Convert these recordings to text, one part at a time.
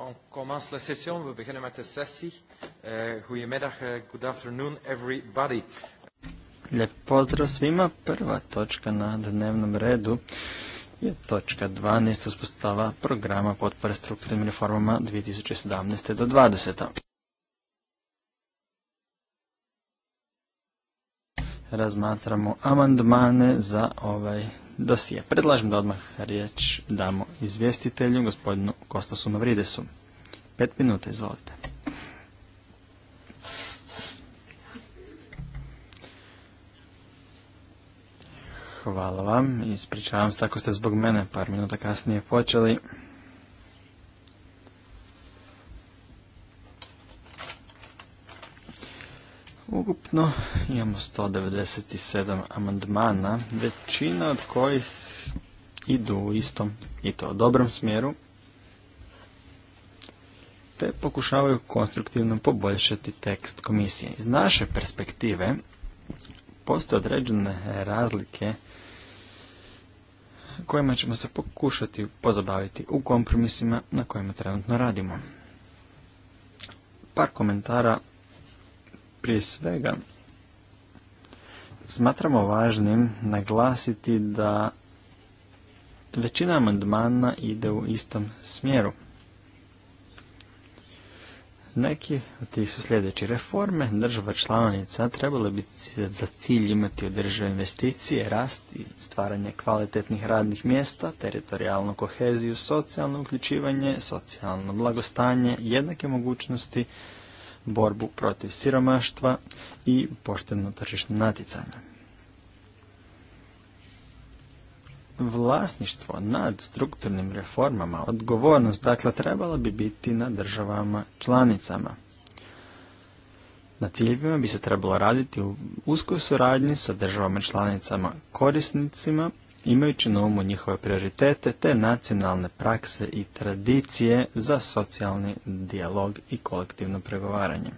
On commence la session. We beginnen met de sessie. Uh, goedemiddag, uh, good afternoon everybody. Lijep pozdrav svima. Prva točka na dnevnom redu je točka 12. uspostava programa potpore strukturnim reformama 2017. do 2020. Razmatramo amandmane za ovaj dosije. Predlažem da odmah riječ damo izvjestitelju, gospodinu Kostasu Navridesu. Pet minuta, izvolite. Hvala vam. Ispričavam se ako ste zbog mene par minuta kasnije počeli. Ukupno imamo 197 amandmana, većina od kojih idu u istom i to dobrom smjeru, te pokušavaju konstruktivno poboljšati tekst komisije. Iz naše perspektive postoje određene razlike kojima ćemo se pokušati pozabaviti u kompromisima na kojima trenutno radimo. Par komentara prije svega, smatramo važnim naglasiti da većina amandmana ide u istom smjeru. Neki od tih su sljedeći reforme. Država članica trebale bi za cilj imati održive investicije, rast i stvaranje kvalitetnih radnih mjesta, teritorijalnu koheziju, socijalno uključivanje, socijalno blagostanje, jednake mogućnosti, borbu protiv siromaštva i pošteno tržišno natjecanje. Vlasništvo nad strukturnim reformama, odgovornost, dakle, trebala bi biti na državama članicama. Na ciljevima bi se trebalo raditi u uskoj suradnji sa državama članicama korisnicima imajući na umu njihove prioritete te nacionalne prakse i tradicije za socijalni dijalog i kolektivno pregovaranje.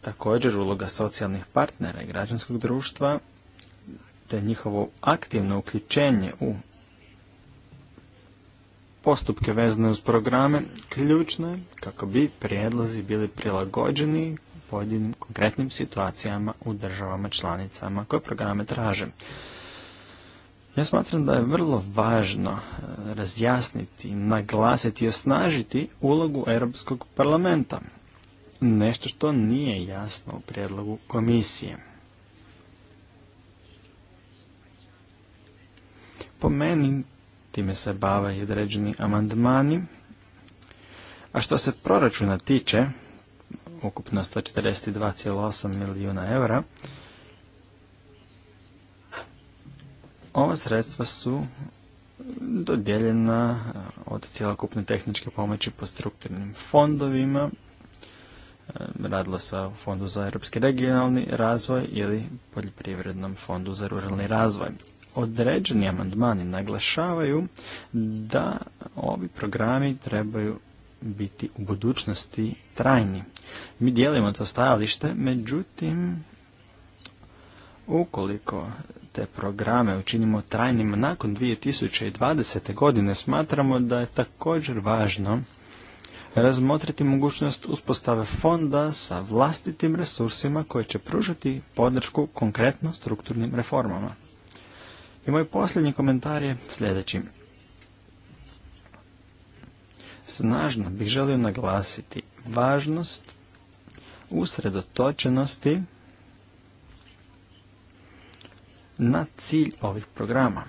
Također uloga socijalnih partnera i građanskog društva te njihovo aktivno uključenje u postupke vezane uz programe ključno je kako bi prijedlozi bili prilagođeni pojedinim konkretnim situacijama u državama članicama koje programe traže. Ja smatram da je vrlo važno e, razjasniti, naglasiti i osnažiti ulogu Europskog parlamenta. Nešto što nije jasno u prijedlogu komisije. Po meni time se bave i određeni amandmani. A što se proračuna tiče, ukupno 142,8 milijuna eura, Ova sredstva su dodijeljena od cjelokupne tehničke pomoći po strukturnim fondovima. E, radilo se o Fondu za europski regionalni razvoj ili Poljoprivrednom fondu za ruralni razvoj. Određeni amandmani naglašavaju da ovi programi trebaju biti u budućnosti trajni. Mi dijelimo to stajalište, međutim, ukoliko te programe učinimo trajnim nakon 2020. godine, smatramo da je također važno razmotriti mogućnost uspostave fonda sa vlastitim resursima koje će pružati podršku konkretno strukturnim reformama. I moj posljednji komentar je sljedeći. Snažno bih želio naglasiti važnost usredotočenosti na cilj ovih programa.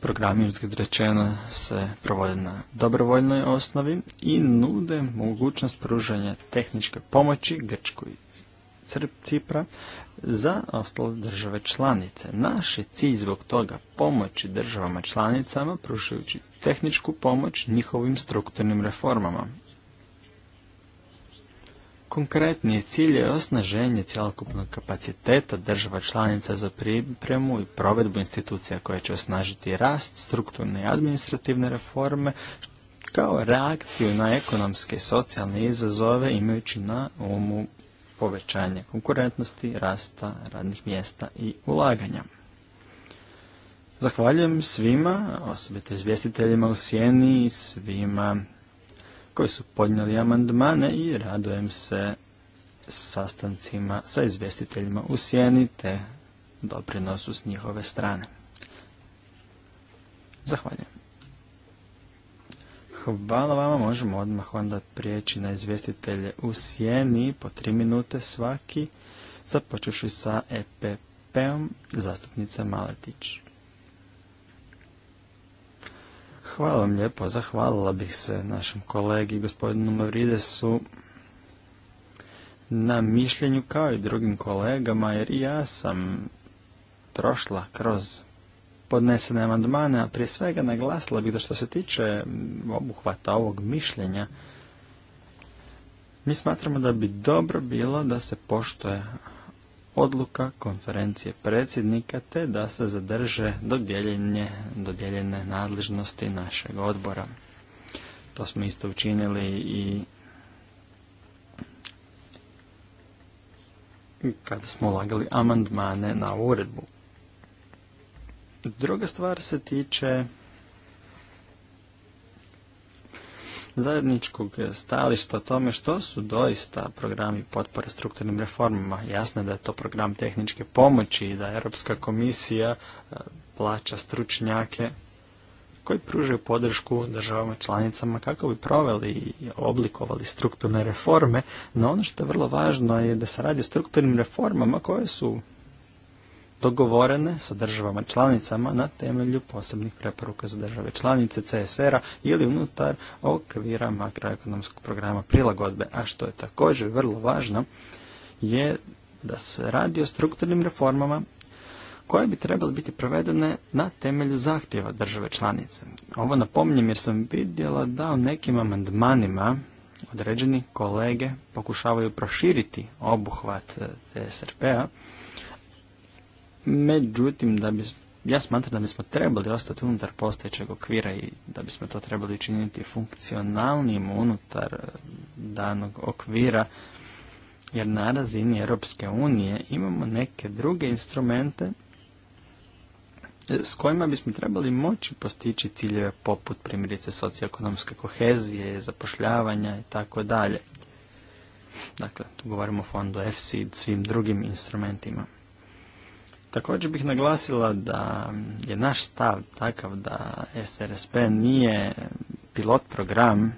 Programi, uzgled rečeno, se provode na dobrovoljnoj osnovi i nude mogućnost pružanja tehničke pomoći Grčkoj Cipra za ostale države članice. Naš je cilj zbog toga pomoći državama članicama, pružajući tehničku pomoć njihovim strukturnim reformama. Konkretnije cilje je osnaženje cjelokupnog kapaciteta država članica za pripremu i provedbu institucija koje će osnažiti rast, strukturne i administrativne reforme, kao reakciju na ekonomske i socijalne izazove imajući na umu povećanje konkurentnosti, rasta, radnih mjesta i ulaganja. Zahvaljujem svima, osobito izvjestiteljima u Sjeni i svima koji su podnijeli amandmane i radujem se sastancima sa izvjestiteljima u sjeni te doprinosu s njihove strane. Zahvaljujem. Hvala vama, možemo odmah onda prijeći na izvjestitelje u sjeni po tri minute svaki, započuši sa EPP-om zastupnica Maletić. Hvala vam lijepo. Zahvalila bih se našem kolegi gospodinu Mavridesu na mišljenju kao i drugim kolegama jer i ja sam prošla kroz podnesene amandmane, a prije svega naglasila bih da što se tiče obuhvata ovog mišljenja, mi smatramo da bi dobro bilo da se poštoje odluka konferencije predsjednika te da se zadrže dodijeljene nadležnosti našeg odbora. To smo isto učinili i kada smo ulagali amandmane na uredbu. Druga stvar se tiče zajedničkog stajališta o tome što su doista programi potpore strukturnim reformama. Jasno je da je to program tehničke pomoći i da Europska komisija e, plaća stručnjake koji pružaju podršku državama članicama kako bi proveli i oblikovali strukturne reforme, no ono što je vrlo važno je da se radi o strukturnim reformama koje su dogovorene sa državama članicama na temelju posebnih preporuka za države članice CSR-a ili unutar okvira makroekonomskog programa prilagodbe. A što je također vrlo važno je da se radi o strukturnim reformama koje bi trebale biti provedene na temelju zahtjeva države članice. Ovo napominjem jer sam vidjela da u nekim amandmanima određeni kolege pokušavaju proširiti obuhvat CSRP-a Međutim, da bi, ja smatram da bismo trebali ostati unutar postojećeg okvira i da bismo to trebali učiniti funkcionalnim unutar e, danog okvira, jer na razini Europske unije imamo neke druge instrumente e, s kojima bismo trebali moći postići ciljeve poput primjerice socioekonomske kohezije, zapošljavanja i tako dalje. Dakle, tu govorimo o fondu EFSI i svim drugim instrumentima. Također bih naglasila da je naš stav takav da SRSP nije pilot program,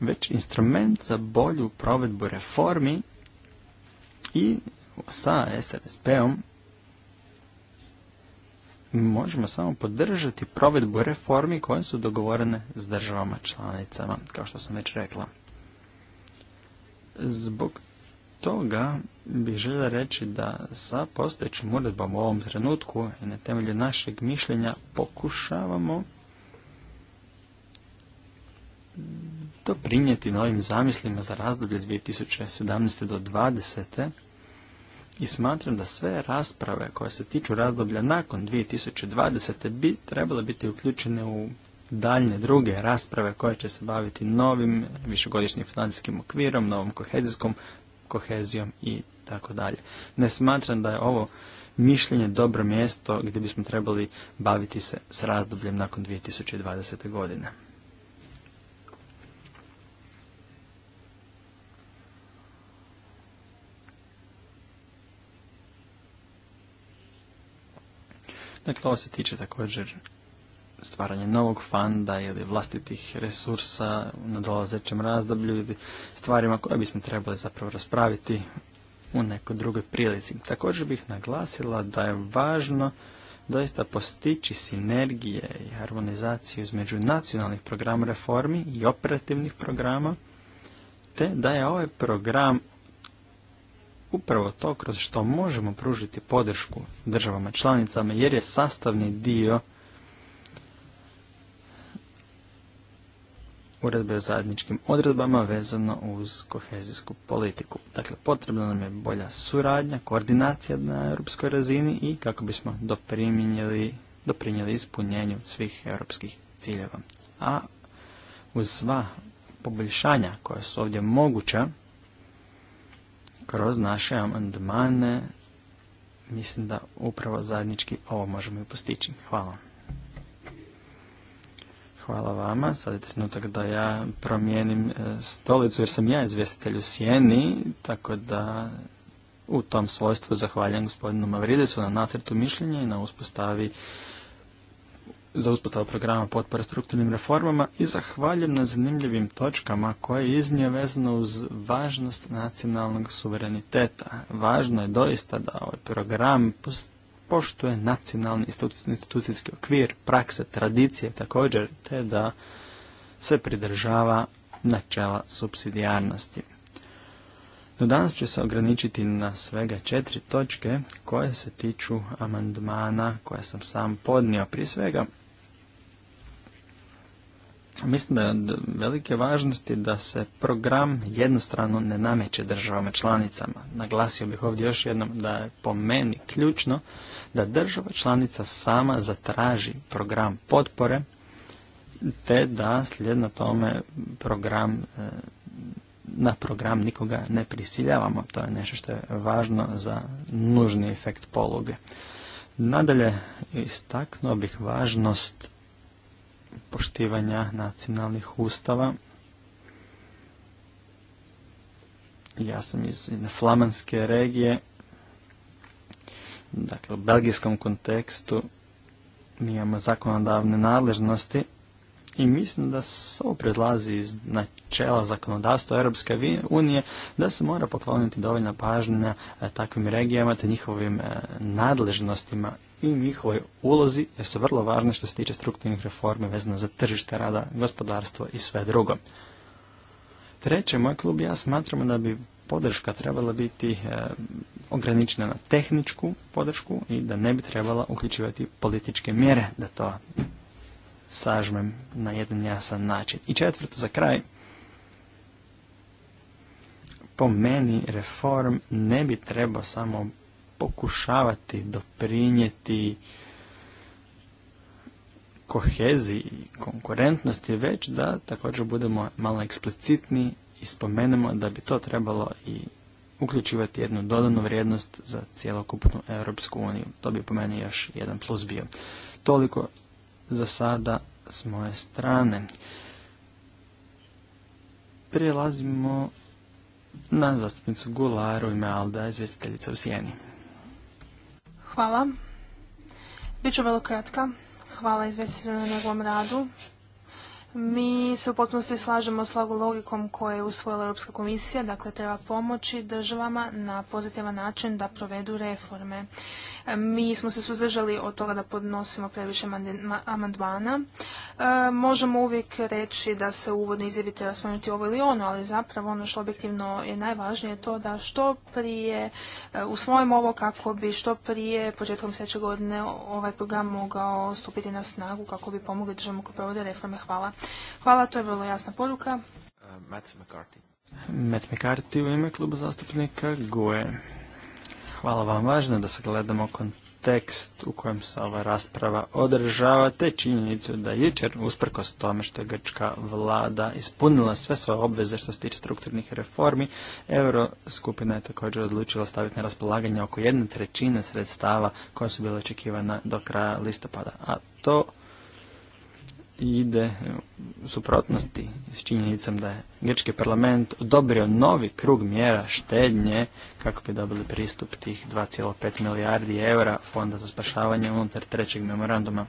već instrument za bolju provedbu reformi i sa SRSP-om možemo samo podržati provedbu reformi koje su dogovorene s državama članicama, kao što sam već rekla. Zbog toga bih želio reći da sa postojećim uredbom u ovom trenutku i na temelju našeg mišljenja pokušavamo doprinijeti novim zamislima za razdoblje 2017. do 2020. I smatram da sve rasprave koje se tiču razdoblja nakon 2020. bi trebale biti uključene u daljne druge rasprave koje će se baviti novim višegodišnjim financijskim okvirom, novom kohezijskom kohezijom i tako dalje. Ne smatram da je ovo mišljenje dobro mjesto gdje bismo trebali baviti se s razdobljem nakon 2020. godine. Dakle, ovo se tiče također stvaranje novog fanda ili vlastitih resursa na dolazećem razdoblju ili stvarima koje bismo trebali zapravo raspraviti u nekoj drugoj prilici. Također bih naglasila da je važno doista postići sinergije i harmonizaciju između nacionalnih programa reformi i operativnih programa, te da je ovaj program upravo to kroz što možemo pružiti podršku državama članicama jer je sastavni dio uredbe o zajedničkim odredbama vezano uz kohezijsku politiku. Dakle, potrebna nam je bolja suradnja, koordinacija na europskoj razini i kako bismo doprinijeli ispunjenju svih europskih ciljeva. A uz sva poboljšanja koja su ovdje moguća, kroz naše amandmane, mislim da upravo zajednički ovo možemo i postići. Hvala. Hvala vama. Sad je trenutak da ja promijenim e, stolicu jer sam ja izvjestitelj u Sijeni, tako da u tom svojstvu zahvaljujem gospodinu Mavridesu na nacrtu mišljenja i na uspostavi za uspostavu programa potpore strukturnim reformama i zahvaljujem na zanimljivim točkama koje je iznio vezano uz važnost nacionalnog suvereniteta. Važno je doista da ovaj program postoji poštuje nacionalni institucijski okvir, prakse, tradicije također, te da se pridržava načela subsidijarnosti. Do danas ću se ograničiti na svega četiri točke koje se tiču amandmana koje sam sam podnio. Prije svega, mislim da je od velike važnosti da se program jednostrano ne nameće državama članicama. Naglasio bih ovdje još jednom da je po meni ključno da država članica sama zatraži program potpore te da slijedno tome program e, na program nikoga ne prisiljavamo. To je nešto što je važno za nužni efekt pologe. Nadalje, istaknuo bih važnost poštivanja nacionalnih ustava. Ja sam iz flamanske regije Dakle, u belgijskom kontekstu mi imamo zakonodavne nadležnosti i mislim da se ovo predlazi iz načela zakonodavstva Europske unije da se mora pokloniti dovoljna pažnja e, takvim regijama te njihovim e, nadležnostima i njihovoj ulozi jer su vrlo važne što se tiče strukturnih reforme vezano za tržište rada, gospodarstvo i sve drugo. Treće, moj klub ja smatramo da bi podrška trebala biti e, ograničena na tehničku podršku i da ne bi trebala uključivati političke mjere, da to sažmem na jedan jasan način. I četvrto, za kraj, po meni reform ne bi trebao samo pokušavati doprinijeti koheziji i konkurentnosti, već da također budemo malo eksplicitni i spomenemo da bi to trebalo i uključivati jednu dodanu vrijednost za cijelokupnu Europsku uniju. To bi po meni još jedan plus bio. Toliko za sada s moje strane. Prijelazimo na zastupnicu Gularu i Alda, izvjestiteljica u Sijeni. Hvala. Biću vrlo kratka. Hvala izvjestiteljima na njegovom radu. Mi se u potpunosti slažemo s logikom koje je usvojila Europska komisija, dakle treba pomoći državama na pozitivan način da provedu reforme. Mi smo se suzdržali od toga da podnosimo previše amandmana. E, možemo uvijek reći da se uvodno izjavi treba spomenuti ovo ili ono, ali zapravo ono što objektivno je najvažnije je to da što prije e, usvojimo ovo kako bi što prije početkom sljedeće godine ovaj program mogao stupiti na snagu kako bi pomogli državama koje provode reforme. Hvala. Hvala, to je vrlo jasna poruka. Uh, Matt McCarthy. Matt McCarthy u ime kluba zastupnika GOE Hvala vam. Važno da sagledamo kontekst u kojem se ova rasprava održava, te činjenicu da jučer, usprkos tome što je grčka vlada ispunila sve svoje obveze što se tiče strukturnih reformi, Euroskupina je također odlučila staviti na raspolaganje oko jedne trećine sredstava koja su bila očekivana do kraja listopada. A to ide u suprotnosti s činjenicom da je grčki parlament odobrio novi krug mjera štednje kako bi dobili pristup tih 2,5 milijardi eura fonda za spašavanje unutar trećeg memoranduma.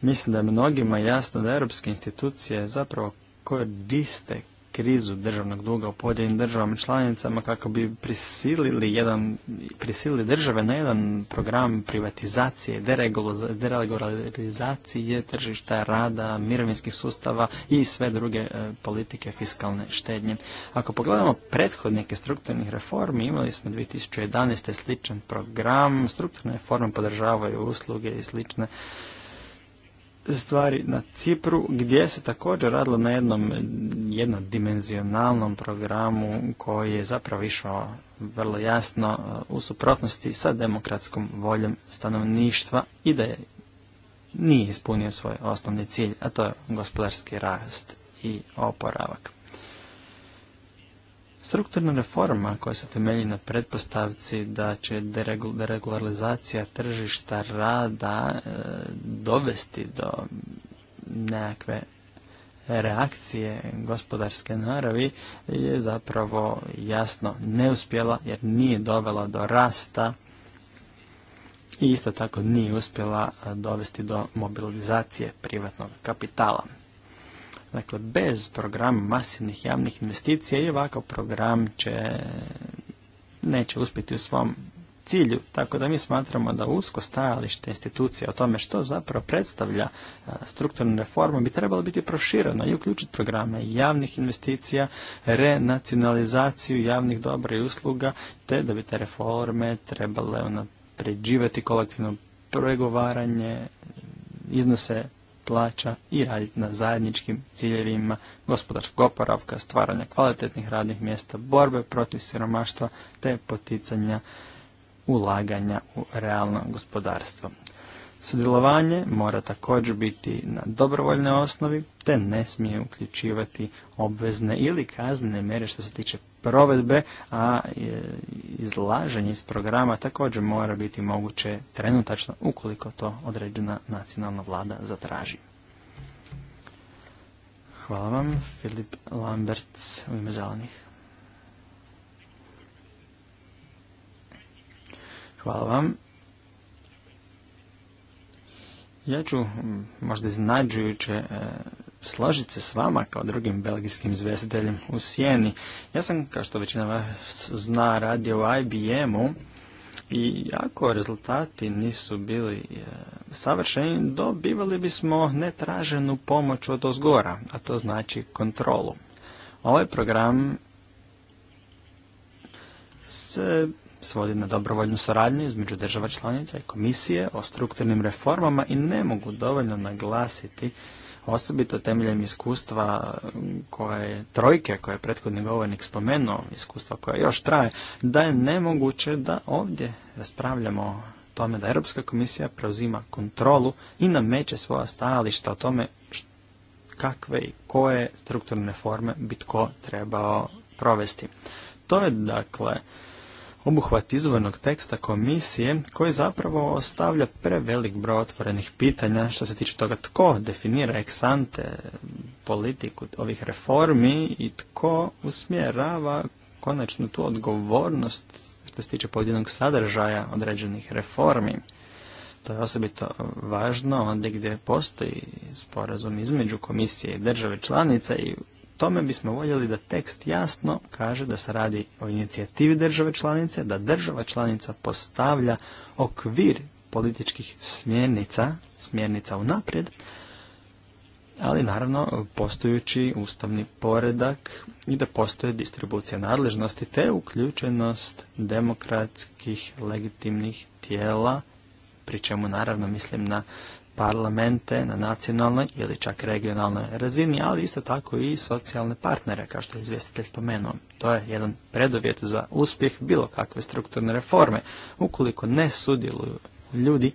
Mislim da je mnogima jasno da europske institucije zapravo koriste krizu državnog duga u pojedinim državama članicama kako bi prisilili, jedan, prisilili države na jedan program privatizacije, deregularizacije tržišta rada, mirovinskih sustava i sve druge e, politike fiskalne štednje. Ako pogledamo prethodnike strukturnih reformi, imali smo 2011. sličan program, strukturne reforme podržavaju usluge i slične stvari na Cipru gdje se također radilo na jednom jednodimenzionalnom programu koji je zapravo išao vrlo jasno uh, u suprotnosti sa demokratskom voljom stanovništva i da je nije ispunio svoj osnovni cilj, a to je gospodarski rast i oporavak. Strukturna reforma koja se temelji na pretpostavci da će deregularizacija tržišta rada e, dovesti do nekakve reakcije gospodarske naravi je zapravo jasno neuspjela jer nije dovela do rasta i isto tako nije uspjela dovesti do mobilizacije privatnog kapitala. Dakle, bez programa masivnih javnih investicija i ovakav program će, neće uspjeti u svom cilju, tako da mi smatramo da usko stajalište institucija o tome što zapravo predstavlja e, strukturnu reformu bi trebalo biti prošireno i uključiti programe javnih investicija, renacionalizaciju javnih dobra i usluga, te da bi te reforme trebale pređivati kolektivno pregovaranje, iznose plaća i raditi na zajedničkim ciljevima gospodarskog oporavka, stvaranja kvalitetnih radnih mjesta, borbe protiv siromaštva te poticanja ulaganja u realno gospodarstvo. Sudjelovanje mora također biti na dobrovoljnoj osnovi, te ne smije uključivati obvezne ili kaznene mjere što se tiče provedbe, a e, izlaženje iz programa također mora biti moguće trenutačno ukoliko to određena nacionalna vlada zatraži. Hvala vam, Filip Lamberts u ime zelenih. Hvala vam. Ja ću možda iznađujuće e, složit se s vama kao drugim belgijskim izvjestiteljem u Sjeni. Ja sam, kao što većina vas zna, radio u IBM-u i ako rezultati nisu bili e, savršeni, dobivali bismo netraženu pomoć od ozgora, a to znači kontrolu. Ovaj program se svodi na dobrovoljnu suradnju između država članica i komisije o strukturnim reformama i ne mogu dovoljno naglasiti osobito temeljem iskustva koje trojke, koje je prethodni govornik spomenuo, iskustva koja još traje, da je nemoguće da ovdje raspravljamo tome da Europska komisija preuzima kontrolu i nameće svoja stajališta o tome kakve i koje strukturne forme bi tko trebao provesti. To je dakle obuhvat izvornog teksta komisije koji zapravo ostavlja prevelik broj otvorenih pitanja što se tiče toga tko definira eksante politiku ovih reformi i tko usmjerava konačnu tu odgovornost što se tiče pojedinog sadržaja određenih reformi. To je osobito važno ondje gdje postoji sporazum između komisije i države članice i tome bismo voljeli da tekst jasno kaže da se radi o inicijativi države članice, da država članica postavlja okvir političkih smjernica, smjernica unaprijed, ali naravno postojući ustavni poredak i da postoje distribucija nadležnosti te uključenost demokratskih legitimnih tijela, pri čemu naravno mislim na parlamente na nacionalnoj ili čak regionalnoj razini, ali isto tako i socijalne partnere, kao što je izvjestitelj pomenuo. To je jedan predovjet za uspjeh bilo kakve strukturne reforme. Ukoliko ne sudjeluju ljudi,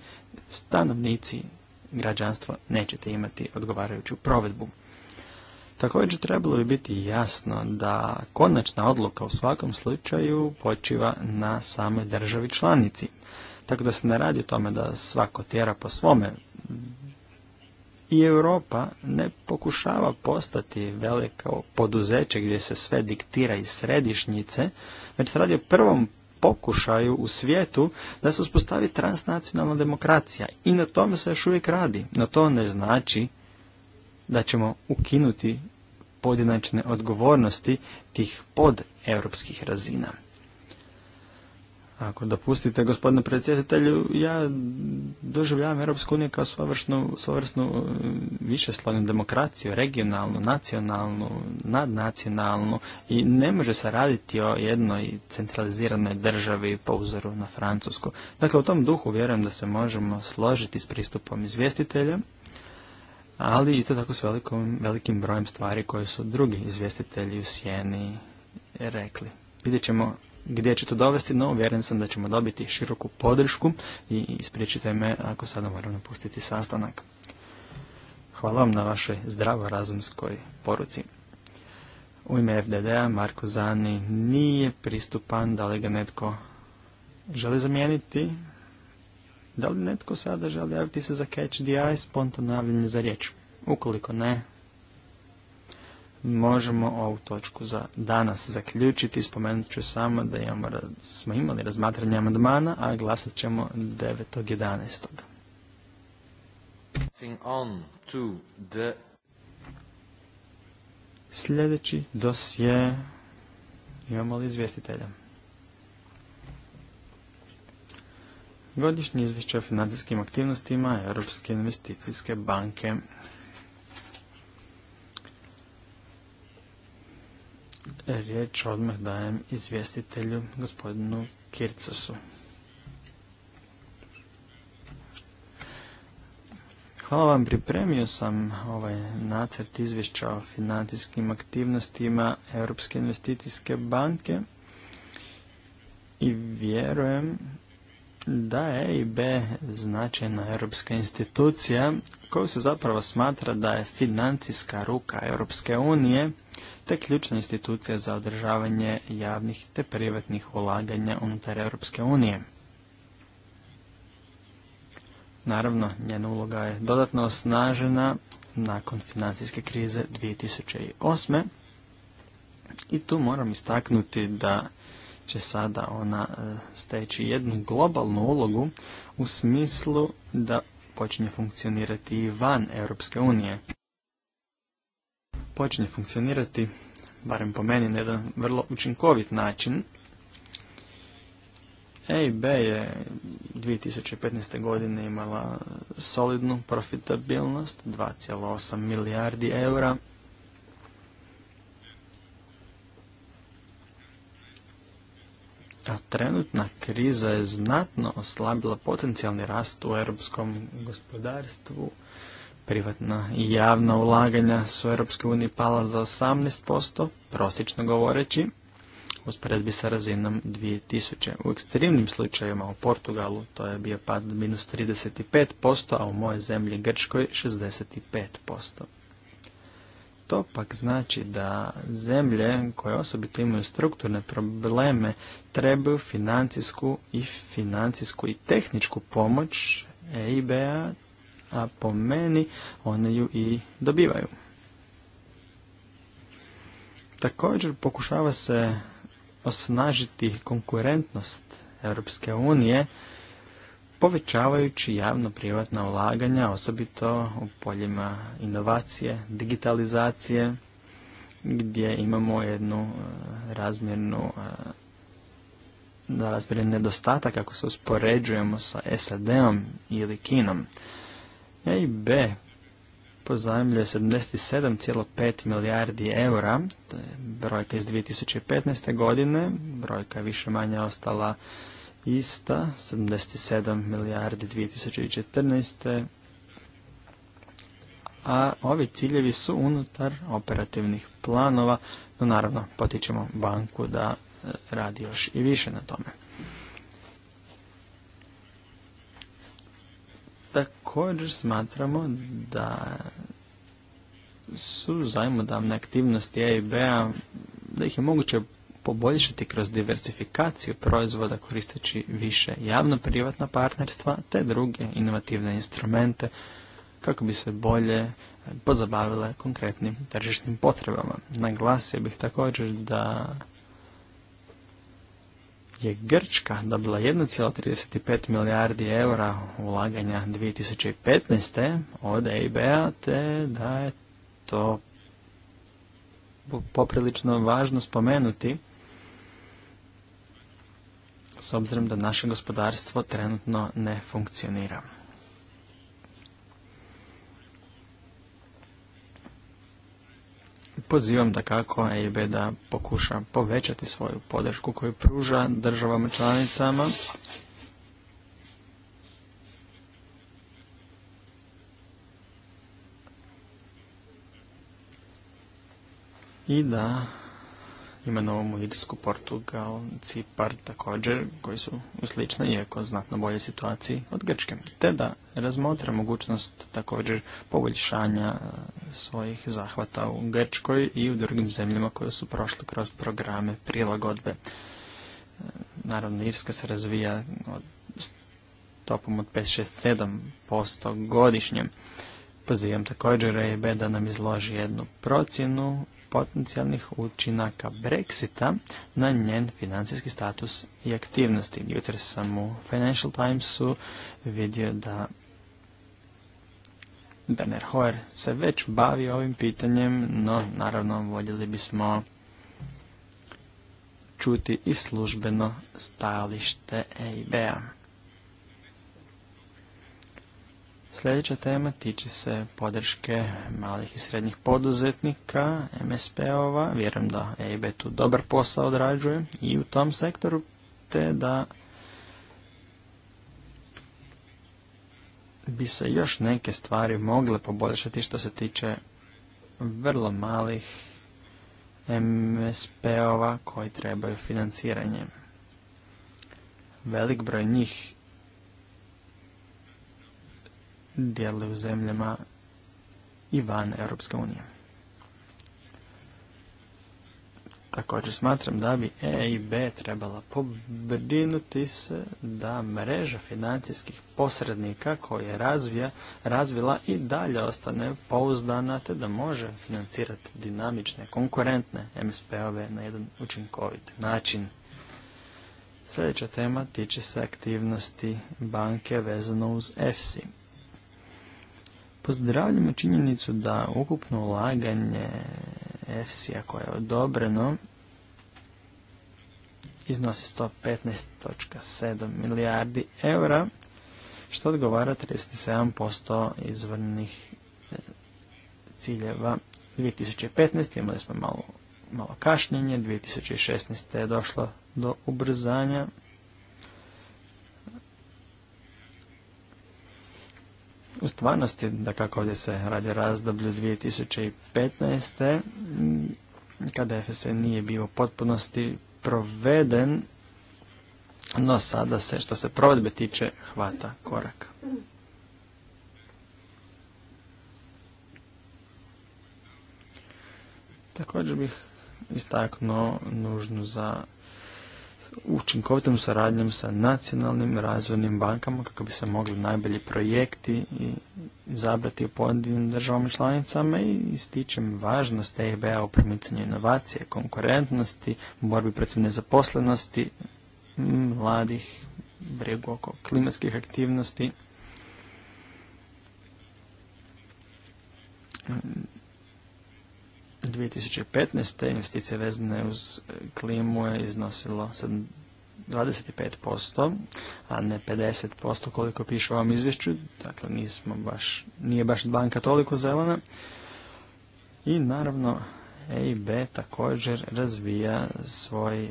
stanovnici građanstvo nećete imati odgovarajuću provedbu. Također trebalo bi biti jasno da konačna odluka u svakom slučaju počiva na samoj državi članici. Tako da se ne radi o tome da svako tjera po svome. I Europa ne pokušava postati veliko poduzeće gdje se sve diktira iz središnjice, već se radi o prvom pokušaju u svijetu da se uspostavi transnacionalna demokracija. I na tome se još uvijek radi. No to ne znači da ćemo ukinuti podjednačne odgovornosti tih podeuropskih razina. Ako dopustite, gospodine predsjedatelju, ja doživljavam Europsku uniju kao svovrsnu, svovrsnu e, demokraciju, regionalnu, nacionalnu, nadnacionalnu i ne može se raditi o jednoj centraliziranoj državi po uzoru na Francusku. Dakle, u tom duhu vjerujem da se možemo složiti s pristupom izvjestitelja, ali isto tako s velikom, velikim brojem stvari koje su drugi izvjestitelji u Sjeni rekli. Vidjet ćemo gdje će to dovesti, no uvjeren sam da ćemo dobiti široku podršku i ispričite me ako sada moram napustiti sastanak. Hvala vam na vašoj zdravorazumskoj poruci. U ime FDD-a Marko Zani nije pristupan, da li ga netko želi zamijeniti? Da li netko sada želi javiti se za catch the eye, spontano za riječ? Ukoliko ne, možemo ovu točku za danas zaključiti. Spomenut ću samo da smo imali razmatranje amandmana, a glasat ćemo 9.11. Sljedeći dosje imamo li izvjestitelja. Godišnje izvješće o financijskim aktivnostima Europske investicijske banke Riječ odmah dajem izvjestitelju gospodinu Kircasu. Hvala vam, pripremio sam ovaj nacrt izvješća o financijskim aktivnostima Europske investicijske banke i vjerujem da je B značajna europska institucija koju se zapravo smatra da je financijska ruka Europske unije te ključna institucija za održavanje javnih te privatnih ulaganja unutar Europske unije. Naravno, njena uloga je dodatno osnažena nakon financijske krize 2008. I tu moram istaknuti da će sada ona e, steći jednu globalnu ulogu u smislu da počinje funkcionirati i van Europske unije počne funkcionirati, barem po meni, na jedan vrlo učinkovit način. EIB je 2015. godine imala solidnu profitabilnost, 2,8 milijardi eura. A trenutna kriza je znatno oslabila potencijalni rast u europskom gospodarstvu privatna i javna ulaganja su u EU pala za 18%, prosječno govoreći, usporedbi sa razinom 2000. U ekstremnim slučajevima u Portugalu to je bio pad minus 35%, a u moje zemlji Grčkoj 65%. To pak znači da zemlje koje osobito imaju strukturne probleme trebaju financijsku i financijsku i tehničku pomoć EIB-a a po meni one ju i dobivaju. Također pokušava se osnažiti konkurentnost Europske unije povećavajući javno-privatna ulaganja, osobito u poljima inovacije, digitalizacije, gdje imamo jednu e, razmjernu e, razmjeren nedostatak ako se uspoređujemo sa SAD-om ili Kinom. E B pozajmljuje 77,5 milijardi eura, to je brojka iz 2015. godine, brojka je više manje ostala ista, 77 milijardi 2014. A ovi ciljevi su unutar operativnih planova, no naravno potičemo banku da e, radi još i više na tome. Također smatramo da su zajmodavne aktivnosti EIB-a, da ih je moguće poboljšati kroz diversifikaciju proizvoda koristeći više javno-privatna partnerstva te druge inovativne instrumente kako bi se bolje pozabavile konkretnim tržišnim potrebama. Naglasio bih također da je Grčka dobila 1,35 milijardi eura ulaganja 2015. od EIB-a, te da je to poprilično važno spomenuti s obzirom da naše gospodarstvo trenutno ne funkcionira. pozivam da kako EIB da pokuša povećati svoju podršku koju pruža državama članicama i da ima u Irsku, Portugal, Cipar također, koji su u sličnoj, iako znatno bolje situaciji od Grčke. Te da razmotra mogućnost također poboljšanja e, svojih zahvata u Grčkoj i u drugim zemljama koje su prošle kroz programe prilagodbe. E, naravno, Irska se razvija od topom od 5-6-7% godišnje. Pozivam također EIB da nam izloži jednu procjenu potencijalnih učinaka Brexita na njen financijski status i aktivnosti. Jutro sam u Financial Timesu vidio da Werner Hoer se već bavi ovim pitanjem, no naravno voljeli bismo čuti i službeno stajalište EIB-a. Sljedeća tema tiče se podrške malih i srednjih poduzetnika, MSP-ova. Vjerujem da EIB tu dobar posao odrađuje i u tom sektoru, te da bi se još neke stvari mogle poboljšati što se tiče vrlo malih MSP-ova koji trebaju financiranje. Velik broj njih dijele u zemljama i van Europske unije. Također smatram da bi E i B trebala pobrinuti se da mreža financijskih posrednika koje je razvija, razvila i dalje ostane pouzdana te da može financirati dinamične, konkurentne MSP-ove na jedan učinkovit način. Sljedeća tema tiče se aktivnosti banke vezano uz EFSI. Pozdravljamo činjenicu da ukupno ulaganje EFSI-a koje je odobreno iznosi 115.7 milijardi eura, što odgovara 37% izvornih e, ciljeva 2015. Imali smo malo, malo kašnjenje, 2016. je došlo do ubrzanja U stvarnosti, da kako ovdje se radi razdoblju 2015. kada FSE nije bio u potpunosti proveden, no sada se što se provedbe tiče hvata korak. Također bih istaknuo nužnu za učinkovitom suradnjom sa nacionalnim razvojnim bankama kako bi se mogli najbolji projekti izabrati u pojedinim državama članicama i ističem važnost EIB-a u promicanju inovacije, konkurentnosti, borbi protiv nezaposlenosti, mladih, brigu oko klimatskih aktivnosti, 2015. investicije vezane uz klimu je iznosilo 25%, a ne 50% koliko piše u ovom izvješću. Dakle, nismo baš, nije baš banka toliko zelena. I naravno, EIB također razvija svoj e,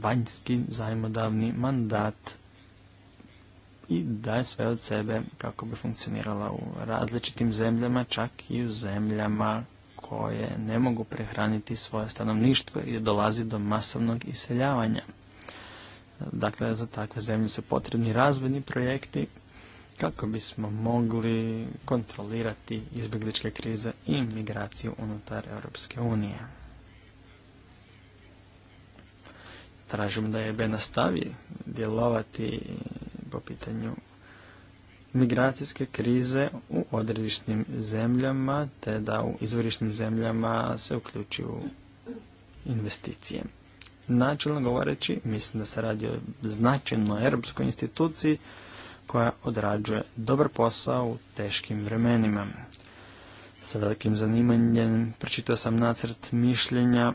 vanjski zajmodavni mandat i daje sve od sebe kako bi funkcionirala u različitim zemljama, čak i u zemljama koje ne mogu prehraniti svoje stanovništvo i dolazi do masovnog iseljavanja. Dakle, za takve zemlje su potrebni razvojni projekti kako bismo mogli kontrolirati izbjegličke krize i migraciju unutar Europske unije. Tražim da je B nastavi djelovati po pitanju migracijske krize u odredišnim zemljama, te da u izvorišnim zemljama se uključuju investicije. Načelno govoreći, mislim da se radi o značajnoj europskoj instituciji koja odrađuje dobar posao u teškim vremenima. Sa velikim zanimanjem pročitao sam nacrt mišljenja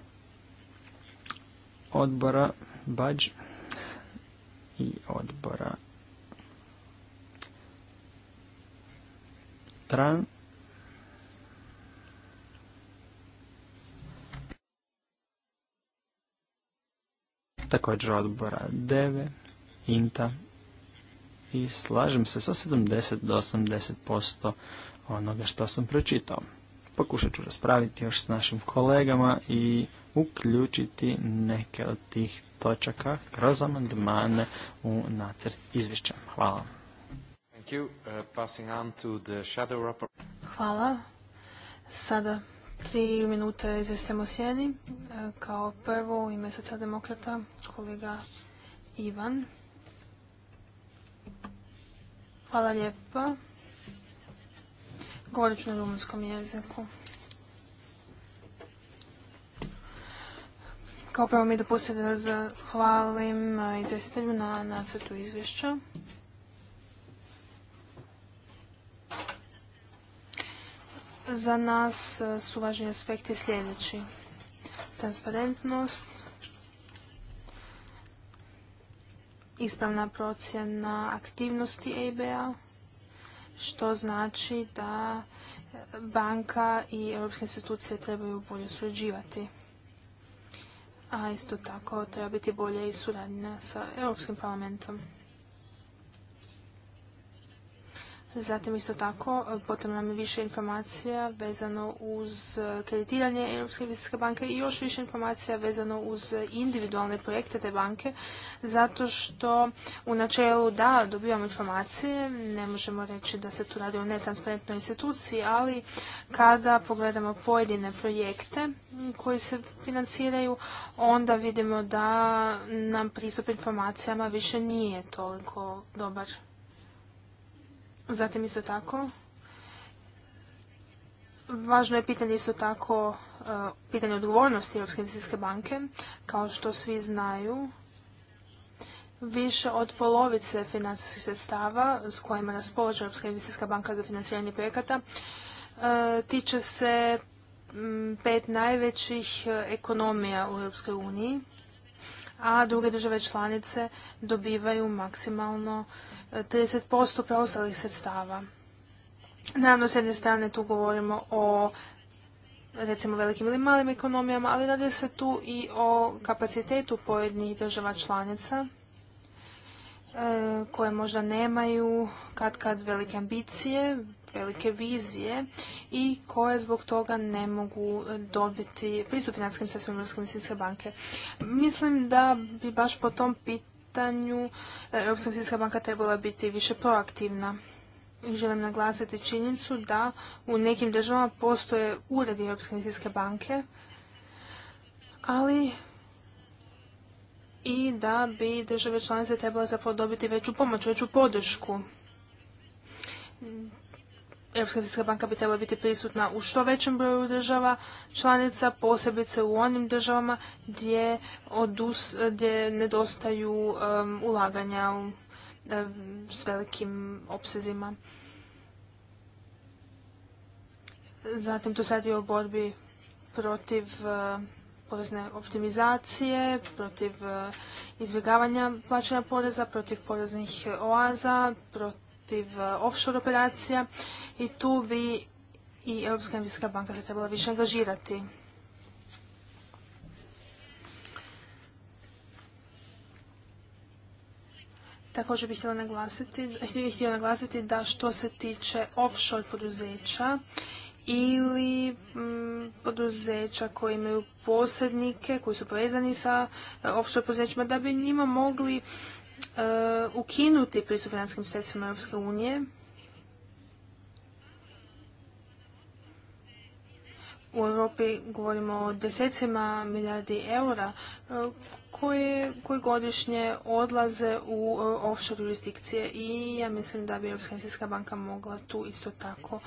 odbora Bađ i odbora Također odbora Deve, Inta. I slažem se sa 70 do 80% onoga što sam pročitao. Pokušat ću raspraviti još s našim kolegama i uključiti neke od tih točaka kroz amandmane u nacrt izvješća. Hvala. Uh, Hvala. Sada tri minute izvestemo sjeni. E, kao prvo u ime socijaldemokrata kolega Ivan. Hvala lijepa. Govorit ću na rumunskom jeziku. Kao prvo mi dopustite da zahvalim e, izvjestitelju na nacrtu izvješća. Za nas e, su važni aspekti sljedeći. Transparentnost, ispravna procjena aktivnosti EBA, što znači da e, banka i europske institucije trebaju bolje surađivati. A isto tako treba biti bolje i suradnja sa Europskim parlamentom. Zatim isto tako e, potrebno nam je više informacija vezano uz e, kreditiranje Europske investicijske banke i još više informacija vezano uz individualne projekte te banke, zato što u načelu da dobivamo informacije, ne možemo reći da se tu radi o netransparentnoj instituciji, ali kada pogledamo pojedine projekte koji se financiraju, onda vidimo da nam pristup informacijama više nije toliko dobar. Zatim isto tako, važno je pitanje isto tako, e, pitanje odgovornosti Europske investicijske banke. Kao što svi znaju, više od polovice financijskih sredstava s kojima raspolaže Europska investicijska banka za financiranje projekata e, tiče se pet najvećih e, ekonomija u Europskoj uniji, a druge države članice dobivaju maksimalno 30% preostalih sredstava. Naravno, s jedne strane tu govorimo o recimo velikim ili malim ekonomijama, ali radi se tu i o kapacitetu pojedinih država članica e, koje možda nemaju kad kad velike ambicije, velike vizije i koje zbog toga ne mogu dobiti pristup financijskim sredstvima Europske banke. Mislim da bi baš po tom pitanju pitanju e, Europska svjetska banka trebala biti više proaktivna. Želim naglasiti činjenicu da u nekim državama postoje uredi Europske investicijske banke, ali i da bi države članice trebala zapravo dobiti veću pomoć, veću podršku Europska svjetska banka bi trebala biti prisutna u što većem broju država članica, posebice u onim državama gdje, odus, gdje nedostaju um, ulaganja um, s velikim opsezima. Zatim to sad je o borbi protiv uh, porezne optimizacije, protiv uh, izbjegavanja plaćanja poreza, protiv poreznih oaza, protiv protiv e, offshore operacija i tu bi i Europska investicijska banka se trebala više angažirati. Također bih htjela naglasiti, da što se tiče offshore poduzeća ili mm, poduzeća koji imaju posrednike koji su povezani sa e, offshore poduzećima da bi njima mogli Uh, ukinuti pristup financijskim sredstvima Europske unije u Europi govorimo o desecima milijardi eura uh, koje, godišnje odlaze u uh, offshore jurisdikcije i ja mislim da bi Europska investicijska banka mogla tu isto tako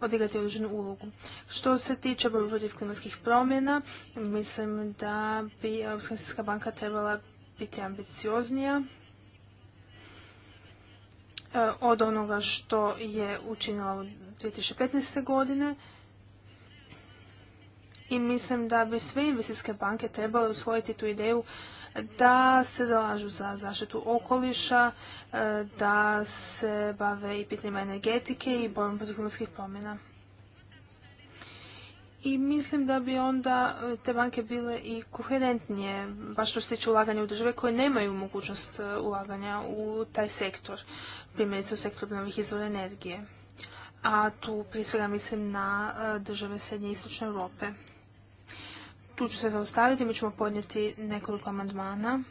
odigrati određenu ulogu. Što se tiče borbe protiv klimatskih promjena, mislim da bi Europska investicijska banka trebala biti ambicioznija E, od onoga što je učinila u 2015. godine i mislim da bi sve investicijske banke trebale usvojiti tu ideju da se zalažu za zaštitu okoliša, e, da se bave i pitanjima energetike i borbom protiv klimatskih promjena i mislim da bi onda e, te banke bile i koherentnije, baš što se tiče ulaganja u države koje nemaju mogućnost e, ulaganja u taj sektor, primjerice u sektor novih izvora energije. A tu prije svega mislim na e, države Srednje i Istočne Europe. Tu ću se zaustaviti, mi ćemo podnijeti nekoliko amandmana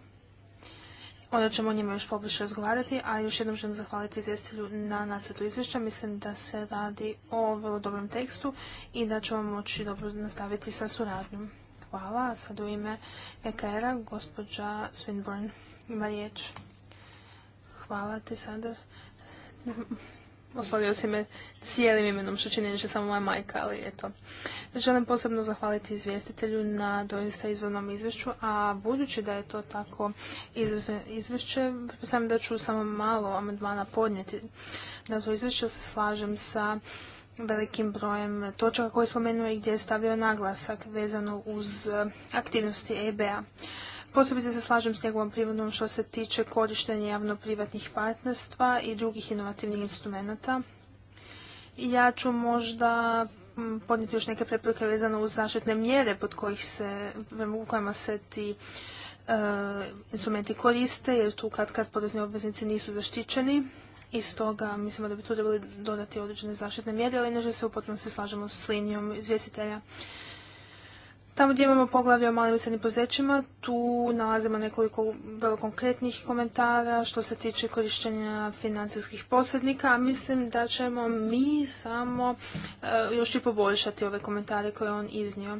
onda ćemo o njima još pobliže razgovarati, a još jednom želim zahvaliti izvjestilju na nacrtu izvješća. Mislim da se radi o vrlo dobrom tekstu i da ćemo moći dobro nastaviti sa suradnjom. Hvala. A sad u ime EKR-a gospođa Swinburne ima riječ. Hvala ti, sada oslovio si me cijelim imenom, što čini nešto samo moja majka, ali eto. Želim posebno zahvaliti izvjestitelju na doista izvornom izvješću, a budući da je to tako izvješće, sam da ću samo malo amandmana podnijeti. Na to izvješće se slažem sa velikim brojem točaka koje spomenuo i gdje je stavio naglasak vezano uz aktivnosti EBA. Posebice se slažem s njegovom privodnom što se tiče korištenja javno-privatnih partnerstva i drugih inovativnih instrumenata. Ja ću možda mm, podnijeti još neke preporuke vezano uz zaštitne mjere pod kojih se, u kojima se ti e, instrumenti koriste, jer tu kad kad porezni obveznici nisu zaštićeni. I stoga mislimo da bi tu trebali dodati određene zaštitne mjere, ali inače se u potpunosti slažemo s linijom izvjestitelja. Tamo gdje imamo poglavlje o malim i srednjim poduzećima, tu nalazimo nekoliko vrlo konkretnih komentara što se tiče korištenja financijskih posrednika, a mislim da ćemo mi samo e, još i poboljšati ove komentare koje on iznio.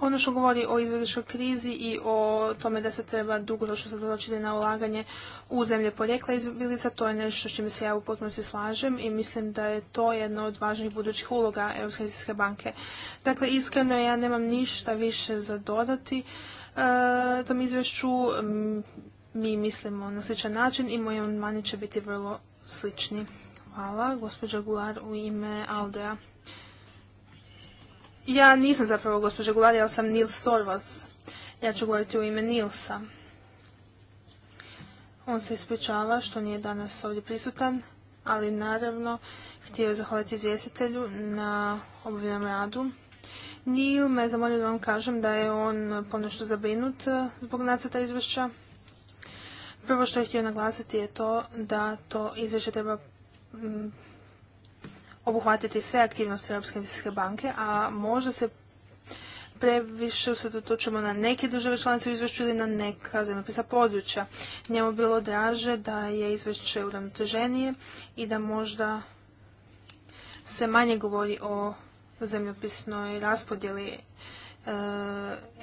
Ono što govori o izvršoj krizi i o tome da se treba dugoročno zadovoljiti na ulaganje u zemlje porijekla izbjeglica, to je nešto s čime se ja u potpunosti slažem i mislim da je to jedna od važnih budućih uloga Europske banke. Dakle, iskreno ja nemam ništa više za dodati e, tom izvješću. Mi mislimo na sličan način i moji amandmani će biti vrlo slični. Hvala. Gospođa Gular u ime Aldea. Ja nisam zapravo gospođa Gulari, ali sam Nils Torvalds. Ja ću govoriti u ime Nilsa. On se ispričava što nije danas ovdje prisutan, ali naravno htio je zahvaliti izvjestitelju na obavljenom radu. Nil me zamolio da vam kažem da je on ponešto zabrinut zbog nacrta izvješća. Prvo što je htio naglasiti je to da to izvješće treba mm, obuhvatiti sve aktivnosti Europske investicijske banke, a možda se previše usredotočimo na neke države članice u izvješću ili na neka zemljopisa područja. Njemu bilo draže da je izvješće uravnoteženije i da možda se manje govori o zemljopisnoj raspodjeli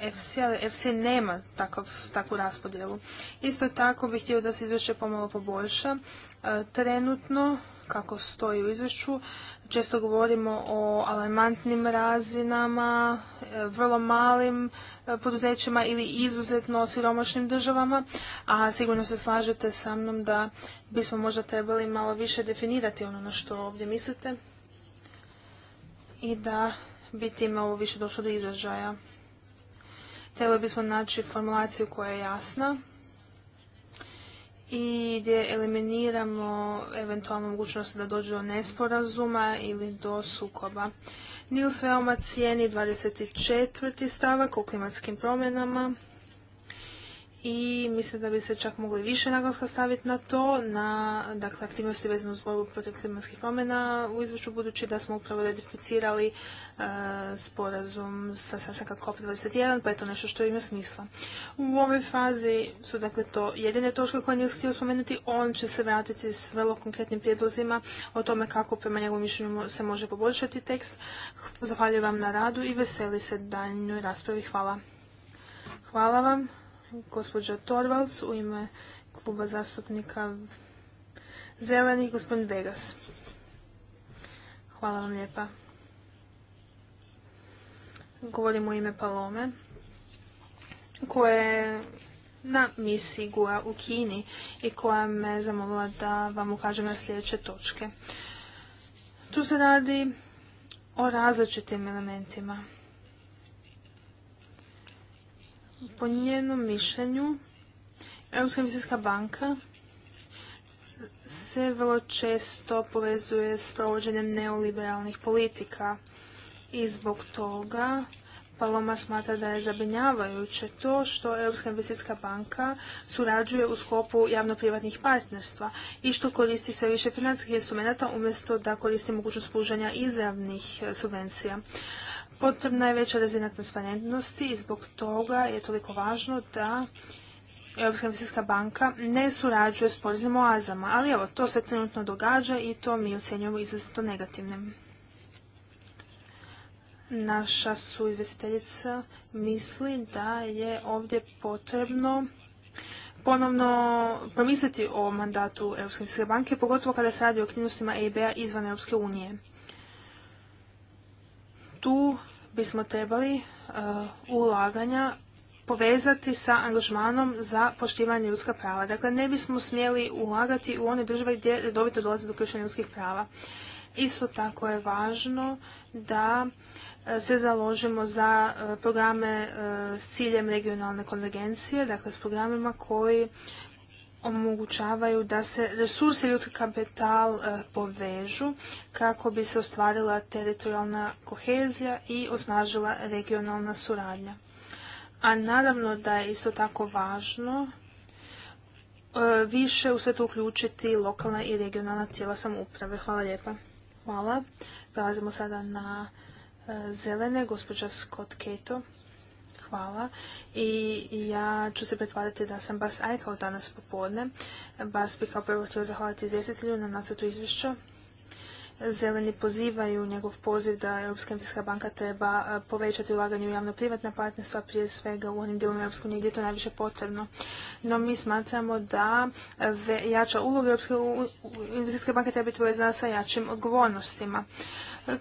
EFSI, ali EFSI nema takvu raspodjelu. Isto tako bih htio da se izvješće pomalo poboljša. E, trenutno, kako stoji u izvješću, često govorimo o alarmantnim razinama, e, vrlo malim e, poduzećima ili izuzetno siromašnim državama, a sigurno se slažete sa mnom da bismo možda trebali malo više definirati ono na što ovdje mislite i da bi time ovo više došlo do izražaja. Trebali bismo naći formulaciju koja je jasna, i gdje eliminiramo eventualnu mogućnost da dođe do nesporazuma ili do sukoba. Nils veoma cijeni 24. stavak o klimatskim promjenama i mislim da bi se čak mogli više naglaska staviti na to, na dakle, aktivnosti vezano uz borbu protiv klimatskih promjena u izvješću budući da smo upravo ratificirali e, sporazum sa sastanka COP21, pa je to nešto što ima smisla. U ovoj fazi su dakle to jedine točke koje nije htio spomenuti, on će se vratiti s vrlo konkretnim prijedlozima o tome kako prema njegovom mišljenju se može poboljšati tekst. Zahvaljujem vam na radu i veseli se daljnjoj raspravi. Hvala. Hvala vam gospođa Torvalds u ime kluba zastupnika Zelenih, gospodin Vegas. Hvala vam lijepa. Govorim u ime Palome, je na misiji Gua u Kini i koja me zamolila da vam ukažem na sljedeće točke. Tu se radi o različitim elementima po njenom mišljenju, Europska investicijska banka se vrlo često povezuje s provođenjem neoliberalnih politika i zbog toga Paloma smatra da je zabrinjavajuće to što Europska investicijska banka surađuje u sklopu javno-privatnih partnerstva i što koristi sve više financijskih instrumenata umjesto da koristi mogućnost pružanja izravnih subvencija. Potrebna je veća razina transparentnosti i zbog toga je toliko važno da Europska investicijska banka ne surađuje s poreznim oazama, ali evo, to se trenutno događa i to mi ocjenjujemo izuzetno negativnim. Naša su izvjestiteljica misli da je ovdje potrebno ponovno promisliti o mandatu Europske banke, pogotovo kada se radi o aktivnostima EIB-a izvan Europske unije tu bismo trebali e, ulaganja povezati sa angažmanom za poštivanje ljudska prava. Dakle, ne bismo smjeli ulagati u one države gdje redovito dolazi do kršenja ljudskih prava. Isto tako je važno da e, se založimo za e, programe s ciljem regionalne konvergencije, dakle s programima koji omogućavaju da se resursi ljudski kapital e, povežu kako bi se ostvarila teritorijalna kohezija i osnažila regionalna suradnja. A naravno da je isto tako važno e, više u sve to uključiti lokalna i regionalna tijela samouprave. Hvala lijepa. Hvala. Prelazimo sada na e, zelene, gospođa Scott Cato hvala. I ja ću se pretvarati da sam Bas Ajkao danas popodne. Bas bi kao prvo htio zahvaliti izvjestitelju na nacrtu izvješća. Zeleni pozivaju njegov poziv da Europska investicijska banka treba e, povećati ulaganje u javno-privatna partnerstva, prije svega u onim dijelom Europske unije gdje je to najviše potrebno. No mi smatramo da jača uloga Europske investicijske banke treba biti povezana sa jačim odgovornostima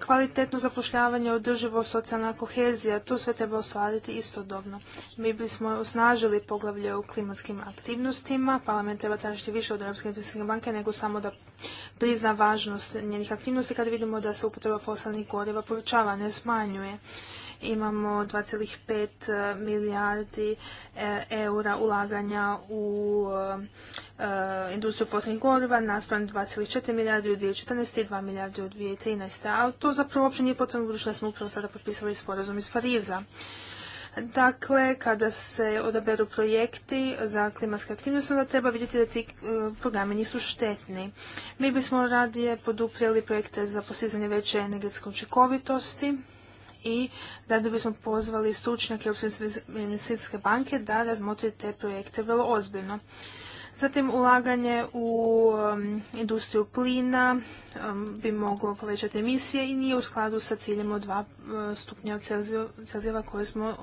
kvalitetno zapošljavanje, održivo socijalna kohezija, to sve treba ostvariti istodobno. Mi bismo osnažili poglavlje u klimatskim aktivnostima, parlament treba tražiti više od Europske investicijske banke nego samo da prizna važnost njenih aktivnosti kada vidimo da se upotreba fosilnih goriva povećava, ne smanjuje imamo 2,5 e, milijardi e, eura ulaganja u e, industriju fosnih goriva naspram 2,4 milijarde u 2014. i 2 milijardi u 2013. A to zapravo uopće nije potrebno budući da smo upravo sada potpisali sporazum iz Pariza. Dakle, kada se odaberu projekti za klimatske aktivnosti, onda treba vidjeti da ti programi nisu štetni. Mi bismo radije poduprijeli projekte za postizanje veće energetske učinkovitosti, i da bismo pozvali stručnjake Europske investicijske banke da razmotri te projekte vrlo ozbiljno. Zatim ulaganje u um, industriju plina um, bi moglo povećati emisije i nije u skladu sa ciljem od dva uh, stupnja Celzijeva koje smo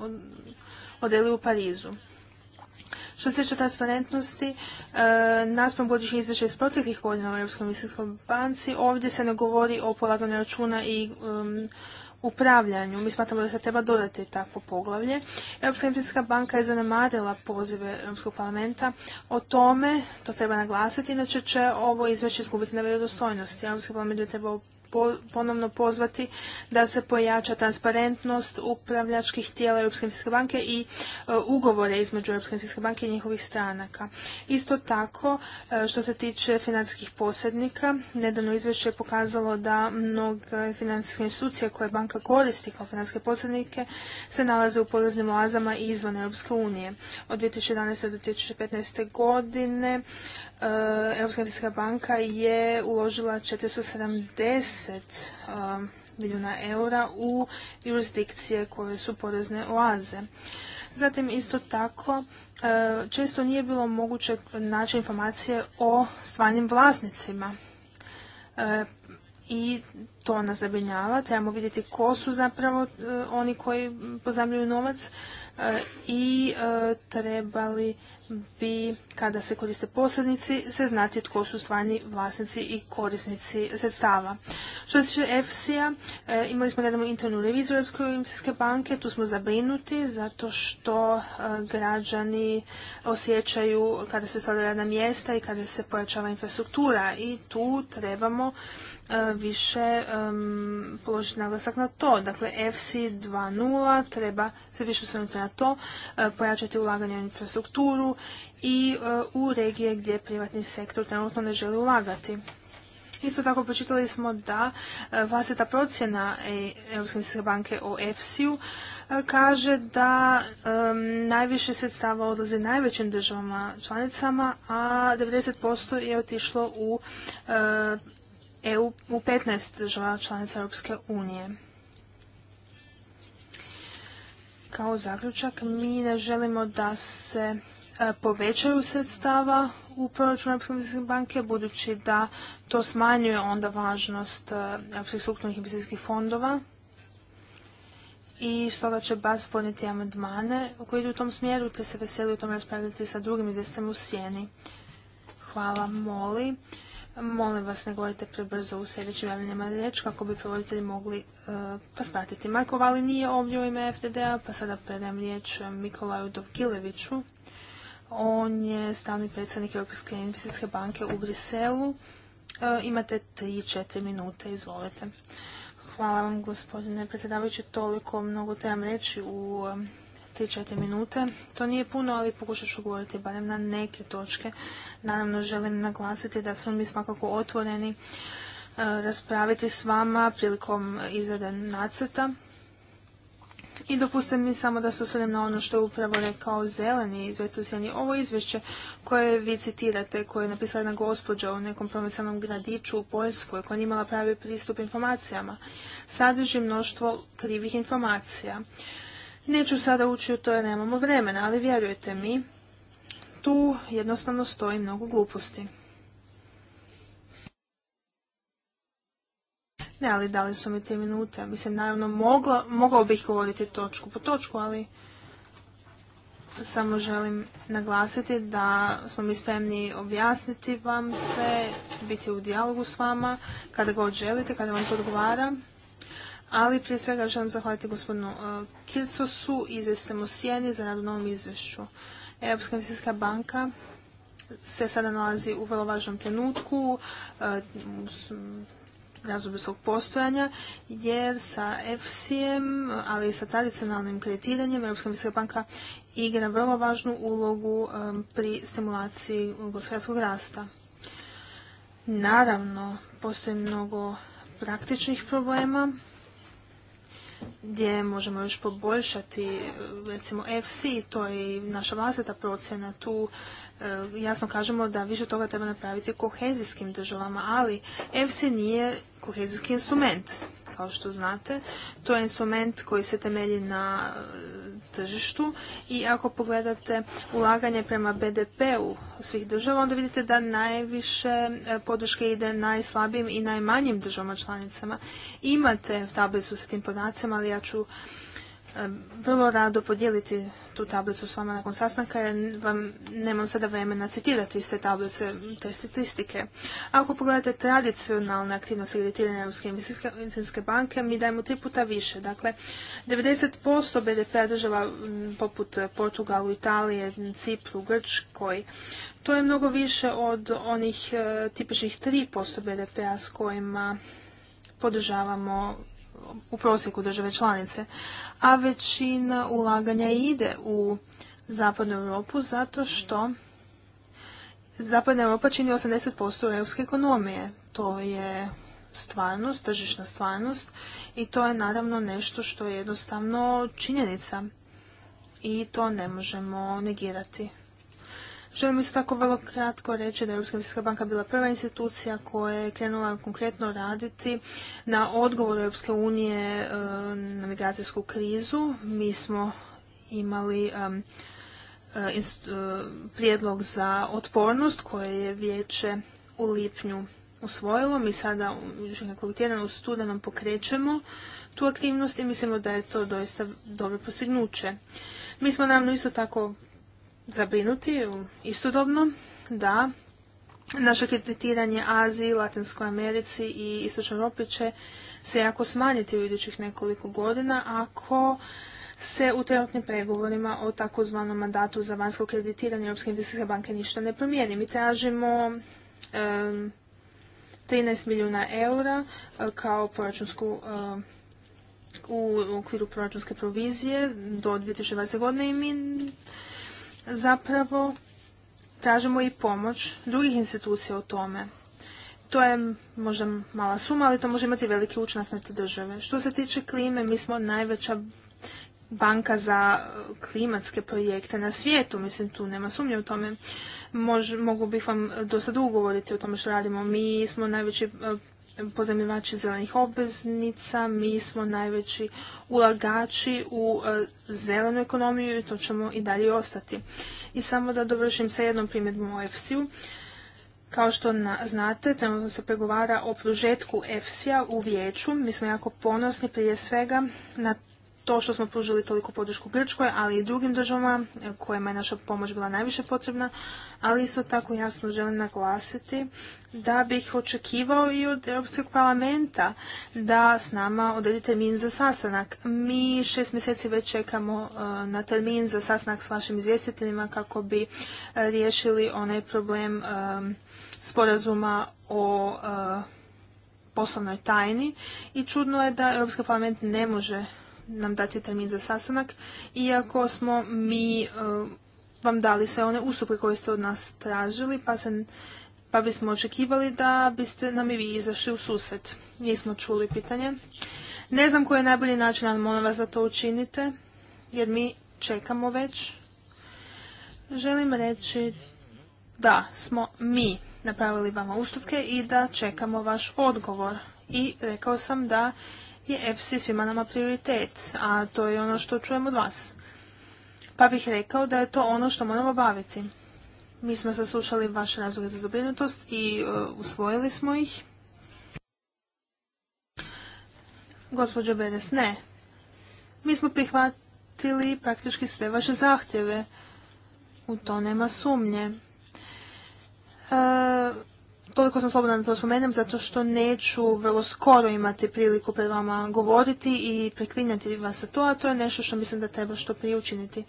odeli u Parizu. Što se tiče transparentnosti, e, naspram godišnjih izvješća iz proteklih godina u Europskoj investicijskoj banci, ovdje se ne govori o polaganju računa i um, upravljanju. Mi smatramo da se treba dodati takvo poglavlje. Europska investicijska banka je zanemarila pozive Europskog parlamenta o tome, to treba naglasiti, inače će ovo izvješće izgubiti na vjerodostojnosti. Europski parlament je trebao ponovno pozvati da se pojača transparentnost upravljačkih tijela Europske banke i e, ugovore između Europske banke i njihovih stranaka. Isto tako, e, što se tiče financijskih posrednika, nedavno izvješće je pokazalo da mnoge financijske institucije koje banka koristi kao financijske posrednike se nalaze u poreznim oazama izvan Europske unije. Od 2011. do 2015. godine E, Europska investicijska banka je uložila 470 e, milijuna eura u jurisdikcije koje su porezne oaze. Zatim isto tako e, često nije bilo moguće naći informacije o stvarnim vlasnicima i to nas zabrinjava. Trebamo vidjeti ko su zapravo oni koji pozamljuju novac E, i e, trebali bi, kada se koriste posljednici, se znati tko su stvarni vlasnici i korisnici sredstava. Što se tiče EFSI-a, e, imali smo nedavno internu reviziju Europske banke, tu smo zabrinuti zato što građani osjećaju kada se stvaraju radna mjesta i kada se pojačava infrastruktura i tu trebamo E, više položiti naglasak na to. Dakle, FC 2.0 treba se više osvrnuti na to, e, pojačati ulaganje u infrastrukturu i e, u regije gdje privatni sektor trenutno ne želi ulagati. Isto tako počitali smo da vlastita procjena Europske banke o EFSI-u kaže da najviše sredstava odlaze najvećim državama članicama, a 90% je otišlo u EU u 15 država članica Europske unije. Kao zaključak, mi ne želimo da se e, povećaju sredstava u proračunu Europske banke, budući da to smanjuje onda važnost e, Europskih investicijskih fondova i stoga će BAS podnijeti amandmane koji idu u tom smjeru te se veseli u tom raspravljati sa drugim izvjestem u sjeni. Hvala, Moli. Molim vas, ne govorite prebrzo u sljedećim javljenjima riječ kako bi provoditelji mogli e, pospratiti. Majko Marko Vali nije ovdje u ime fdd pa sada predajem riječ Mikolaju Dovkileviću. On je stavni predsjednik Europske investicijske banke u Briselu. E, imate 3-4 minute, izvolite. Hvala vam, gospodine predsjedavajući. Toliko mnogo trebam reći u 3-4 minute. To nije puno, ali pokušat ću govoriti barem na neke točke. Naravno, želim naglasiti da smo mi svakako otvoreni e, raspraviti s vama prilikom izrade nacrta. I dopustite mi samo da se osvrnem na ono što je upravo rekao zeleni izvjet Ovo izvješće koje vi citirate, koje je napisala jedna gospođa u nekom promisanom gradiću u Poljskoj, koja je imala pravi pristup informacijama, sadrži mnoštvo krivih informacija. Neću sada ući u to jer nemamo vremena, ali vjerujte mi, tu jednostavno stoji mnogo gluposti. Ne, ali dali su mi te minute. Mislim, naravno, mogao bih govoriti točku po točku, ali samo želim naglasiti da smo mi spremni objasniti vam sve, biti u dijalogu s vama, kada god želite, kada vam to odgovara ali prije svega želim zahvaliti gospodinu e, Kircosu i izvjestemu Sijeni za rad u novom izvješću. Europska investicijska banka se sada nalazi u vrlo važnom trenutku e, razdoblju svog postojanja, jer sa efsi ali i sa tradicionalnim kreditiranjem, Europska investicijska banka igra vrlo važnu ulogu e, pri stimulaciji gospodarskog rasta. Naravno, postoji mnogo praktičnih problema gdje možemo još poboljšati, recimo FC, to je i naša vlastita procjena tu, e, jasno kažemo da više toga treba napraviti kohezijskim državama, ali FC nije kohezijski instrument, kao što znate. To je instrument koji se temelji na tržištu i ako pogledate ulaganje prema BDP-u svih država, onda vidite da najviše e, podrške ide najslabijim i najmanjim državama članicama. Imate tablicu sa tim podacima, ali ja ću e, vrlo rado podijeliti tu tablicu s vama nakon sastanka jer vam nemam sada vremena citirati iz te tablice, te statistike. Ako pogledate tradicionalne aktivnosti kreditiranja Europske investicijske banke, mi dajemo tri puta više. Dakle, 90% BDP-a država poput Portugalu, Italije, Cipru, Grčkoj, to je mnogo više od onih e, tipičnih 3% BDP-a s kojima podržavamo u prosjeku države članice, a većina ulaganja ide u zapadnu Europu zato što zapadna Europa čini 80% europske ekonomije. To je stvarnost, tržišna stvarnost i to je naravno nešto što je jednostavno činjenica i to ne možemo negirati. Želim isto tako vrlo kratko reći da je Europska investicijska banka bila prva institucija koja je krenula konkretno raditi na odgovor Europske unije e, na migracijsku krizu. Mi smo imali e, e, prijedlog za otpornost koje je vijeće u lipnju usvojilo. Mi sada još nekoliko tjedana u studenom pokrećemo tu aktivnost i mislimo da je to doista dobro postignuće. Mi smo naravno isto tako zabrinuti istodobno da naše kreditiranje Aziji, Latinskoj Americi i Istočnoj Europi će se jako smanjiti u idućih nekoliko godina ako se u trenutnim pregovorima o takozvanom mandatu za vanjsko kreditiranje Europske investicijske banke ništa ne promijeni. Mi tražimo 13 milijuna eura e, kao proračunsku e, u okviru proračunske provizije do 2020. godine i mi zapravo tražimo i pomoć drugih institucija u tome. To je možda mala suma, ali to može imati veliki učinak na te države. Što se tiče klime, mi smo najveća banka za e, klimatske projekte na svijetu, mislim tu nema sumnje u tome. mogu bih vam dosta dugo govoriti o tome što radimo. Mi smo najveći e, pozemljivači zelenih obveznica, mi smo najveći ulagači u e, zelenu ekonomiju i to ćemo i dalje ostati. I samo da dovršim sa jednom primjedbom o EFSI-u. Kao što znate, trenutno se pregovara o prožetku EFSI-a u vijeću. Mi smo jako ponosni prije svega na to što smo pružili toliko podršku Grčkoj, ali i drugim državama e, kojima je naša pomoć bila najviše potrebna, ali isto tako jasno želim naglasiti da bih očekivao i od Europskog parlamenta da s nama odredi termin za sastanak. Mi šest mjeseci već čekamo e, na termin za sastanak s vašim izvjestiteljima kako bi e, riješili onaj problem sporazuma o poslovnoj tajni i čudno je da Europski parlament ne može nam dati termin za sastanak, iako smo mi e, vam dali sve one ustupke koje ste od nas tražili, pa, se, pa bismo očekivali da biste nam i vi izašli u susret. Nismo čuli pitanje. Ne znam koji je najbolji način, ali molim vas da to učinite, jer mi čekamo već. Želim reći da smo mi napravili vama ustupke i da čekamo vaš odgovor. I rekao sam da je EFSI svima nama prioritet, a to je ono što čujem od vas. Pa bih rekao da je to ono što moramo baviti. Mi smo saslušali vaše razloge za zabrinutost i e, usvojili smo ih. Gospođo Beres, ne. Mi smo prihvatili praktički sve vaše zahtjeve. U to nema sumnje. E, Toliko sam slobodna da to spomenem zato što neću vrlo skoro imati priliku pred vama govoriti i preklinjati vas sa to, a to je nešto što mislim da treba što prije učiniti.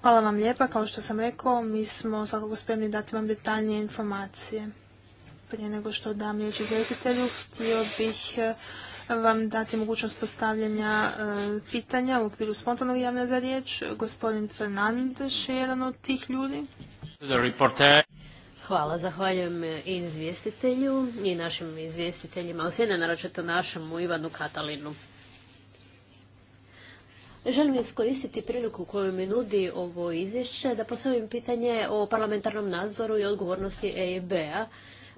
Hvala vam lijepa, kao što sam rekao, mi smo svakako spremni dati vam detaljnije informacije. Prije nego što dam riječ izvjestitelju, htio bih eh, vam dati mogućnost postavljanja eh, pitanja u okviru spontanog javna za riječ. Gospodin Fernandez je jedan od tih ljudi. Hvala, zahvaljujem e, izvjestitelju i našim izvjestiteljima, osvijene naročito našemu Ivanu Katalinu. Želim iskoristiti priliku koju mi nudi ovo izvješće da postavim pitanje o parlamentarnom nadzoru i odgovornosti EIB-a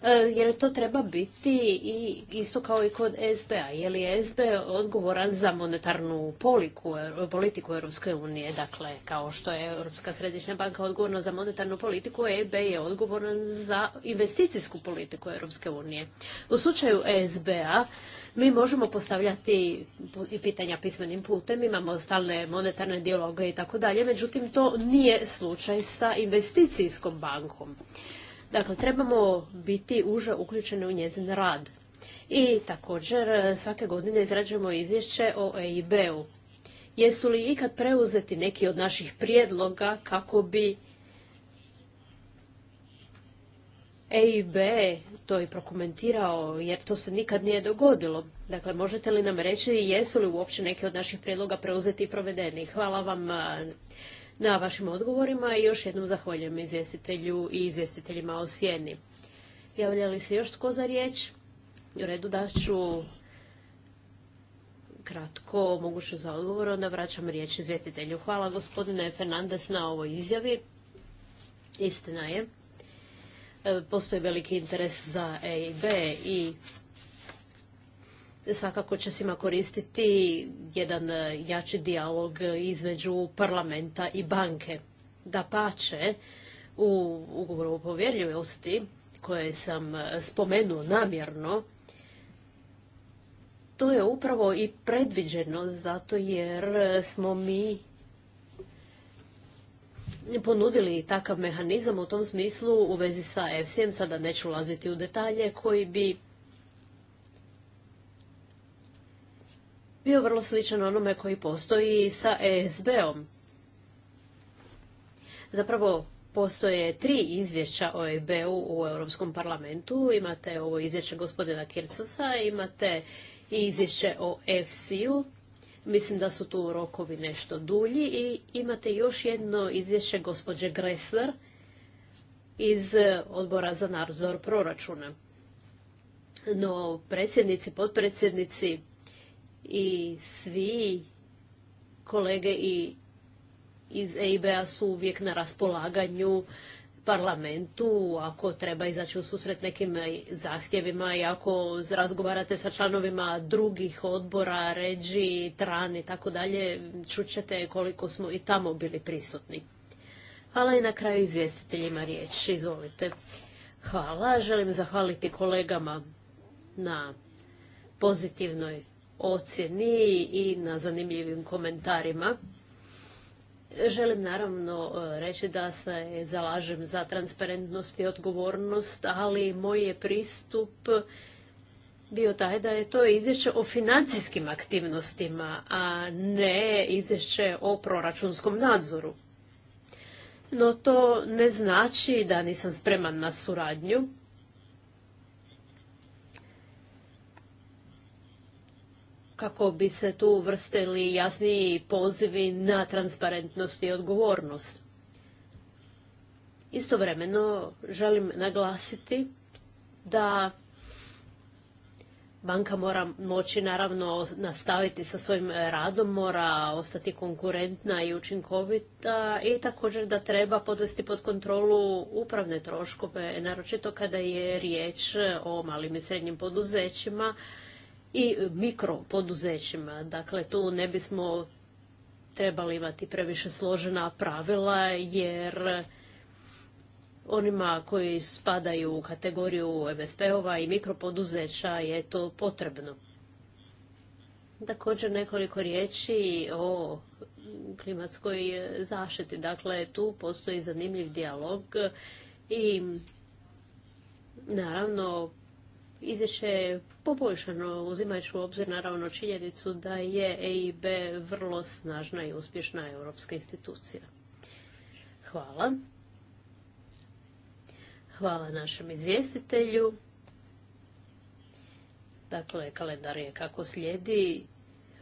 E, jer to treba biti i isto kao i kod SBA. Je li SB odgovoran za monetarnu poliku, e, politiku Europske unije? Dakle, kao što je Europska središnja banka odgovorna za monetarnu politiku, EB je odgovoran za investicijsku politiku Europske unije. U slučaju SBA mi možemo postavljati i pitanja pismenim putem, imamo stalne monetarne dijaloge i tako dalje, međutim to nije slučaj sa investicijskom bankom. Dakle, trebamo biti uže uključeni u njezin rad. I također e, svake godine izrađujemo izvješće o EIB-u. Jesu li ikad preuzeti neki od naših prijedloga kako bi EIB to i prokomentirao, jer to se nikad nije dogodilo. Dakle, možete li nam reći jesu li uopće neki od naših prijedloga preuzeti i provedeni? Hvala vam e, na vašim odgovorima i još jednom zahvaljujem izvjestitelju i izvjestiteljima o sjeni. Javlja li se još tko za riječ? U redu da ću kratko mogućnost za odgovor, onda vraćam riječ izvjestitelju. Hvala gospodine Fernandez na ovoj izjavi. Istina je. E, postoji veliki interes za EIB i svakako će svima koristiti jedan e, jači dijalog između parlamenta i banke. Da pače, u ugovoru o povjerljivosti koje sam e, spomenuo namjerno, to je upravo i predviđeno zato jer e, smo mi ponudili takav mehanizam u tom smislu u vezi sa FCM, sada neću ulaziti u detalje, koji bi bio vrlo sličan onome koji postoji sa ESB-om. Zapravo postoje tri izvješća o EB-u Europskom parlamentu. Imate ovo izvješće gospodina Kircosa, imate i izvješće o EFSI-u. Mislim da su tu rokovi nešto dulji i imate još jedno izvješće gospođe Gressler iz odbora za nadzor proračuna. No, predsjednici, potpredsjednici i svi kolege i iz EIB-a su uvijek na raspolaganju parlamentu, ako treba izaći u susret nekim zahtjevima i ako razgovarate sa članovima drugih odbora, ređi, tran i tako dalje, čućete koliko smo i tamo bili prisutni. Hvala i na kraju izvjestiteljima riječ. Izvolite. Hvala. Želim zahvaliti kolegama na pozitivnoj ocjeni i na zanimljivim komentarima. Želim naravno e, reći da se zalažem za transparentnost i odgovornost, ali moj je pristup bio taj da je to izvješće o financijskim aktivnostima, a ne izvješće o proračunskom nadzoru. No to ne znači da nisam spreman na suradnju kako bi se tu uvrstili jasniji pozivi na transparentnost i odgovornost. Istovremeno želim naglasiti da banka mora moći naravno nastaviti sa svojim radom, mora ostati konkurentna i učinkovita i također da treba podvesti pod kontrolu upravne troškove, naročito kada je riječ o malim i srednjim poduzećima i mikropoduzećima. Dakle, tu ne bismo trebali imati previše složena pravila jer onima koji spadaju u kategoriju MSP-ova i mikropoduzeća je to potrebno. Također nekoliko riječi o klimatskoj zaštiti. Dakle, tu postoji zanimljiv dijalog i naravno izvješće poboljšano uzimajući u obzir naravno činjenicu da je EIB vrlo snažna i uspješna europska institucija. Hvala. Hvala našem izvjestitelju. Dakle, kalendar je kako slijedi.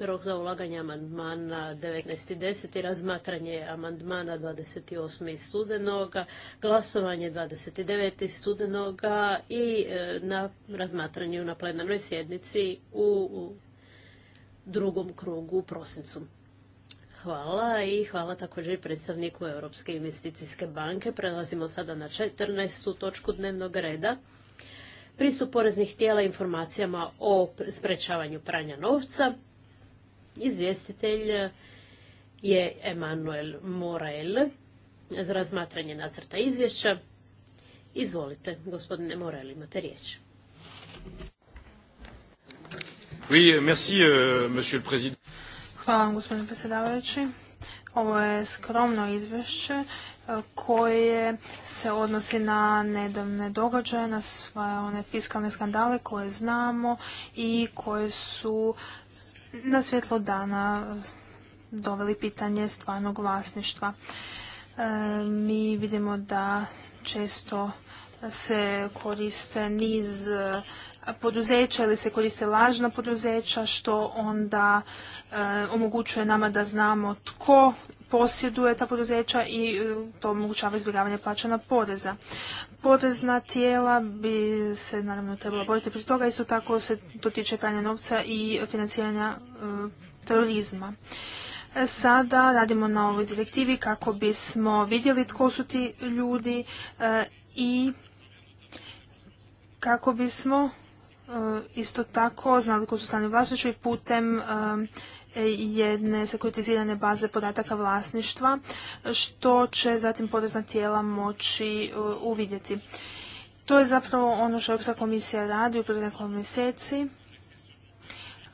Rok za ulaganje amandmana 19.10. razmatranje amandmana 28. studenoga, glasovanje 29. studenoga i e, na razmatranju na plenarnoj sjednici u drugom krugu u prosincu. Hvala i hvala također predstavniku Europske investicijske banke. Prelazimo sada na 14. točku dnevnog reda. Pristup poreznih tijela informacijama o sprečavanju pranja novca. Izvjestitelj je Emanuel Morel za razmatranje nacrta izvješća. Izvolite, gospodine Morel, imate riječ. Euh, Hvala vam, gospodine predsjedavajući. Ovo je skromno izvješće e, koje se odnosi na nedavne događaje, na sve one fiskalne skandale koje znamo i koje su na svjetlo dana doveli pitanje stvarnog vlasništva. E, mi vidimo da često se koriste niz poduzeća ili se koriste lažna poduzeća što onda e, omogućuje nama da znamo tko posjeduje ta poduzeća i e, to omogućava izbjegavanje plaćana poreza. Porezna tijela bi se naravno trebalo boriti pri toga, isto tako se to tiče pranja novca i financiranja e, terorizma. E, sada radimo na ovoj direktivi kako bismo vidjeli tko su ti ljudi e, i kako bismo isto tako znali tko su stani vlasnički putem jedne sekuritizirane baze podataka vlasništva, što će zatim porezna tijela moći uh, uvidjeti. To je zapravo ono što Europska komisija radi u prvih nekoliko mjeseci,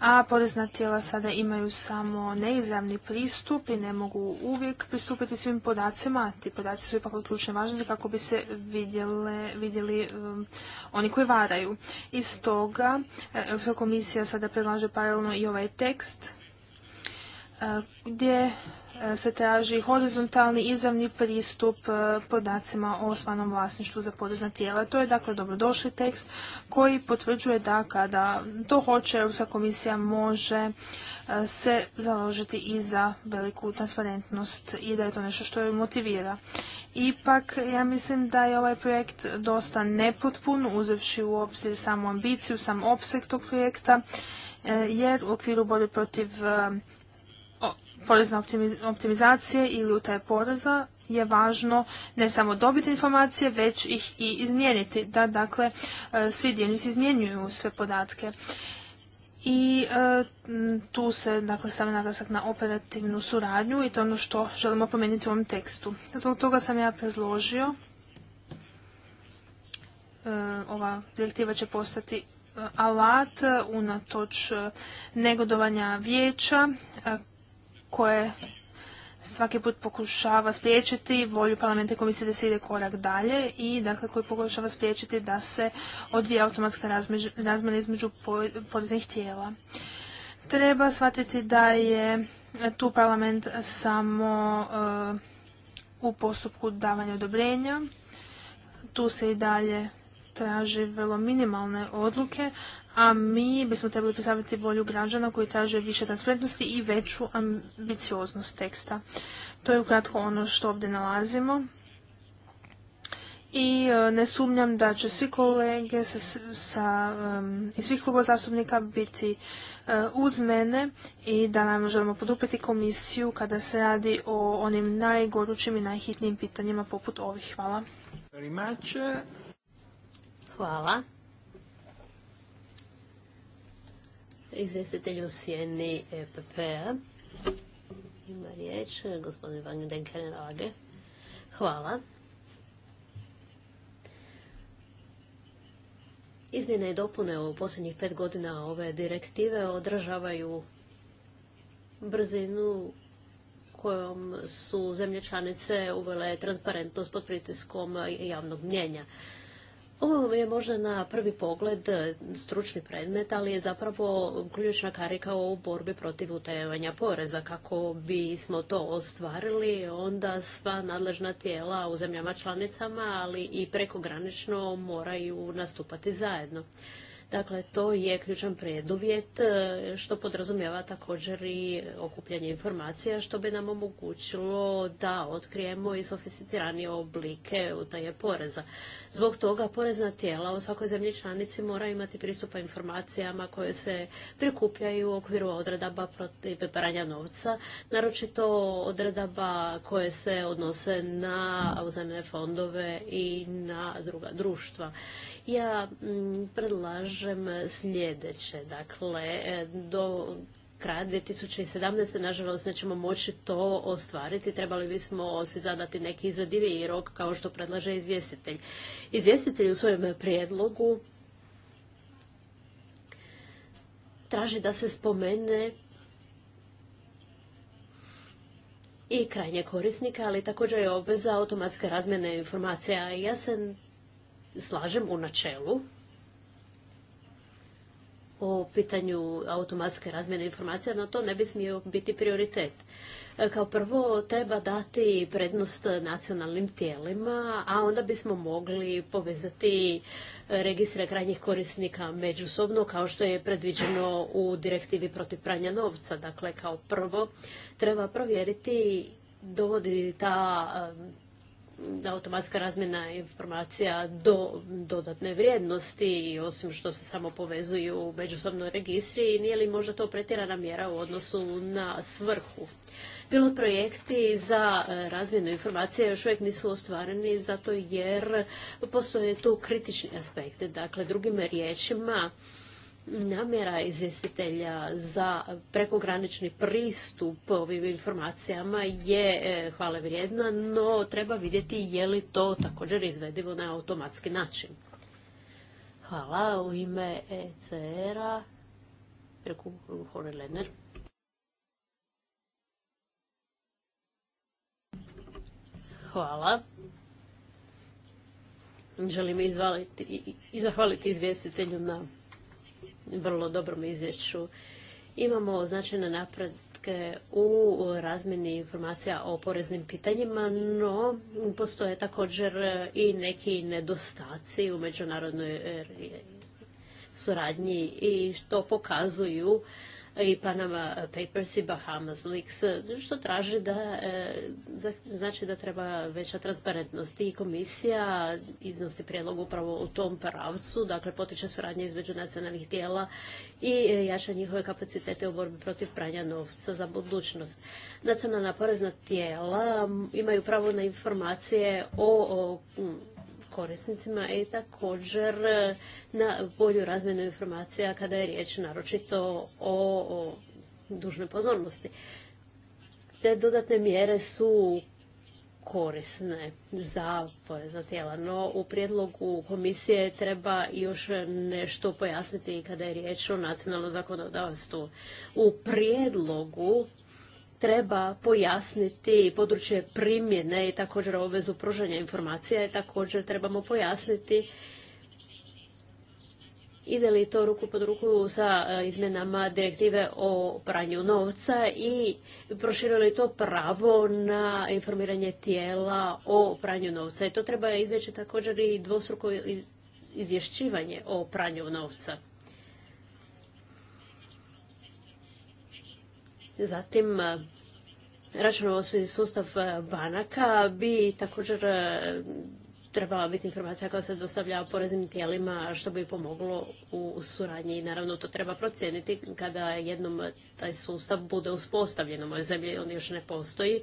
a porezna tijela sada imaju samo neizravni pristup i ne mogu uvijek pristupiti svim podacima. Ti podaci su ipak od ključne važnosti kako bi se vidjeli um, oni koji varaju. Iz toga e, Europska komisija sada predlaže paralelno i ovaj tekst gdje e, se traži horizontalni izravni pristup e, podacima o osvanom vlasništvu za porezna tijela. To je dakle dobrodošli tekst koji potvrđuje da kada to hoće Europska komisija može e, se založiti i za veliku transparentnost i da je to nešto što ju motivira. Ipak, ja mislim da je ovaj projekt dosta nepotpun, uzevši u obzir samu ambiciju, sam opseg tog projekta, jer u okviru borbe protiv porezne optimizacije ili utaje poreza je važno ne samo dobiti informacije, već ih i izmijeniti, da dakle e, svi dionici izmjenjuju sve podatke. I e, tu se dakle stavlja naglasak na operativnu suradnju i to je ono što želimo pomenuti u ovom tekstu. Zbog toga sam ja predložio e, ova direktiva će postati alat unatoč negodovanja vijeća koje svaki put pokušava spriječiti volju parlamenta i komisije da se ide korak dalje i dakle koji pokušava spriječiti da se odvija automatska razmjena između poreznih tijela. Treba shvatiti da je tu parlament samo e, u postupku davanja odobrenja. Tu se i dalje traži vrlo minimalne odluke, a mi bismo trebali predstaviti volju građana koji traže više transparentnosti i veću ambicioznost teksta. To je ukratko ono što ovdje nalazimo. I e, ne sumnjam da će svi kolege sa, iz svih kluba zastupnika biti e, uz mene i da nam želimo podupiti komisiju kada se radi o onim najgorućim i najhitnijim pitanjima poput ovih. Hvala. Hvala. izvjestitelju u sjeni EPP-a. Ima riječ gospodin Van Denken Hvala. Izmjene i dopune u posljednjih pet godina ove direktive održavaju brzinu kojom su zemlje članice uvele transparentnost pod pritiskom javnog mnjenja. Ovo je možda na prvi pogled e, stručni predmet, ali je zapravo ključna karika u borbi protiv utajevanja poreza. Kako bismo to ostvarili, onda sva nadležna tijela u zemljama članicama, ali i prekogranično moraju nastupati zajedno. Dakle, to je ključan preduvjet e, što podrazumijeva također i okupljanje informacija što bi nam omogućilo da otkrijemo i sofisticiranije oblike utaje poreza. Zbog toga porezna tijela u svakoj zemlji članici mora imati pristupa informacijama koje se prikupljaju u okviru odredaba protiv pranja novca, naročito odredaba koje se odnose na uzemne fondove i na druga društva. Ja predlažem kažem sljedeće. Dakle, e, do kraja 2017. nažalost nećemo moći to ostvariti. Trebali bismo si zadati neki izadiviji rok kao što predlaže izvjestitelj. Izvjestitelj u svojem prijedlogu traži da se spomene i krajnje korisnika, ali također je obveza automatske razmjene informacija. Ja se slažem u načelu, o pitanju automatske razmjene informacija, no to ne bi smio biti prioritet. E, kao prvo treba dati prednost nacionalnim tijelima, a onda bismo mogli povezati e, registre krajnjih korisnika međusobno kao što je predviđeno u direktivi protiv pranja novca. Dakle, kao prvo treba provjeriti dovodi ta automatska razmjena informacija do dodatne vrijednosti i osim što se samo povezuju u međusobnoj registri, nije li možda to pretjerana mjera u odnosu na svrhu? Pilot projekti za e, razmjenu informacija još uvijek nisu ostvareni zato jer postoje tu kritični aspekte, Dakle, drugim riječima, namjera izvjestitelja za prekogranični pristup ovim informacijama je e, hvale vrijedna, no treba vidjeti je li to također izvedivo na automatski način. Hvala. U ime ECR-a Hvala. Želim i zahvaliti izvjestitelju na vrlo dobrom izvješću. Imamo značajne napredke u razmjeni informacija o poreznim pitanjima, no postoje također i neki nedostaci u međunarodnoj suradnji i to pokazuju i Panama Papers i Bahamas Leaks, što traži da, e, znači da treba veća transparentnost i komisija iznosi prijedlog upravo u tom pravcu, dakle potiče suradnje između nacionalnih tijela i jača njihove kapacitete u borbi protiv pranja novca za budućnost. Nacionalna porezna tijela imaju pravo na informacije o, o korisnicima i također e, na bolju razmjenu informacija kada je riječ naročito o, dužnoj pozornosti. Te dodatne mjere su korisne za porezna tijela, no u prijedlogu komisije treba još nešto pojasniti kada je riječ o nacionalnom zakonodavstvu. U prijedlogu treba pojasniti područje primjene i također obvezu pružanja informacija također trebamo pojasniti ide li to ruku pod ruku sa e, izmjenama direktive o pranju novca i li to pravo na informiranje tijela o pranju novca. I to treba izbjeći također i dvostruko izvješćivanje o pranju novca. Zatim, se sustav e, banaka bi također e, trebala biti informacija koja se dostavlja poreznim tijelima što bi pomoglo u suradnji i naravno to treba procijeniti kada jednom taj sustav bude uspostavljen u mojoj zemlji, on još ne postoji.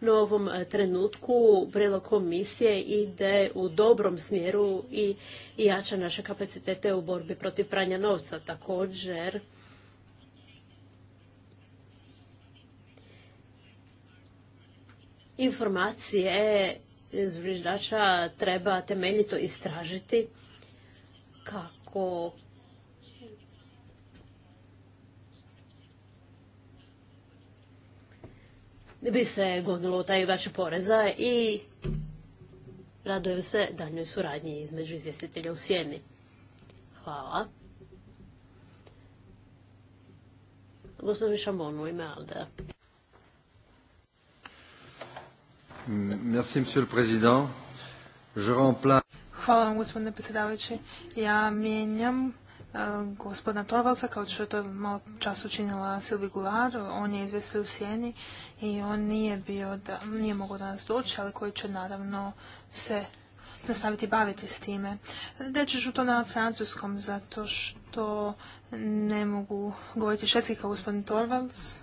No u ovom e, trenutku prilog komisije ide u dobrom smjeru i jača naše kapacitete u borbi protiv pranja novca. Također informacije zviždača treba temeljito istražiti kako bi se gonilo vaš poreza i radujem se daljnoj suradnji između izvjestitelja u Sjeni. Hvala. Gospodin Šamon, u ime Alda. Hvala vam, gospodine predsjedavajući. Ja mijenjam e, gospodina Torvalca, kao što je to malo čas učinila Silvi Gular, on je izvestio u Sjeni i on nije bio, da, nije mogao danas doći, ali koji će naravno se nastaviti baviti s time. Reći ću to na francuskom, zato što ne mogu govoriti švedski kao gospodin Torvalds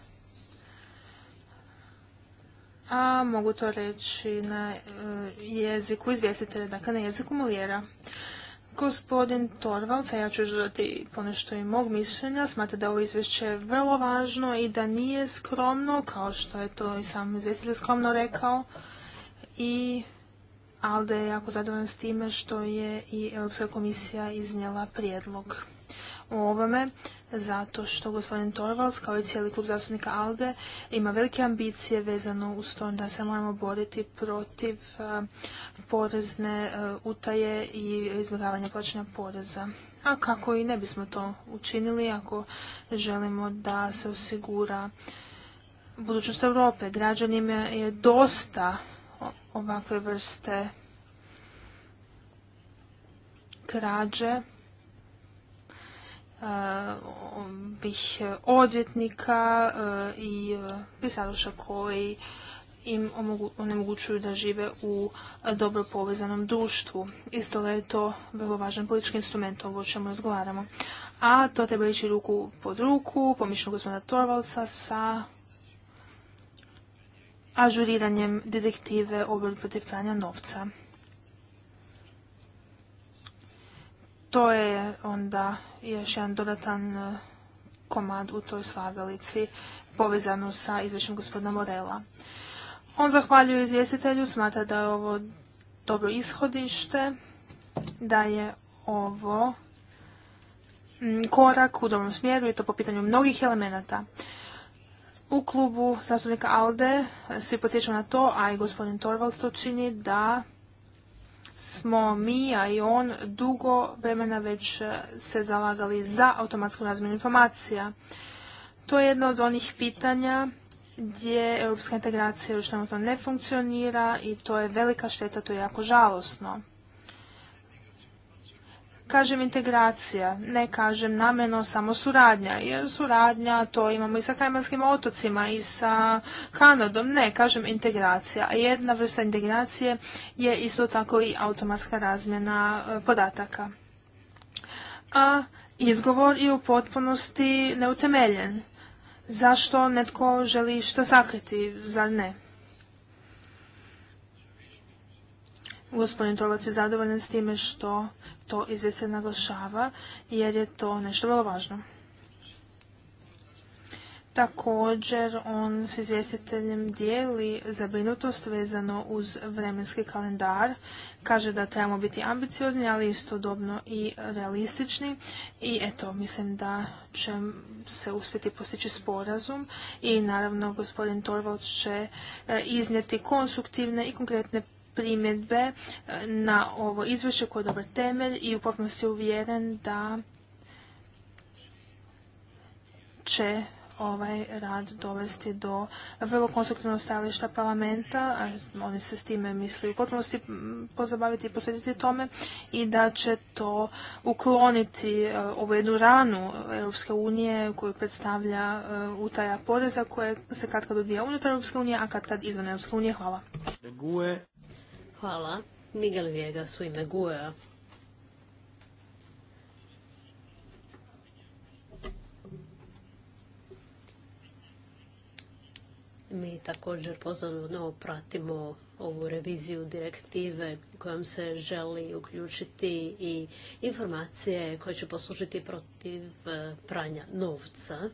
a mogu to reći na e, jeziku izvjestitelja, dakle na jeziku molijera. Gospodin Torvalca, ja ću dodati ponešto i mog mišljenja, smatra da ovo izvješće je vrlo važno i da nije skromno, kao što je to i sam izvjestitelj skromno rekao. I Alde je jako zadovoljan s time što je i Europska komisija iznijela prijedlog o ovome zato što gospodin Torvalds kao i cijeli klub zastupnika ALDE ima velike ambicije vezano uz to da se moramo boriti protiv e, porezne e, utaje i izbjegavanja plaćanja poreza. A kako i ne bismo to učinili ako želimo da se osigura budućnost Europe. Građanima je dosta ovakve vrste krađe bih eh, odvjetnika eh, i pisaruša eh, koji im onemogućuju da žive u dobro povezanom društvu. Isto je to vrlo važan politički instrument o čemu razgovaramo. A to treba ići ruku pod ruku, pomišljeno gospoda gospodina Torvalca, sa ažuriranjem detektive o protiv pranja novca. to je onda još jedan dodatan e, komad u toj slagalici povezanu sa izvješćem gospodina Morela. On zahvaljuje izvjestitelju, smatra da je ovo dobro ishodište, da je ovo korak u dobrom smjeru i to po pitanju mnogih elemenata. U klubu zastupnika ALDE e, svi potječu na to, a i gospodin Torvald to čini da smo mi, a i on, dugo vremena već e, se zalagali za automatsku razmjenu informacija. To je jedno od onih pitanja gdje europska integracija još trenutno ne funkcionira i to je velika šteta, to je jako žalosno kažem integracija, ne kažem namjeno samo suradnja, jer suradnja to imamo i sa Kajmanskim otocima i sa Kanadom, ne kažem integracija, a jedna vrsta integracije je isto tako i automatska razmjena e, podataka. A izgovor je u potpunosti neutemeljen. Zašto netko želi što sakriti, zar ne? Gospodin Tolac je zadovoljan s time što to izvješće naglašava jer je to nešto vrlo važno. Također, on s izvjestiteljem dijeli zabrinutost vezano uz vremenski kalendar. Kaže da trebamo biti ambiciozni, ali istodobno i realistični. I eto, mislim da će se uspjeti postići sporazum i naravno gospodin Torvald će e, iznijeti konstruktivne i konkretne primjedbe e, na ovo izvješće koje je dobar temelj i u potpunosti uvjeren da će ovaj rad dovesti do vrlo konstruktivnog stajališta parlamenta, oni se s time misli u potpunosti pozabaviti i posvetiti tome i da će to ukloniti e, ovu jednu ranu Europske unije koju predstavlja e, utaja poreza koja se kad kad odbija unutar Europske a kad kad izvan Europske unije. Hvala. Hvala. Miguel Viegas u ime Mi također pozorno pratimo ovu reviziju direktive kojom se želi uključiti i informacije koje će poslužiti protiv eh, pranja novca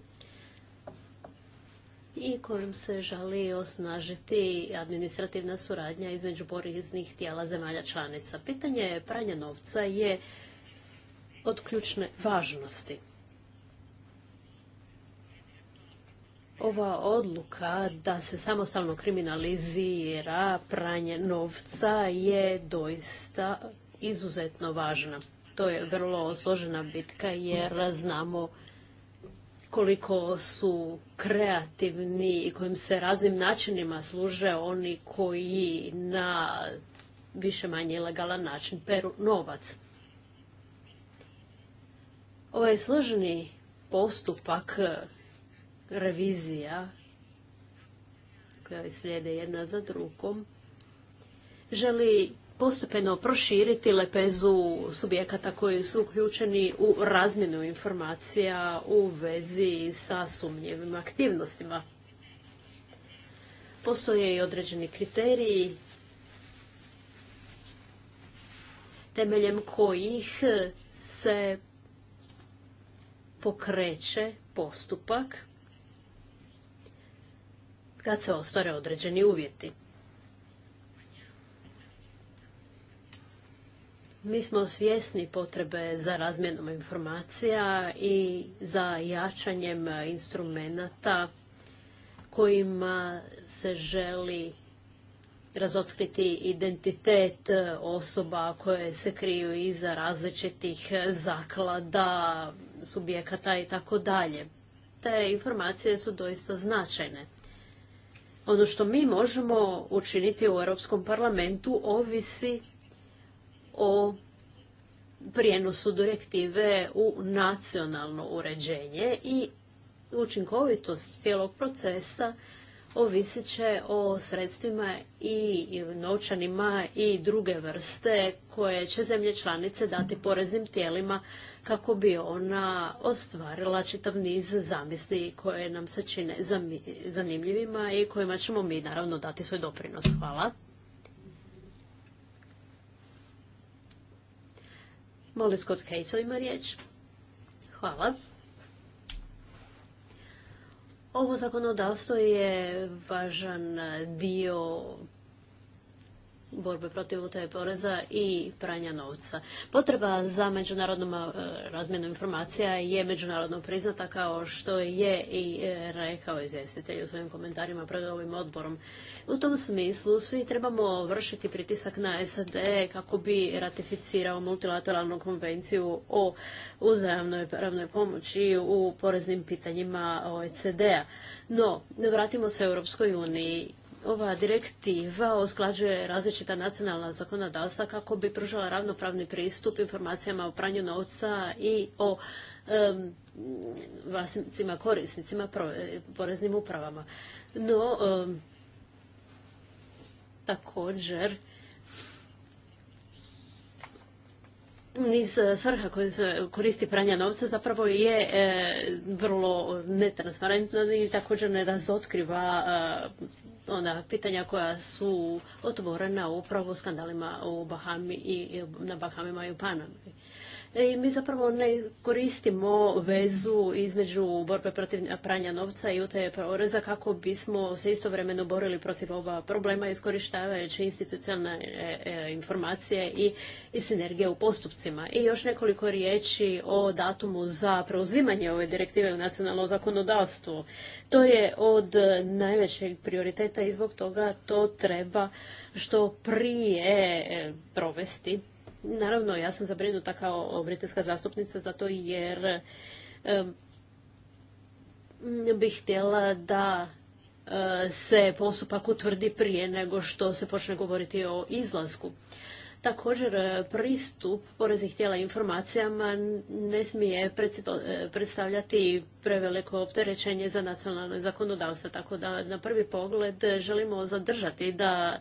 i kojom se želi osnažiti administrativna suradnja između poreznih tijela zemalja članica. Pitanje pranja novca je od ključne važnosti. Ova odluka da se samostalno kriminalizira pranje novca je doista izuzetno važna. To je vrlo složena bitka jer znamo koliko su kreativni i kojim se raznim načinima služe oni koji na više manje legalan način peru novac. Ovaj složeni postupak e, revizija koja slijede jedna za drugom želi postupeno proširiti lepezu subjekata koji su uključeni u razmjenu informacija u vezi sa sumnjivim aktivnostima. Postoje i određeni kriteriji temeljem kojih se pokreće postupak kad se ostvare određeni uvjeti. Mi smo svjesni potrebe za razmjenom informacija i za jačanjem instrumenata kojima se želi razotkriti identitet osoba koje se kriju iza različitih zaklada, subjekata i tako dalje. Te informacije su doista značajne. Ono što mi možemo učiniti u Europskom parlamentu ovisi o prijenosu direktive u nacionalno uređenje i učinkovitost cijelog procesa ovisit će o sredstvima i novčanima i druge vrste koje će zemlje članice dati poreznim tijelima kako bi ona ostvarila čitav niz zamisli koje nam se čine zanimljivima i kojima ćemo mi naravno dati svoj doprinos. Hvala. Molly Scott Cato ima riječ. Hvala. Ovo zakonodavstvo je važan dio borbe protiv utaje poreza i pranja novca. Potreba za međunarodnom e, razmjenom informacija je međunarodno priznata kao što je i e, rekao izvjestitelj u svojim komentarima pred ovim odborom. U tom smislu svi trebamo vršiti pritisak na SAD kako bi ratificirao multilateralnu konvenciju o uzajamnoj pravnoj pomoći u poreznim pitanjima OECD-a. No, vratimo se u Europskoj uniji ova direktiva usklađuje različita nacionalna zakonodavstva kako bi pružala ravnopravni pristup informacijama o pranju novca i o vlasnicima, korisnicima, poreznim upravama. No, također niz e, svrha koje se koristi pranja novca zapravo je e, vrlo netransparentna i također ne razotkriva e, ona pitanja koja su otvorena upravo skandalima u Bahami i na Bahamima i u Panami. E, i mi zapravo ne koristimo vezu između borbe protiv pranja novca i utaje poreza kako bismo se istovremeno borili protiv oba problema iskorištavajući institucionalne e, e, informacije i, i sinergije u postupcima. I još nekoliko riječi o datumu za preuzimanje ove direktive u nacionalno zakonodavstvo. To je od najvećeg prioriteta i zbog toga to treba što prije provesti Naravno, ja sam zabrinuta kao britanska zastupnica zato jer bih htjela da eh, se postupak utvrdi prije nego što se počne govoriti o izlasku. Također, eh, pristup poreznih tijela informacijama ne smije eh, predstavljati preveliko opterećenje za nacionalno zakonodavstvo. Tako da na prvi pogled želimo zadržati da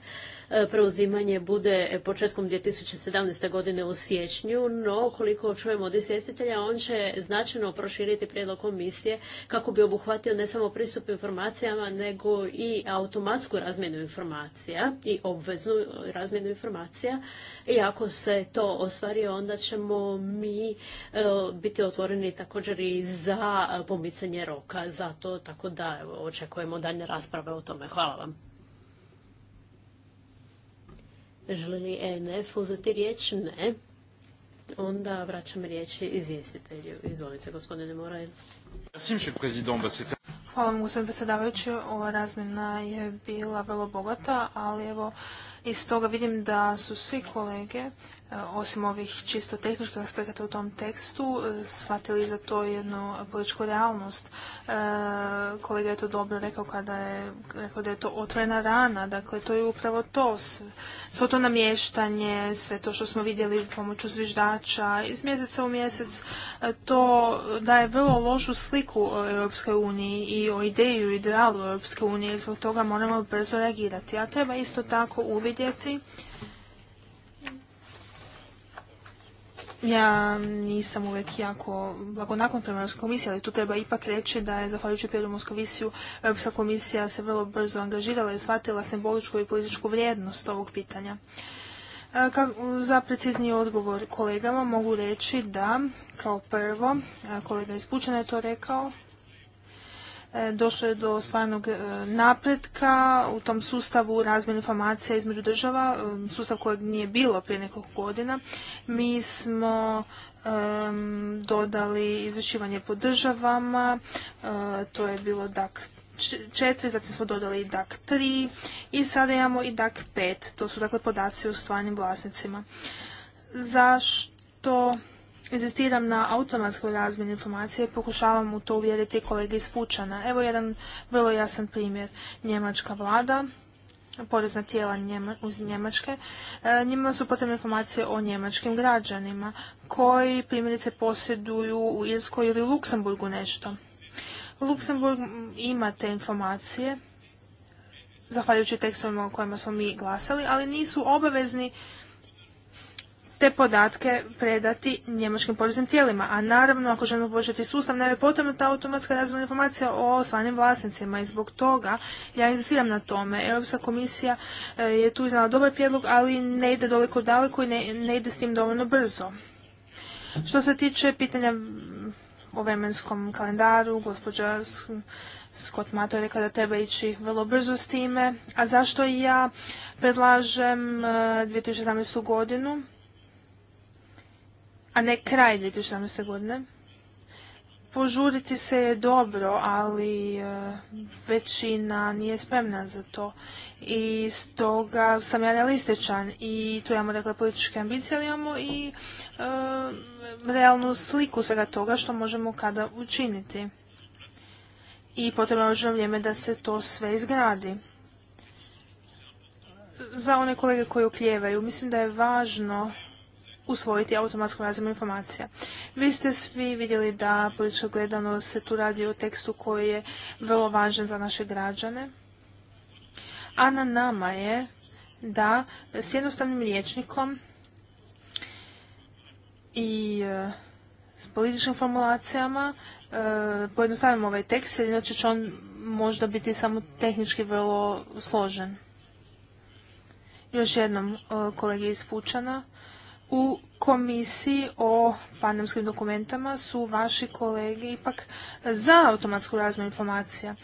e, preuzimanje bude početkom 2017. godine u siječnju, no koliko čujemo od izvjestitelja, on će značajno proširiti prijedlog komisije kako bi obuhvatio ne samo pristup informacijama, nego i automatsku razmjenu informacija i obveznu razmjenu informacija. I ako se to ostvari, onda ćemo mi e, biti otvoreni također i za pomicanje roka za to, tako da evo, očekujemo dalje rasprave o tome. Hvala vam. Želi li ENF uzeti riječ? Ne. Onda vraćam riječ izvjestitelju. Izvolite, gospodine Morel. Hvala vam, gospodine predsjedavajući. Ova razmjena je bila vrlo bogata, ali evo, iz toga vidim da su svi kolege osim ovih čisto tehničkih aspekata u tom tekstu, e, shvatili za to jednu političku realnost. E, kolega je to dobro rekao kada je rekao da je to otvorena rana, dakle to je upravo to, svo to namještanje, sve to što smo vidjeli pomoću zviždača iz mjeseca u mjesec, e, to daje vrlo lošu sliku o Europskoj uniji i o ideju i idealu Europske unije, zbog toga moramo brzo reagirati. A treba isto tako uvidjeti Ja nisam uvijek jako blagonaklon prema Europskoj komisiji, ali tu treba ipak reći da je zahvaljujući prijedlogu Moskovisiju Europska komisija se vrlo brzo angažirala i shvatila simboličku i političku vrijednost ovog pitanja. E, za precizniji odgovor kolegama mogu reći da, kao prvo, e, kolega iz Pučana je to rekao, E, došlo je do stvarnog e, napretka u tom sustavu razmjene informacija između država, e, sustav kojeg nije bilo prije nekoliko godina. Mi smo dodali izvješćivanje po državama, to je bilo DAK 4, zatim smo dodali i DAK 3 i sada imamo i DAK 5, to su dakle podaci o stvarnim vlasnicima. Zašto inzistiram na automatskoj razmjeni informacije i pokušavam u to uvjeriti kolege iz Pučana. Evo jedan vrlo jasan primjer. Njemačka vlada, porezna tijela uz Njemačke, e, njima su potrebne informacije o njemačkim građanima koji primjerice posjeduju u Irskoj ili Luksemburgu nešto. Luksemburg ima te informacije, zahvaljujući tekstovima o kojima smo mi glasali, ali nisu obavezni te podatke predati njemačkim poreznim tijelima. A naravno, ako želimo poboljšati sustav, nam je potrebna ta automatska razmjena informacija o stvarnim vlasnicima i zbog toga ja insistiram na tome. Europska komisija e, je tu iznala dobar prijedlog, ali ne ide doliko daleko i ne, ide s tim dovoljno brzo. Što se tiče pitanja o vremenskom kalendaru, gospođa Scott Mato je rekla da treba ići vrlo brzo s time. A zašto ja predlažem 2017. E, godinu? a ne kraj 2017. godine. Požuriti se je dobro, ali e, većina nije spremna za to. I stoga sam ja realističan i tu imamo dakle političke ambicije, ali imamo i e, realnu sliku svega toga što možemo kada učiniti. I potrebno je vrijeme da se to sve izgradi. Za one kolege koji ukljevaju, mislim da je važno usvojiti automatsku razinu informacija. Vi ste svi vidjeli da politička gledano se tu radi o tekstu koji je vrlo važan za naše građane, a na nama je da s jednostavnim riječnikom i e, s političkim formulacijama e, pojednostavimo ovaj tekst, jer inače će on možda biti samo tehnički vrlo složen. Još jednom e, kolege iz Pučana, u komisiji o pandemskim dokumentama su vaši kolege ipak za automatsku razmjenu informacija.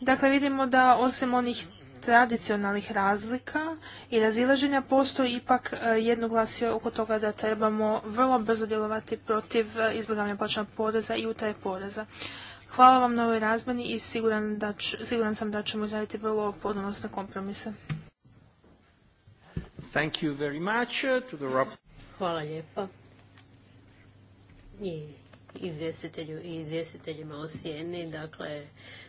Dakle, vidimo da osim onih tradicionalnih razlika i razilaženja postoji ipak e, jednoglasje oko toga da trebamo vrlo brzo djelovati protiv e, izbjegavanja plaćanja poreza i utaje poreza. Hvala vam na ovoj razmeni i siguran, sam da ćemo izraditi vrlo podnosne kompromise. Uh, Hvala lijepa. I izvjestitelju i izvjestiteljima o sjeni. Dakle,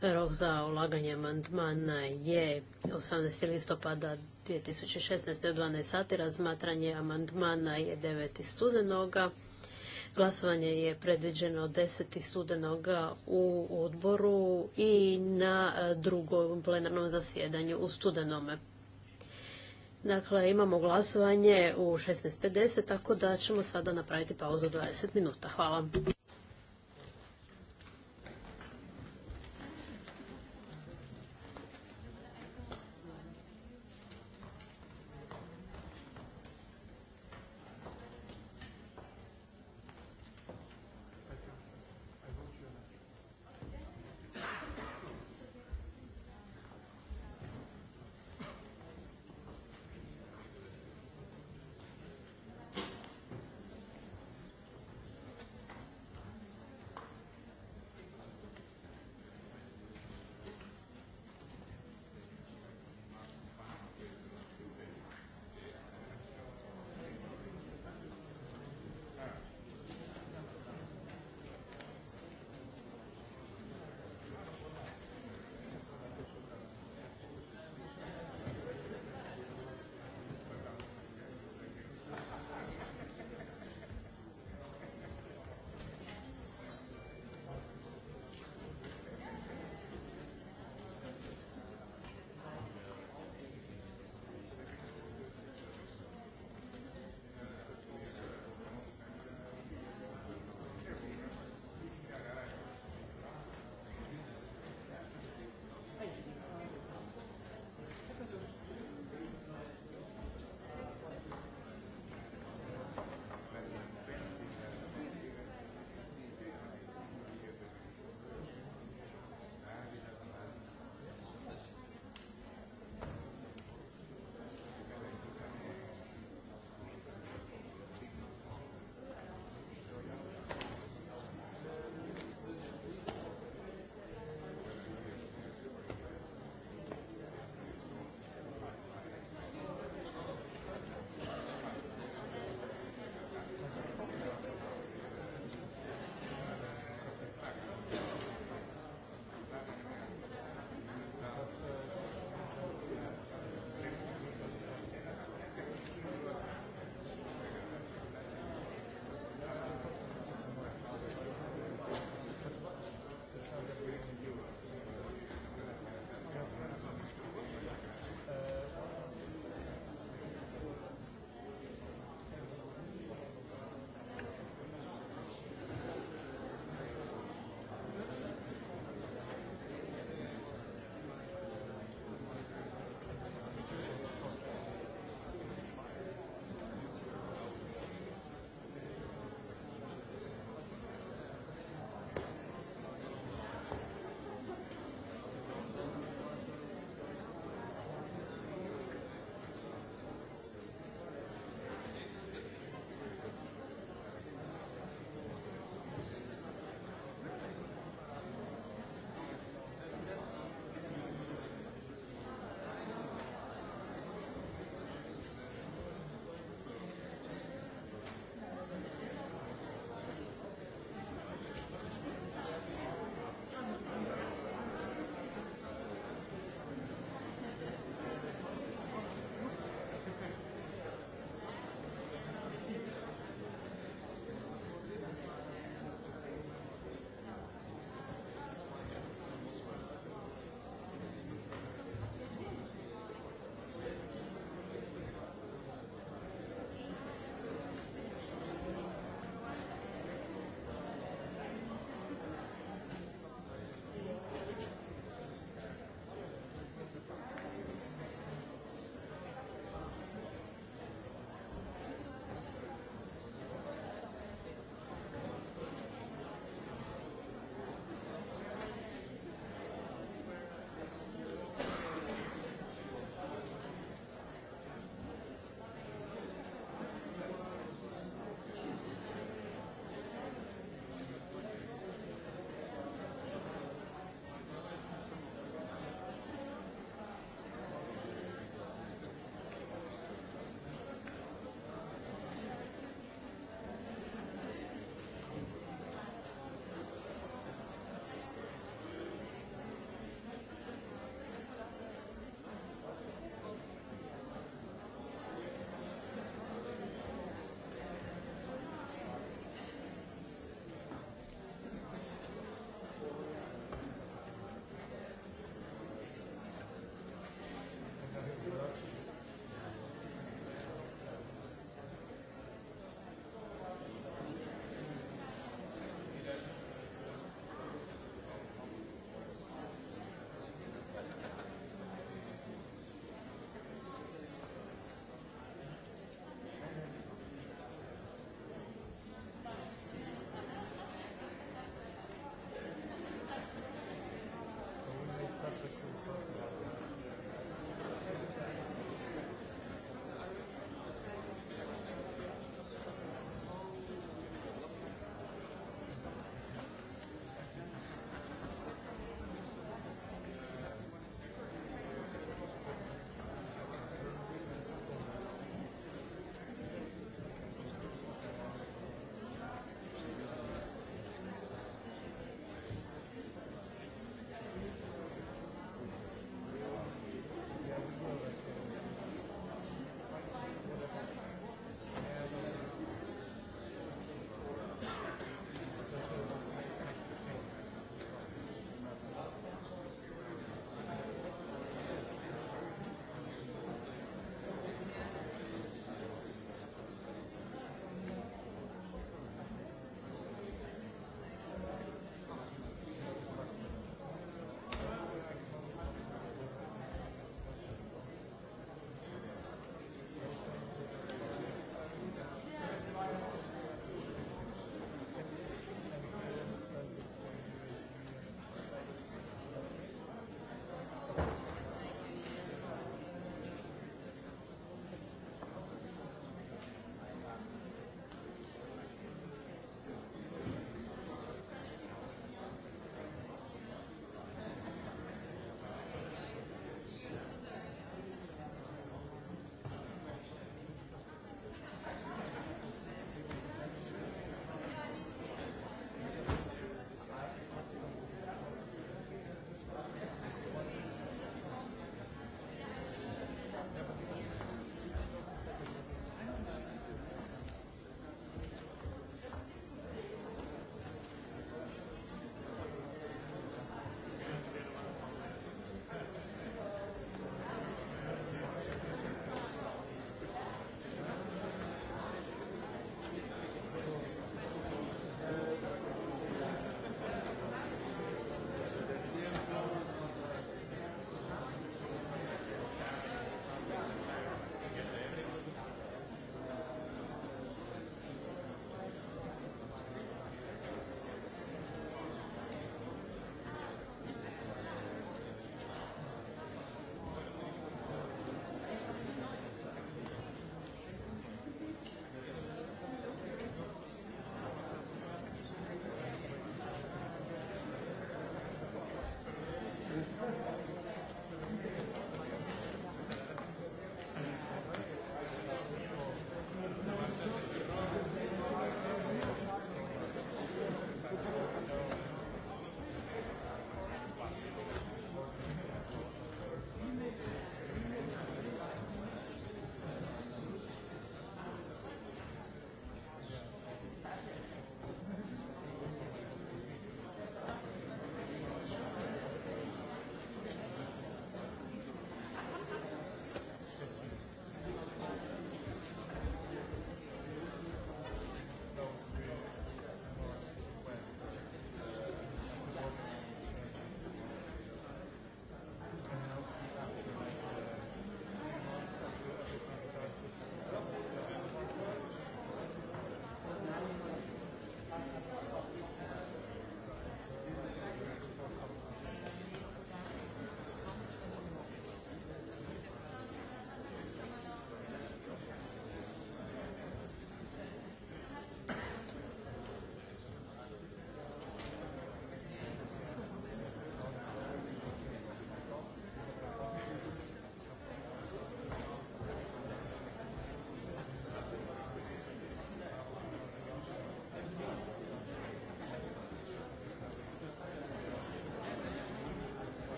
rok za ulaganje amandmana je 18. listopada 2016. u 12 sati. Razmatranje amandmana je 9. studenoga. Glasovanje je predviđeno 10. studenoga u odboru i na drugom plenarnom zasjedanju u studenome. Dakle, imamo glasovanje u 16.50, tako da ćemo sada napraviti pauzu 20 minuta. Hvala.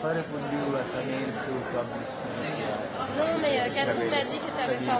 Tarek would do like an interview public. Non, mais Catherine m'a dit que tu avais fait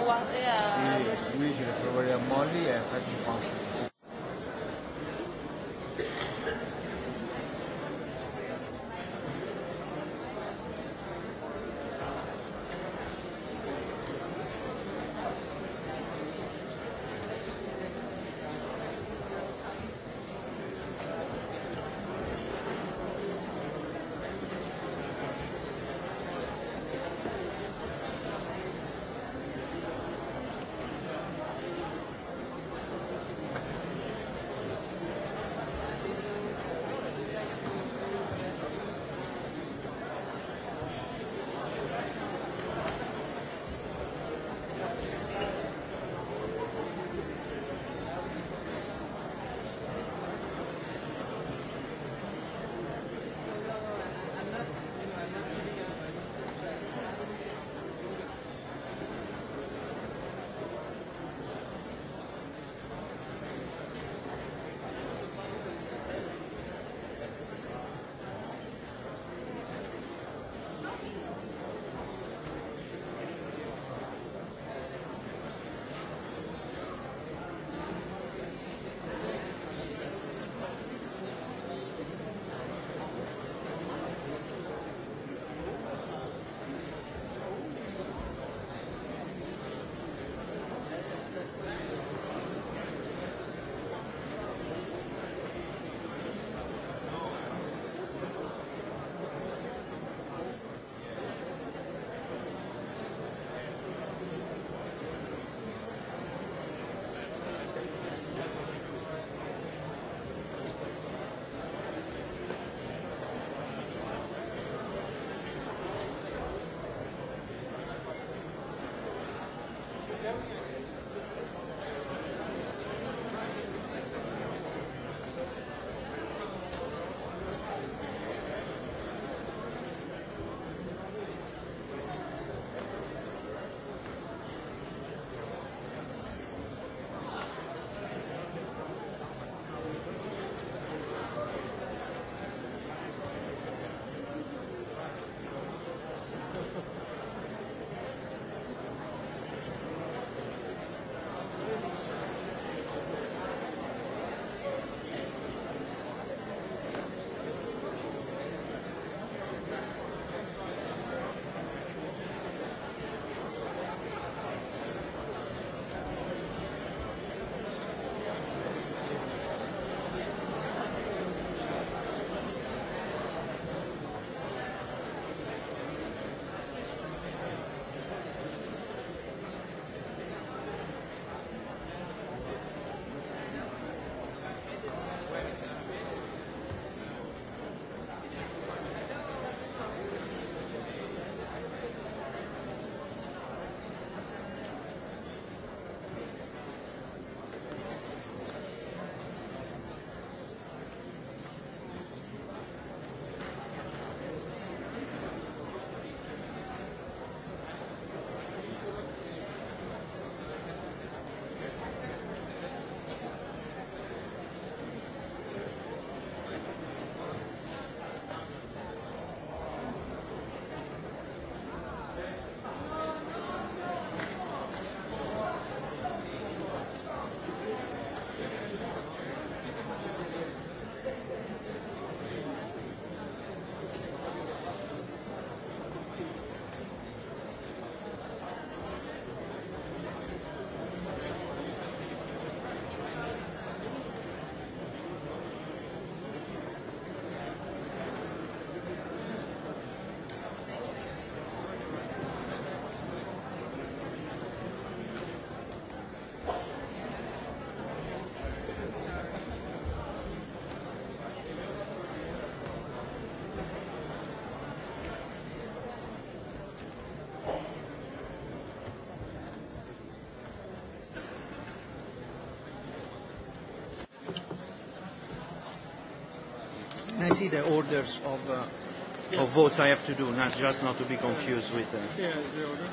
I see the orders of, uh, of votes I have to do, not just not to be confused with. Uh, yeah, the order.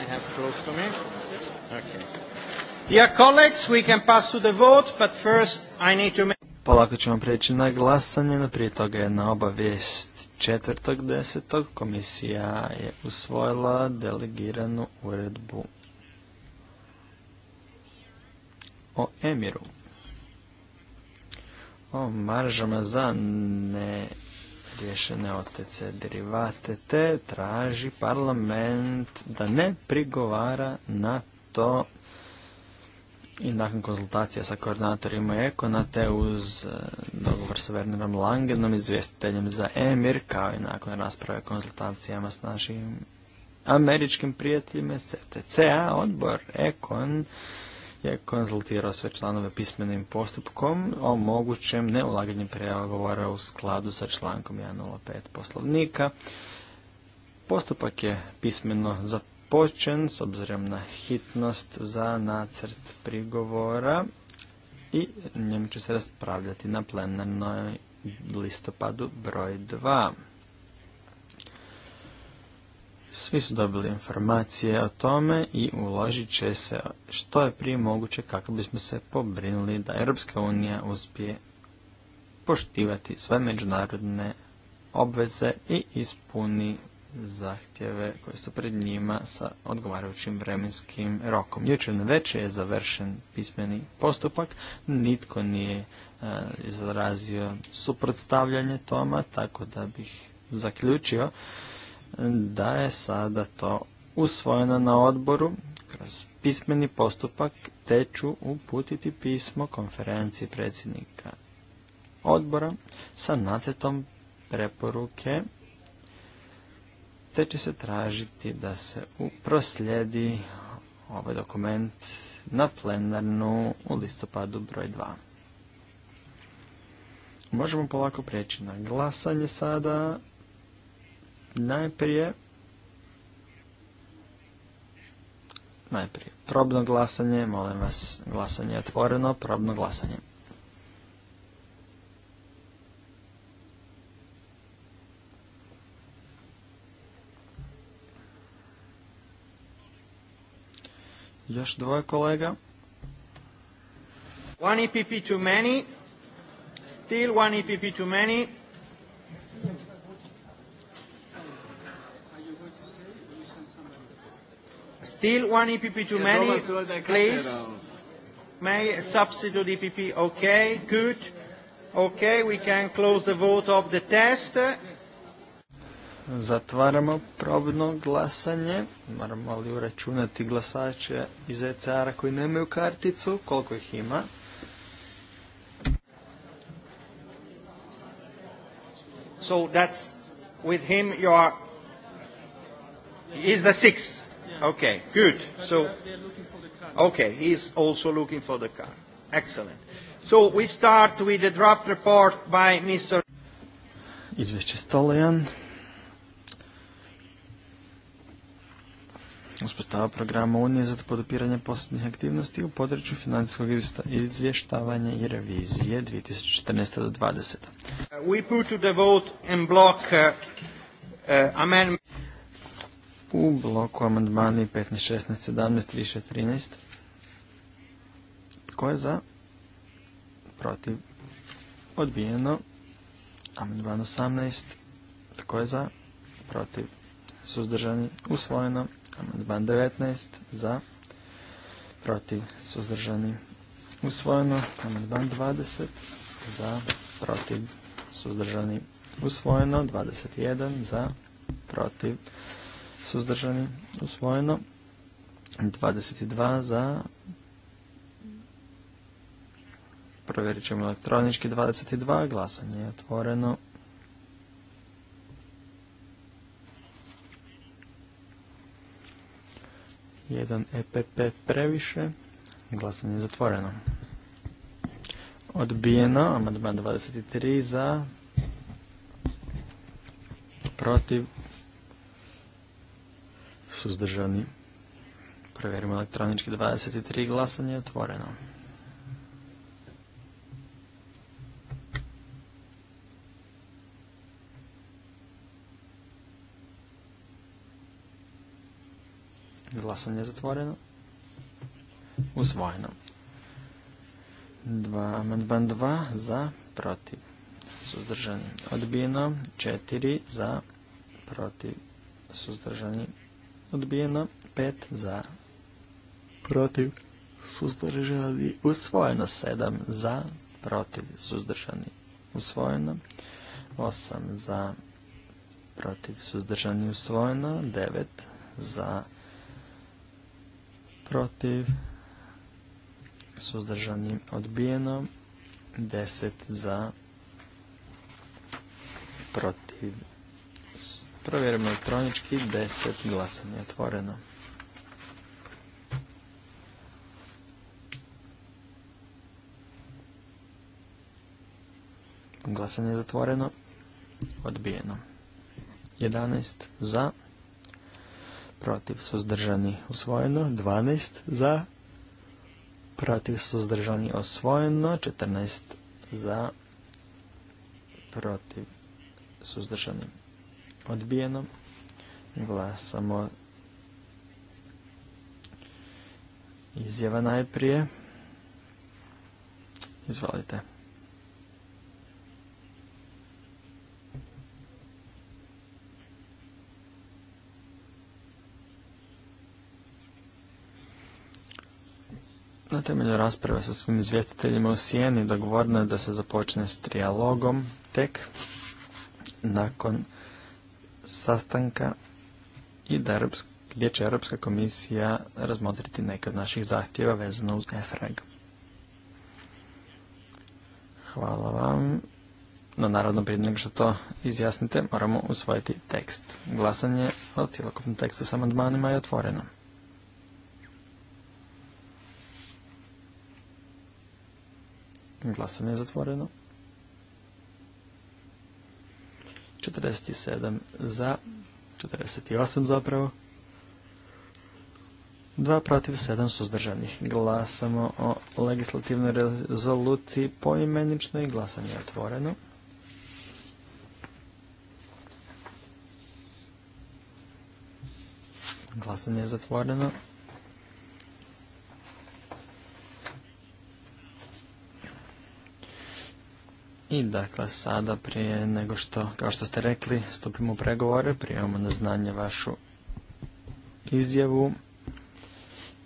I have close to me. Okay. Dear colleagues, we can pass to the vote, but first I need to make... Polako ćemo preći na glasanje, no prije toga na obavijest. Četvrtog desetog komisija je usvojila delegiranu uredbu o Emiru o maržama za ne rješene OTC derivate, te traži parlament da ne prigovara na to i nakon konzultacija sa koordinatorima na te uz e, dogovor sa Wernerom Langenom, izvjestiteljem za Emir, kao i nakon rasprave konzultacijama s našim američkim prijateljima CTCA, odbor Ekon je konzultirao sve članove pismenim postupkom o mogućem neulaganju pregovora u skladu sa člankom 105 poslovnika. Postupak je pismeno započen s obzirom na hitnost za nacrt prigovora i njemu će se raspravljati na plenarnoj listopadu broj 2. Svi su dobili informacije o tome i uložit će se što je prije moguće kako bismo se pobrinuli da Europska unija uspije poštivati sve međunarodne obveze i ispuni zahtjeve koje su pred njima sa odgovarajućim vremenskim rokom. Jučer na večer je završen pismeni postupak, nitko nije e, izrazio suprotstavljanje toma, tako da bih zaključio da je sada to usvojeno na odboru kroz pismeni postupak te ću uputiti pismo konferenciji predsjednika odbora sa nacetom preporuke te će se tražiti da se uproslijedi ovaj dokument na plenarnu u listopadu broj 2. Možemo polako prijeći na glasanje sada. Najprije najprije probno glasanje, molim vas, glasanje je otvoreno, probno glasanje. Još dvoje kolega. One EPP too many. Still one EPP too many. Still one EPP too many, please. May substitute EPP, e okay, good. Okay, we can close the vote of the test. Zatvaramo probno glasanje. Moramo li uračunati glasače iz ECR-a koji nemaju karticu? Koliko ih ima? So that's with him you are is the sixth. Okay, good. So, okay, he's also looking for the car. Excellent. So we start with the draft report by Mr. Izvješće Stolijan. Uspostava programa Unije za podopiranje posebnih aktivnosti u području financijskog izvještavanja i revizije 2014. do 2020. Uh, we put to the vote and block uh, uh amendment u bloku amandmani 15, 16, 17, više 13. Tko je za? Protiv. Odbijeno. Amandman 18. Tko je za? Protiv. Suzdržani. Usvojeno. Amandman 19. Za. Protiv. Suzdržani. Usvojeno. Amandman 20. Za. Protiv. Suzdržani. Usvojeno. 21. Za. Protiv. Suzdržani suzdržani, usvojeno. 22 za, provjerit ćemo elektronički 22, glasanje je otvoreno. Jedan EPP previše, glasanje je zatvoreno. Odbijeno, amadman 23 za, protiv, suzdržani. Provjerimo elektronički 23. Glasanje je otvoreno. Glasanje je zatvoreno. Usvojeno. Dva, amandman 2 za, protiv. Suzdržani. Odbijeno. 4 za, protiv. Suzdržani odbijeno, 5 za, protiv, suzdržani, usvojeno, 7 za, protiv, suzdržani, usvojeno, 8 za, protiv, suzdržani, usvojeno, 9 za, protiv, suzdržani, odbijeno, 10 za, protiv, Provjerimo elektronički 10 glasanje otvoreno. Glasanje je zatvoreno. Odbijeno. 11 za. Protiv suzdržani osvojeno. 12 za. Protiv suzdržani osvojeno. 14 za. Protiv suzdržani Odbijeno. Glasamo izjava najprije. Izvolite. Na temelju rasprave sa svim izvjestiteljima u Sijeni dogovoreno je da se započne s trijalogom tek nakon sastanka i da gdje će Europska komisija razmotriti neke od naših zahtjeva vezano uz EFRAG. Hvala vam. No naravno prije nego što to izjasnite moramo usvojiti tekst. Glasanje o cijelokopnom tekstu s amandmanima je otvoreno. Glasanje je zatvoreno. 47 za, 48 zapravo. 2 protiv 7 suzdržanih. Glasamo o legislativnoj rezoluciji poimenično i glasanje je otvoreno. Glasanje je zatvoreno. I dakle, sada prije nego što, kao što ste rekli, stupimo u pregovore, prijemamo na znanje vašu izjavu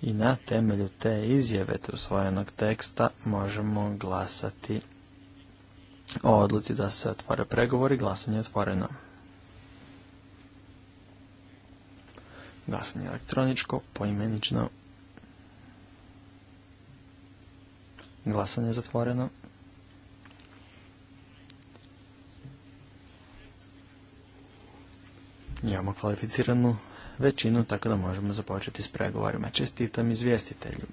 i na temelju te izjave te usvojenog teksta možemo glasati o odluci da se otvore pregovori, glasanje je otvoreno. Glasanje elektroničko, poimenično. Glasanje je zatvoreno. imamo kvalificiranu većinu, tako da možemo započeti s pregovorima. Čestitam izvjestitelju.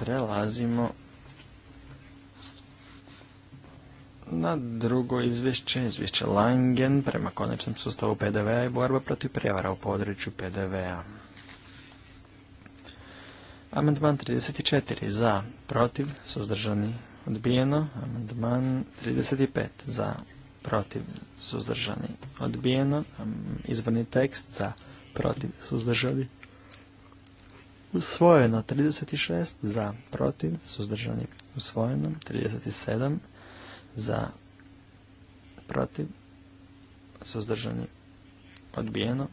Prelazimo na drugo izvješće, izvješće Langen prema konačnom sustavu PDV-a i borba protiv prevara u području PDV-a. Amandman 34 za, protiv, suzdržani, odbijeno. Amandman 35 za, protiv, suzdržani, odbijeno. Izvrni tekst za, protiv, suzdržani, usvojeno. 36 za, protiv, suzdržani, usvojeno. 37 za, protiv, suzdržani, odbijeno.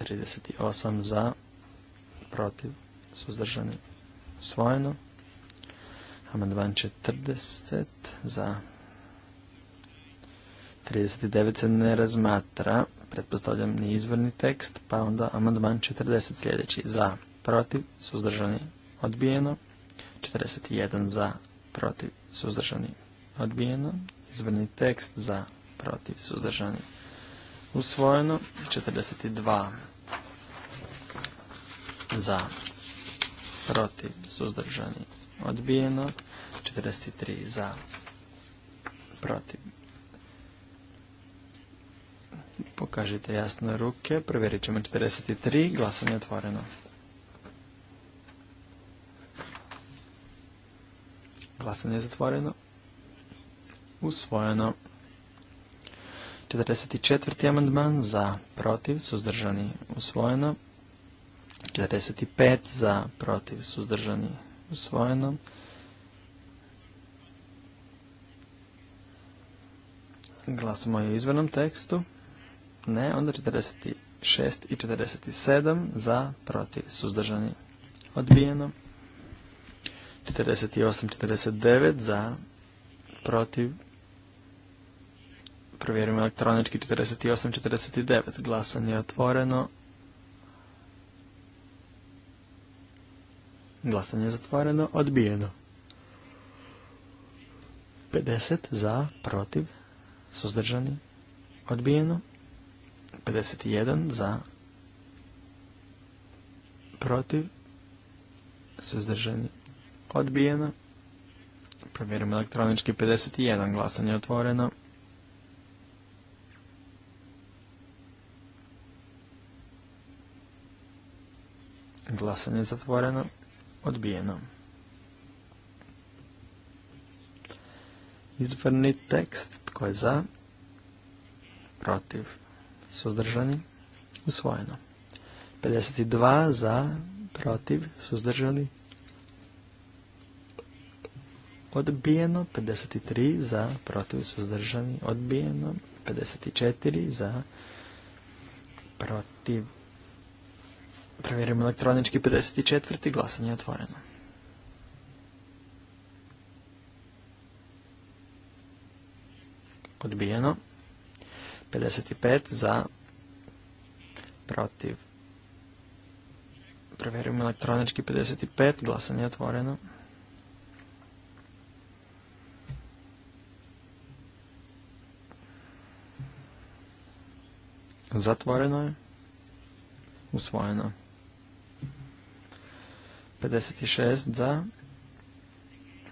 38 za, protiv, suzdržani, usvojeno. Amandman 40 za 39 se ne razmatra, pretpostavljam ni izvorni tekst, pa onda amandman 40 sljedeći za protiv, suzdržani, odbijeno. 41 za protiv, suzdržani, odbijeno. Izvorni tekst za protiv, suzdržani, usvojeno. 42 za protiv, suzdržani, odbijeno, 43 za, protiv. Pokažite jasno ruke, provjerit ćemo 43, glasanje otvoreno. Glasanje je zatvoreno. Usvojeno. 44. amandman za, protiv, suzdržani, usvojeno. 45 za, protiv, suzdržani, usvojeno. Glasamo i o izvornom tekstu. Ne, onda 46 i 47 za, protiv, suzdržani, odbijeno. 48, 49 za, protiv, provjerimo elektronički 48, 49. Glasanje je otvoreno. Glasanje je zatvoreno. Odbijeno. 50 za, protiv, suzdržani, odbijeno. 51 za, protiv, suzdržani, odbijeno. Provjerimo elektronički 51, glasanje je otvoreno. Glasanje je zatvoreno. Odbijeno. Izvrni tekst. Tko je za? Protiv. Suzdržani. Usvojeno. 52 za, protiv, suzdržani. Odbijeno. 53 za, protiv, suzdržani. Odbijeno. 54 za, protiv, Provjerimo elektronički 54. Glasanje je otvoreno. Odbijeno. 55 za protiv. Provjerimo elektronički 55. Glasanje je otvoreno. Zatvoreno je. Usvojeno. 56 za,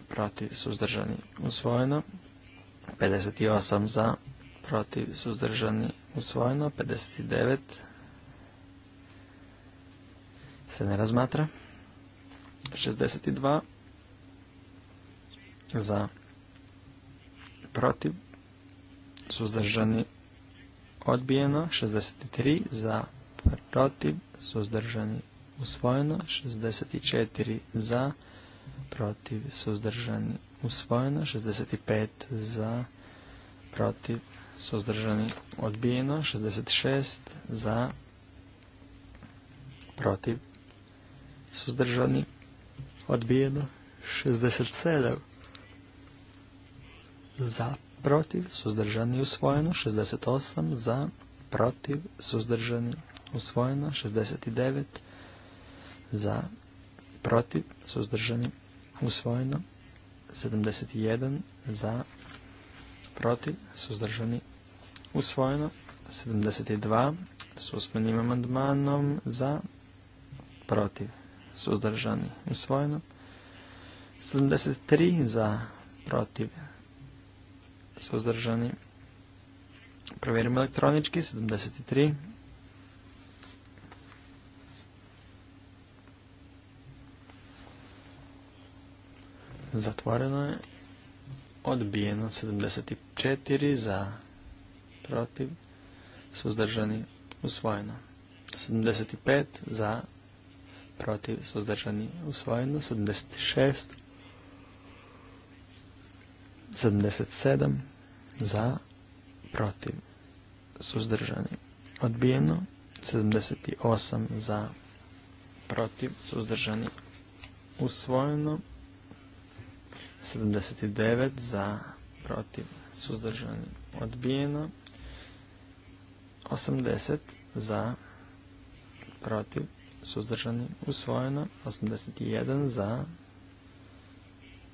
protiv suzdržani usvojeno, 58 za, protiv suzdržani usvojeno, 59 se ne razmatra, 62 za, protiv suzdržani odbijeno, 63 za, protiv suzdržani usvojeno, 64 za, protiv, suzdržani, usvojeno, 65 za, protiv, suzdržani, odbijeno, 66 za, protiv, suzdržani, odbijeno, 67 za, protiv, suzdržani, usvojeno, 68 za, protiv, suzdržani, usvojeno, 69 za, protiv, suzdržani, usvojeno. 71 za, protiv, suzdržani, usvojeno. 72 s usmenim amandmanom za, protiv, suzdržani, usvojeno. 73 za, protiv, suzdržani, provjerimo elektronički, 73 Zatvoreno je. Odbijeno 74 za protiv. Suzdržani usvojeno. 75 za protiv. Suzdržani usvojeno. 76 77 za protiv. Suzdržani odbijeno. 78 za protiv. Suzdržani usvojeno. 79 za, protiv, suzdržani, odbijeno. 80 za, protiv, suzdržani, usvojeno. 81 za,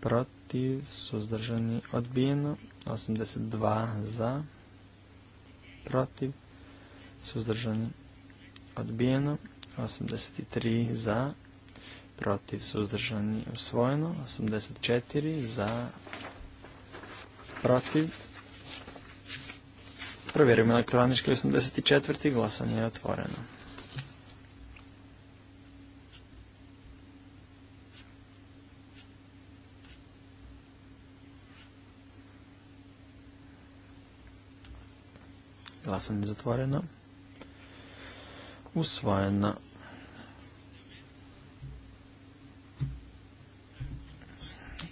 protiv, suzdržani, odbijeno. 82 za, protiv, suzdržani, odbijeno. 83 za, protiv suzdržani usvojeno, 84 za protiv. Provjerimo elektronički 84. glasanje je otvoreno. Glasanje je zatvoreno. Usvojeno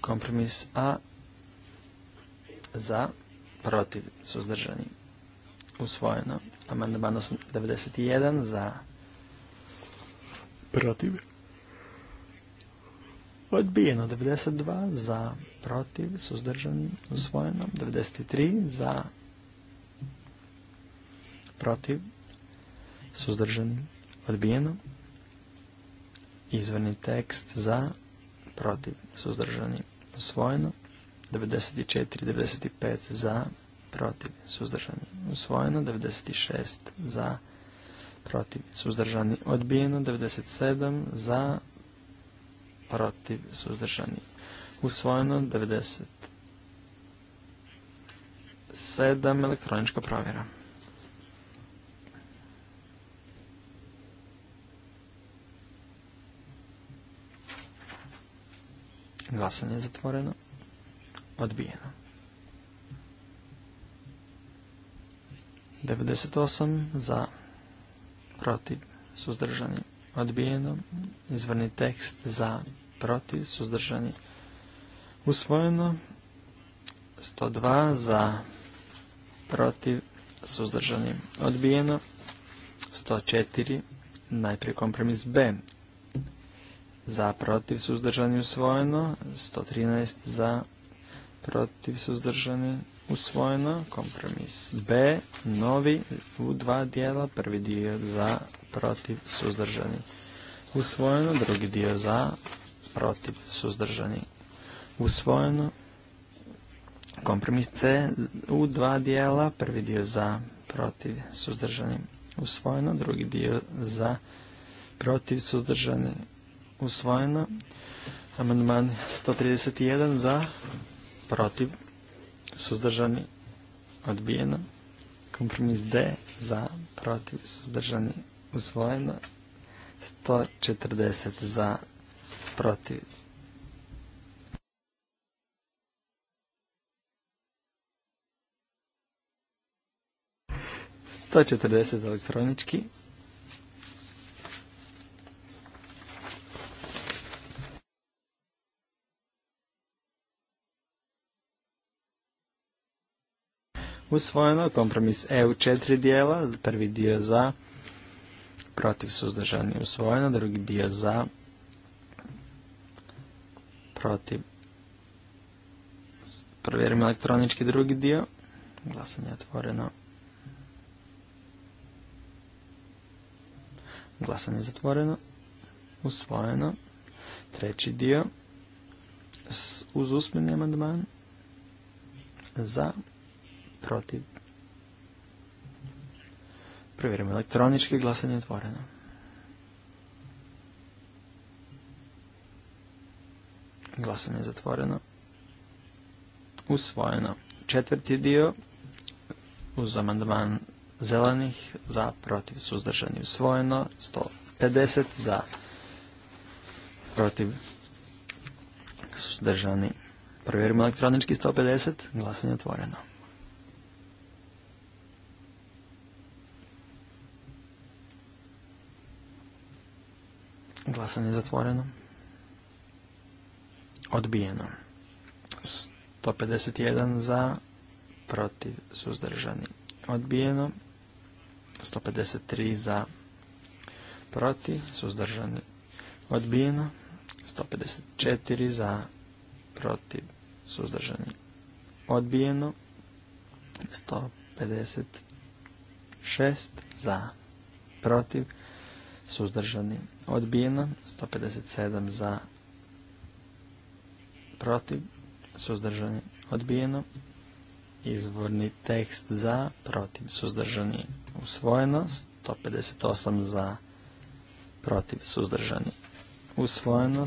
Kompromis A za, protiv, suzdržani, usvojeno. Amandman 91 za, protiv, odbijeno. 92 za, protiv, suzdržani, usvojeno. 93 za, protiv, suzdržani, odbijeno. Izvrni tekst za, protiv, suzdržani, usvojeno. 94, 95 za, protiv, suzdržani, usvojeno. 96 za, protiv, suzdržani, odbijeno. 97 za, protiv, suzdržani, usvojeno. 97 elektronička provjera. Glasanje je zatvoreno. Odbijeno. 98 za protiv suzdržani odbijeno. Izvrni tekst za protiv suzdržani usvojeno. 102 za protiv suzdržani odbijeno. 104 najprije kompromis B za protiv suzdržani usvojeno, 113 za protiv suzdržani usvojeno, kompromis B, novi u dva dijela, prvi dio za protiv suzdržani usvojeno, drugi dio za protiv suzdržani usvojeno, kompromis C u dva dijela, prvi dio za protiv suzdržani usvojeno, drugi dio za protiv suzdržani usvojeno. Amandman 131 za, protiv, suzdržani, odbijeno. Kompromis D za, protiv, suzdržani, usvojeno. 140 za, protiv, Sto četrdeset elektronički. usvojeno. Kompromis eu četiri dijela, prvi dio za, protiv suzdržani usvojeno, drugi dio za, protiv. provjerim elektronički drugi dio. Glasanje je otvoreno. Glasanje je zatvoreno. Usvojeno. Treći dio. Uz usmeni amandman. Za protiv. Provjerimo elektronički glasanje otvoreno. Glasanje je zatvoreno. Usvojeno. Četvrti dio uz amandman zelenih za protiv suzdržani usvojeno. 150 za protiv suzdržani. Provjerimo elektronički 150. Glasanje otvoreno. Glasanje je zatvoreno. Odbijeno. 151 za, protiv, suzdržani. Odbijeno. 153 za, protiv, suzdržani. Odbijeno. 154 za, protiv, suzdržani. Odbijeno. 156 za, protiv, suzdržani odbijeno, 157 za, protiv, suzdržani, odbijeno, izvorni tekst za, protiv, suzdržani, usvojeno, 158 za, protiv, suzdržani, usvojeno,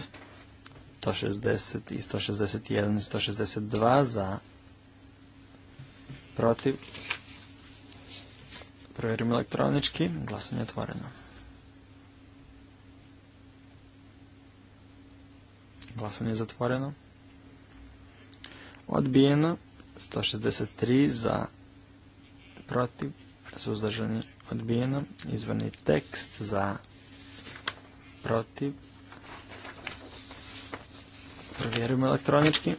160 i 161 i 162 za, protiv, provjerimo elektronički, glasanje otvoreno. Glasanje je zatvoreno. Odbijeno. 163 za protiv. Suzdržani odbijeno. Izvorni tekst za protiv. Provjerujemo elektronički.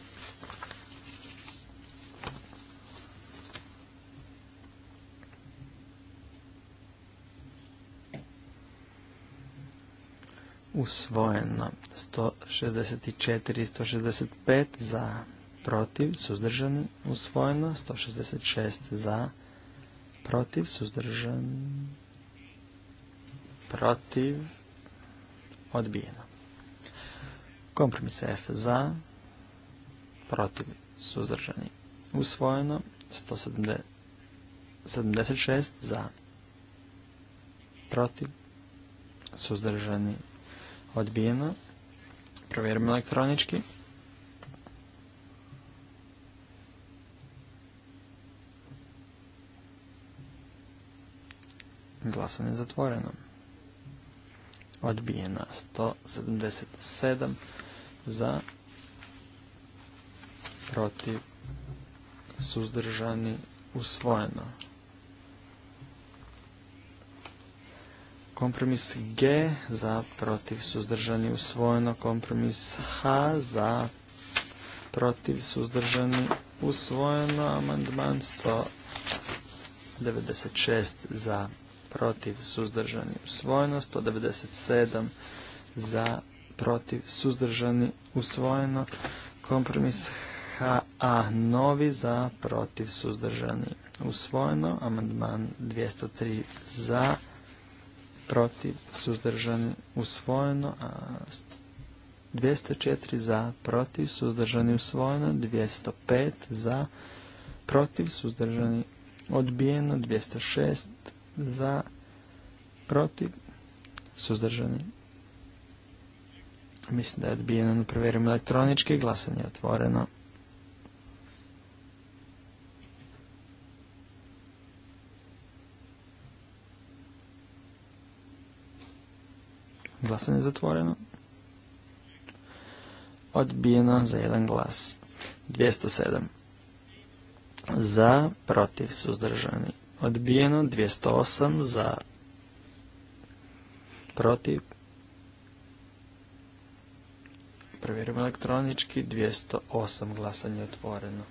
usvojeno. 164 165 za protiv, suzdržani, usvojeno. 166 za protiv, suzdržan, protiv, odbijeno. Kompromis F za, protiv, suzdržani, usvojeno. 176 za, protiv, suzdržani, Odbijeno. Provjerimo elektronički. Glasanje zatvoreno. Odbijena 177 za protiv suzdržani usvojeno. Kompromis G za protiv suzdržani usvojeno. Kompromis H za protiv suzdržani usvojeno. Amandman 196 za protiv suzdržani usvojeno. 197 za protiv suzdržani usvojeno. Kompromis HA novi za protiv suzdržani usvojeno. Amandman 203 za protiv, suzdržani, usvojeno, a 204 za, protiv, suzdržani, usvojeno, 205 za, protiv, suzdržani, odbijeno, 206 za, protiv, suzdržani. Mislim da je odbijeno, na provjerimo elektronički, glasanje otvoreno. Glasanje je zatvoreno. Odbijeno za jedan glas. 207. Za, protiv, suzdržani. Odbijeno. 208. Za, protiv. Provjerimo elektronički. 208. Glasanje je otvoreno.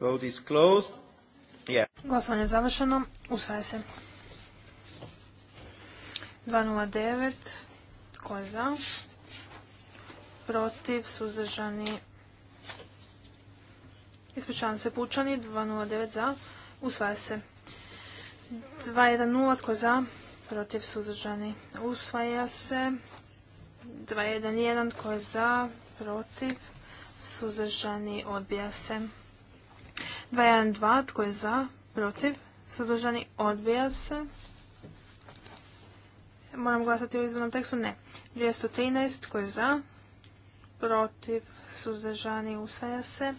Vote is closed. Yeah. Glasovanje je završeno. Usvaja se. 209. Tko je za? Protiv. Suzdržani. Ispričavam se. Pučani. 209 za. Usvaja se. 210. Tko je za? Protiv. Suzdržani. Usvaja se. 211. Tko je za? Protiv. Suzdržani. Odbija se. 212 tko je za, protiv, sudržani, odbija se. Moram glasati u izvornom tekstu? Ne. 213 tko je za, protiv, suzdržani, usvaja se.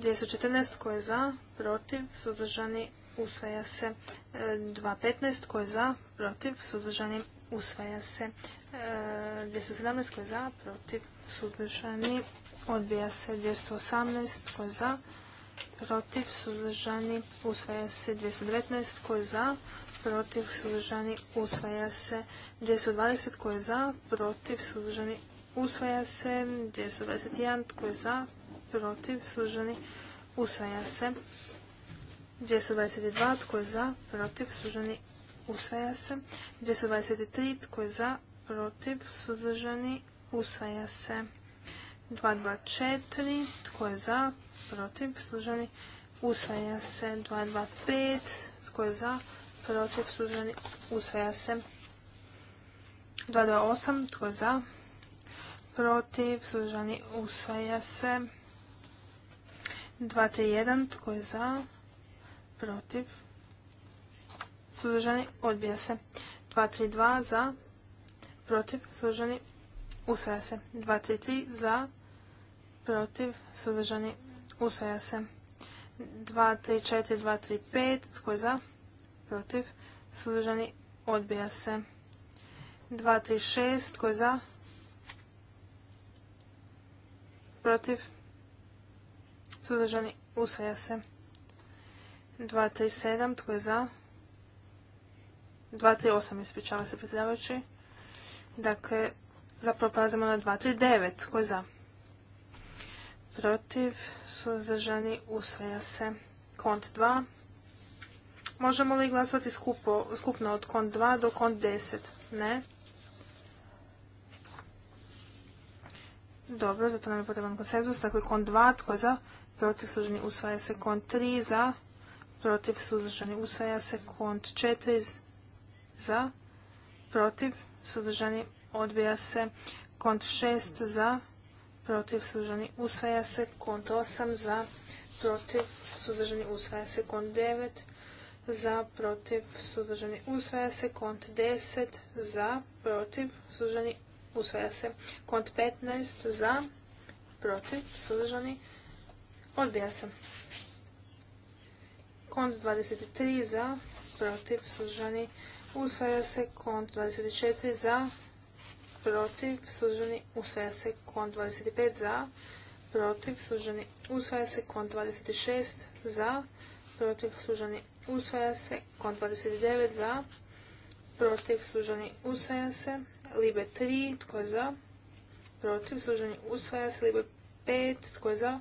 214 tko je za, protiv, suzdržani, usvaja se. 215 tko je za, protiv, suzdržani, usvaja se. 217 tko je za, protiv, suzdržani, odbija se. 218 tko je za, protiv, suzdržani, usvaja se 219, tko je za, protiv, suzdržani, usvaja se 220, tko je za, protiv, suzdržani, usvaja se 221, tko je za, protiv, suzdržani, usvaja se 222, tko je za, protiv, suzdržani, usvaja se 223, tko je za, protiv, suzdržani, usvaja se 224, tko je za, protiv, služeni, usvaja se 225, tko je za, protiv, služeni, usvaja se 228, tko je za, protiv, služeni, usvaja se 231, tko je za, protiv, služeni, odbija se 232, za, protiv, služeni, usvaja se 233, za, protiv, suzdržani, Usvaja se 2, 3, 4, 2, 3, 5, tko je za, protiv, Sudržani. odbija se 2, 3, 6, tko je za, protiv, Sudržani. usvaja se 2, 3, 7, tko je za, 2, 3, 8, ispričava se predsjedavajući, dakle, zapropazimo na 2, 3, 9, tko je za protiv, suzdržani, usvaja se. Kont 2. Možemo li glasovati skupo, skupno od kont 2 do kont 10? Ne. Dobro, zato nam je potreban konsenzus. Dakle, kont 2, tko za? Protiv, suzdržani, usvaja se. Kont 3, za? Protiv, suzdržani, usvaja se. Kont 4, za? Protiv, suzdržani, odbija se. Kont 6, za? protiv, suzdržani, usvaja se. Kont 8 za, protiv, suzdržani, usvaja se. Kont 9 za, protiv, suzdržani, usvaja se. Kont 10 za, protiv, suzdržani, usvaja se. Kont 15 za, protiv, suzdržani, odbija se. Kont 23 za, protiv, suzdržani, usvaja se. Kont 24 za, protiv, suzdržani, usvaja se kon 25 za, protiv, suzdržani, usvaja se kon 26 za, protiv, suzdržani, usvaja se kon 29 za, protiv, suzdržani, usvaja se, libe 3, tko je za, protiv, suzdržani, usvaja se, libe 5, tko je za,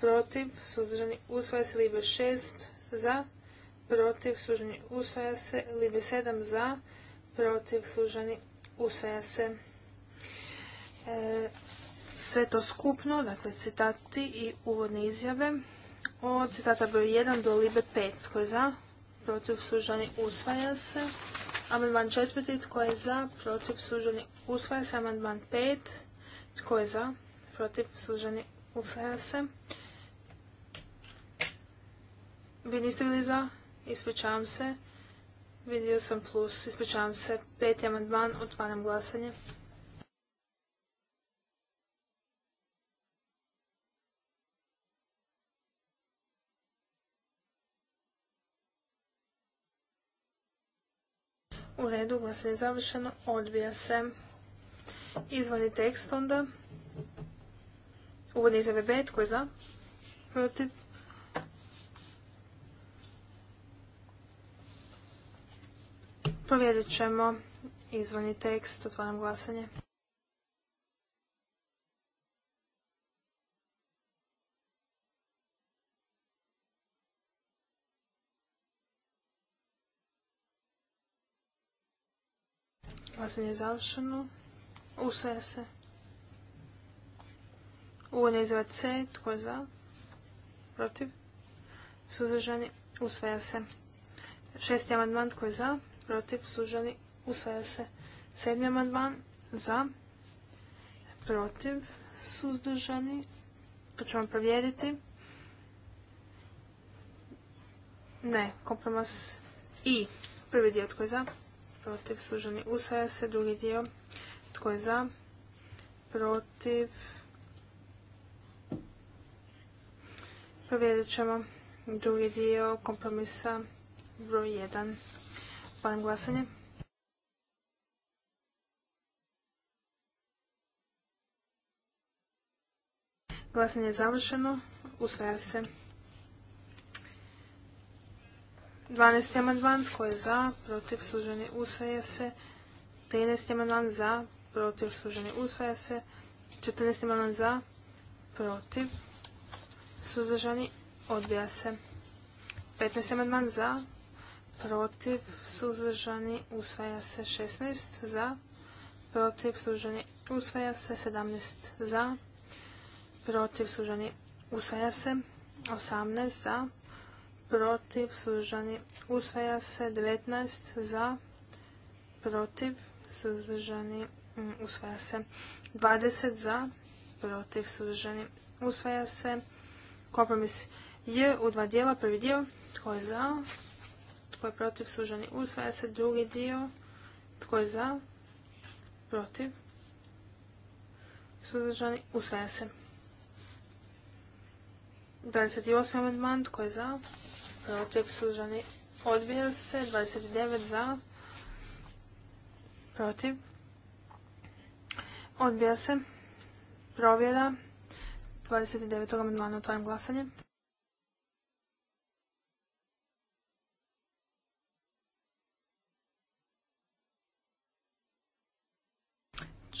protiv, suzdržani, usvaja se, libe 6 za, protiv, suzdržani, usvaja se, libe 7 za, protiv, suzdržani, usvaja se. E, sve to skupno, dakle citati i uvodne izjave od citata broj 1 do libe 5. Tko je za? Protiv sužani usvaja se. Amandman 4. Tko je za? Protiv sužani usvaja se. Amandman 5. Tko je za? Protiv sužani usvaja se. Vi niste bili za? Ispričavam se. Vidio sam plus. Ispričavam se. Peti amandman. Otvaram glasanje. U redu, glasanje je završeno. Odbija se. Izvani tekst onda. Uvodni izjave B, tko je za? Protiv? Provjerit ćemo izvani tekst. Otvaram glasanje. Glasanje je završeno. Usvaja se. je izjava C. Tko je za? Protiv? Suzdržani? Usvaja se. Šesti amandman. Tko je za? Protiv? Suzdržani? Usvaja se. Sedmi amandman. Za? Protiv? Suzdržani? To ćemo provjeriti. Ne. Kompromis I. Prvi dio. Tko je za? protiv, služeni, usvaja se. Drugi dio, tko je za, protiv, provjerit ćemo. Drugi dio kompromisa broj 1. Otvaram glasanje. Glasanje je završeno. Usvaja se. 12. amandman tko je za, protiv, suženi, usvaja se. 13. amandman za, protiv, služeni, usvaja se. 14. amandman za, protiv, suzdržani, odbija se. 15. amandman za, protiv, suzdržani, usvaja se. 16. za, protiv, suzdržani, usvaja se. 17. za, protiv, suzdržani, usvaja se. 18. za, protiv, suzdržani, usvaja se 19 za, protiv, suzdržani, mm, usvaja se 20 za, protiv, suzdržani, usvaja se kompromis je u dva dijela, prvi dio, tko je za, tko je protiv, suzdržani, usvaja se drugi dio, tko je za, protiv, suzdržani, usvaja se. 28. amandman, tko je za, protiv, suzdržani, odbija se. 29 za, protiv, odbija se. Provjera 29. amandmana otvaram glasanje.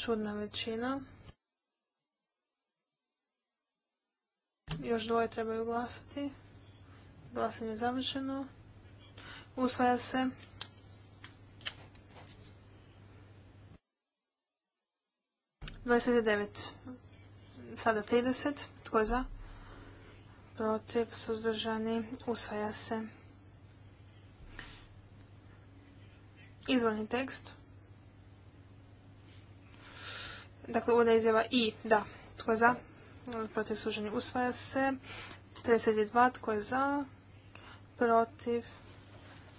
Čudna većina. Još dvoje trebaju glasati. Glasanje je završeno. Usvaja se. Sada 30. Tko je za? Protiv. Suzdržani. Usvaja se. Izvoljni tekst. Dakle, uvodna izjava i. Da. Tko je za? Protiv suzdržani, usvaja se. 32. Tko je za? protiv,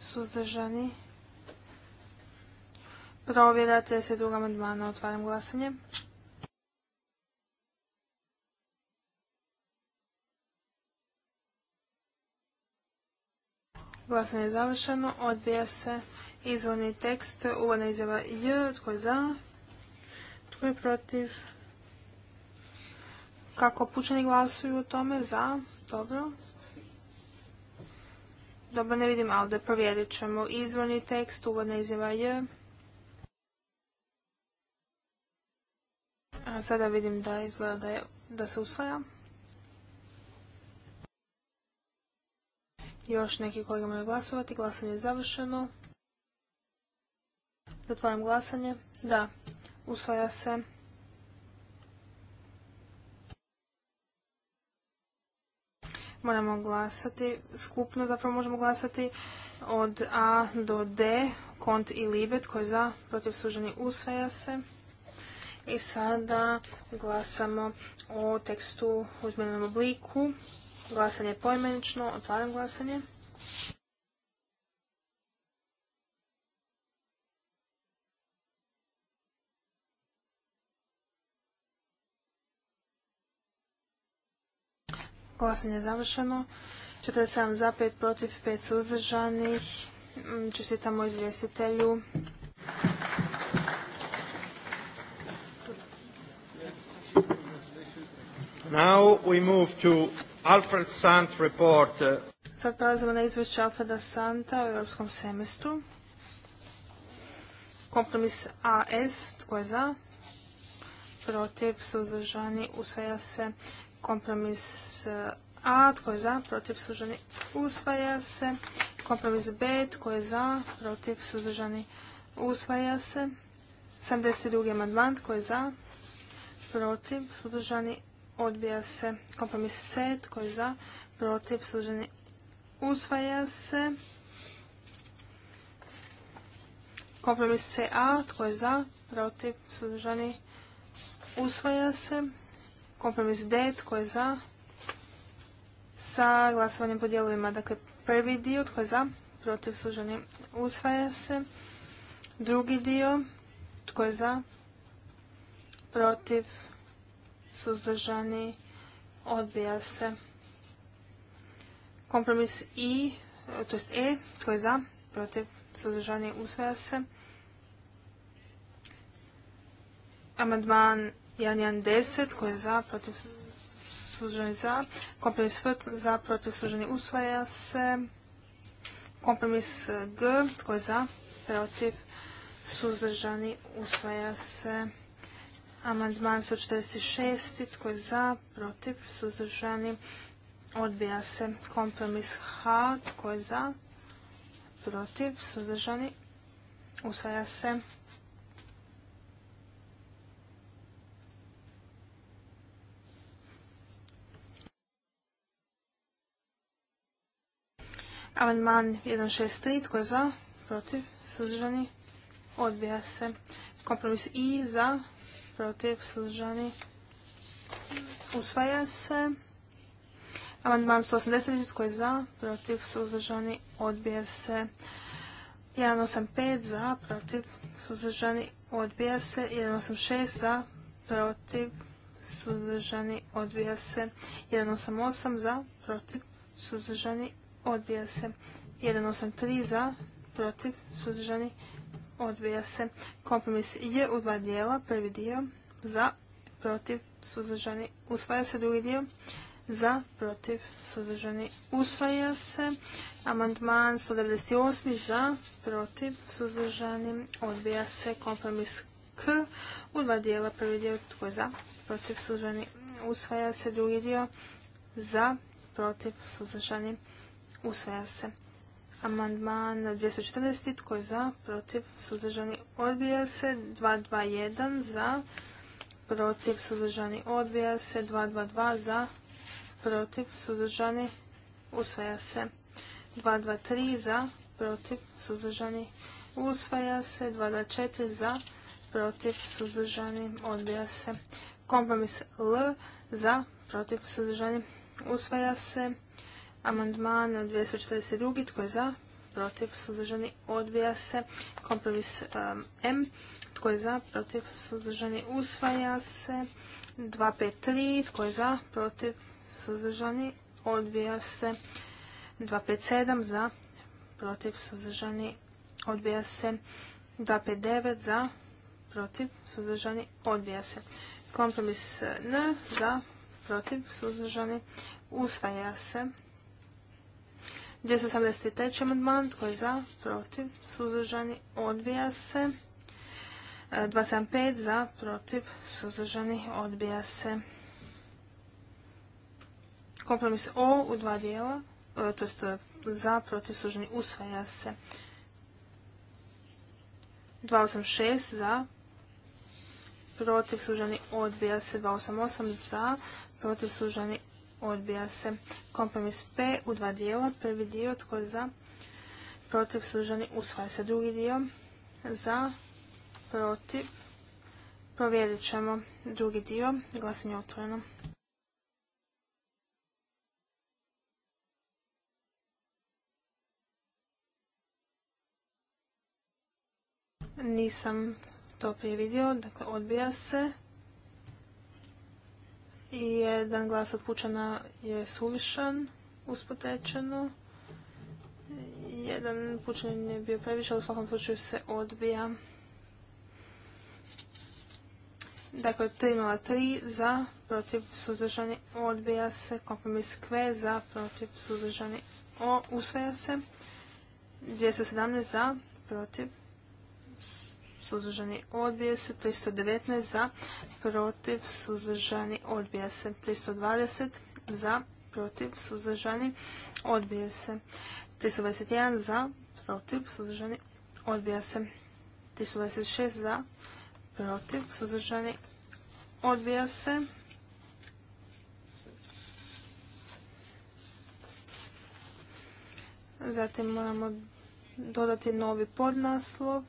suzdržani. se 32. amandmana. Otvaram glasanje. Glasanje je završeno. Odbija se izvorni tekst. Uvodna izjava J. Tko je za? Tko je protiv? Kako pučani glasuju u tome? Za. Dobro. Dobro, ne vidim da provjerit ćemo. Izvorni tekst, uvodna izjava je. A sada vidim da izgleda da, se usvaja. Još neki kolega moraju glasovati. Glasanje je završeno. Zatvaram glasanje. Da, usvaja se. moramo glasati skupno, zapravo možemo glasati od A do D, kont i libet koji je za, protiv suženi usvaja se. I sada glasamo o tekstu u izmjenom obliku. Glasanje je poimenično, otvaram glasanje. Glasanje je završeno. 47 za, 5 protiv, 5 suzdržanih. Mm, čestitamo izvjestitelju. Now we move to Alfred Sant report. Sad prelazimo na izvješće Alfreda Santa u europskom semestru. Kompromis AS, tko je za? Protiv, suzdržani, usvaja se. Kompromis eh, A, tko je za, protiv, suzdržani, usvaja se. Kompromis B, tko je za, protiv, suzdržani, usvaja se. 72. amandman, tko je za, protiv, suzdržani, odbija se. Kompromis C, tko je za, protiv, suzdržani, usvaja se. Kompromis CA, tko je za, protiv, suzdržani, usvaja se. Kompromis D, tko je za? Sa glasovanjem po dijelovima, dakle prvi dio, tko je za? Protiv suzdržani usvaja se. Drugi dio, tko je za? Protiv suzdržani odbija se. Kompromis I, to jest E, tko je za? Protiv suzdržani usvaja se. Amandman 1110 koji je za protiv služeni za. Kompromis F za protiv suzdržani usvaja se. Kompromis G koji je za protiv suzdržani usvaja se. Amandman 146. Tko je za? Protiv? Suzdržani? Odbija se. Kompromis H. Tko je za? Protiv? Suzdržani? Usvaja se. Amandman 163. Tko je za? Protiv? Suzdržani? Odbija se. Kompromis I za? Protiv? Suzdržani? Usvaja se. Amandman 180. Tko je za? Protiv? Suzdržani? Odbija se. 185 za, protiv, suzdržani, odbija se. 186 za, protiv, suzdržani, odbija se. 188 za, protiv, suzdržani, odbija se. 183 za, protiv, suzdržani, odbija se. Kompromis je u dva dijela, prvi dio za, protiv, suzdržani, usvaja se drugi dio za, protiv, suzdržani, usvaja se. Amandman 198 za, protiv, suzdržani, odbija se. Kompromis K u dva dijela, prvi dio tko je za, protiv, suzdržani, usvaja se. Drugi dio za, protiv, suzdržani, usvaja se. Amandman 240. Tko je za? Protiv? Suzdržani? Odbija se. 221. Za? Protiv? Suzdržani? Odbija se. 222. Za? Protiv? Suzdržani? Usvaja se. 223. Za? Protiv? Suzdržani? Usvaja se. 224. Za? Protiv? Suzdržani? Odbija se. Kompromis L. Za? Protiv? Suzdržani? Usvaja se. Amandman 242. Tko je za? Protiv. Suzdržani. Odbija se. Kompromis um, M. Tko je za? Protiv. Suzdržani. Usvaja se. 253. Tko je za? Protiv. Suzdržani. Odbija se. 257. Za. Protiv. Suzdržani. Odbija se. 259. Za. Protiv. Suzdržani. Odbija se. Kompromis N. Za. Protiv. Suzdržani. Usvaja se. 283. amandman, tko je za, protiv, suzdržani, odbija se. 275 e, za, protiv, suzdržani, odbija se. Kompromis O u dva dijela, e, to e, za, protiv, suzdržani, usvaja se. 286 za, protiv, suzdržani, odbija se. 288 za, protiv, suzdržani, odbija se. Kompromis P u dva dijela, prvi dio tko je za, protiv služani usvaja se. Drugi dio za, protiv, provjerit ćemo drugi dio, glasanje otvoreno. Nisam to prije vidio, dakle odbija se. I jedan glas od pučana je suvišan, uspotečeno. Jedan pučan je bio previše, ali u svakom slučaju se odbija. Dakle, 303 za, protiv suzdržani, odbija se. Kompromis Q za, protiv suzdržani, usvaja se. 217 za, protiv suzdržani, odbija se. 319 za, protiv, suzdržani, odbija se. 320 za, protiv, suzdržani, odbija se. 321 za, protiv, suzdržani, odbija se. 326 za, protiv, suzdržani, odbija se. Zatim moramo dodati novi podnaslov.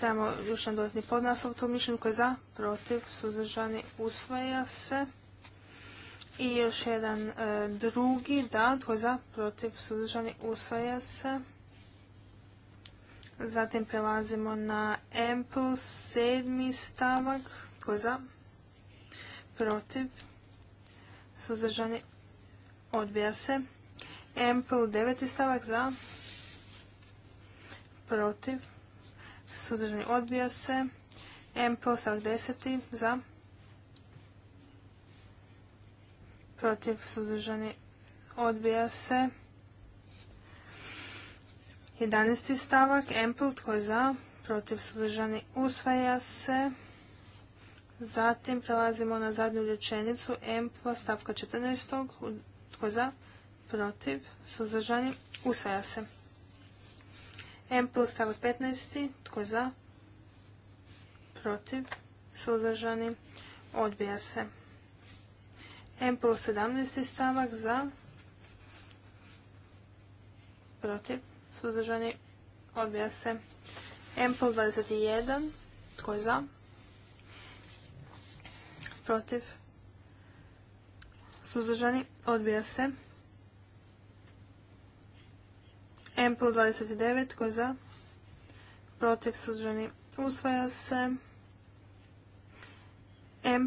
Dajemo još jedan dodatni podnaslov to mišljenju koje je za, protiv, suzdržani, usvaja se. I još jedan e, drugi, da, tko je za, protiv, suzdržani, usvaja se. Zatim prelazimo na MPL sedmi stavak, tko je za, protiv, suzdržani, odbija se. Ample, deveti stavak, za, protiv, suzdržani odbija se. MPL stavak deseti za, protiv suzdržani odbija se. jedanesti stavak MPL tko je za, protiv suzdržani usvaja se. Zatim prelazimo na zadnju rečenicu MPL stavka 14. tko je za, protiv suzdržani usvaja se. M plus stavak 15. Tko je za? Protiv. Suzdržani. Odbija se. M plus 17. stavak za? Protiv. Suzdržani. Odbija se. M plus 21. Tko je za? Protiv. Suzdržani. Odbija se plus 29, tko je za? Protiv, suzdržani, usvaja se.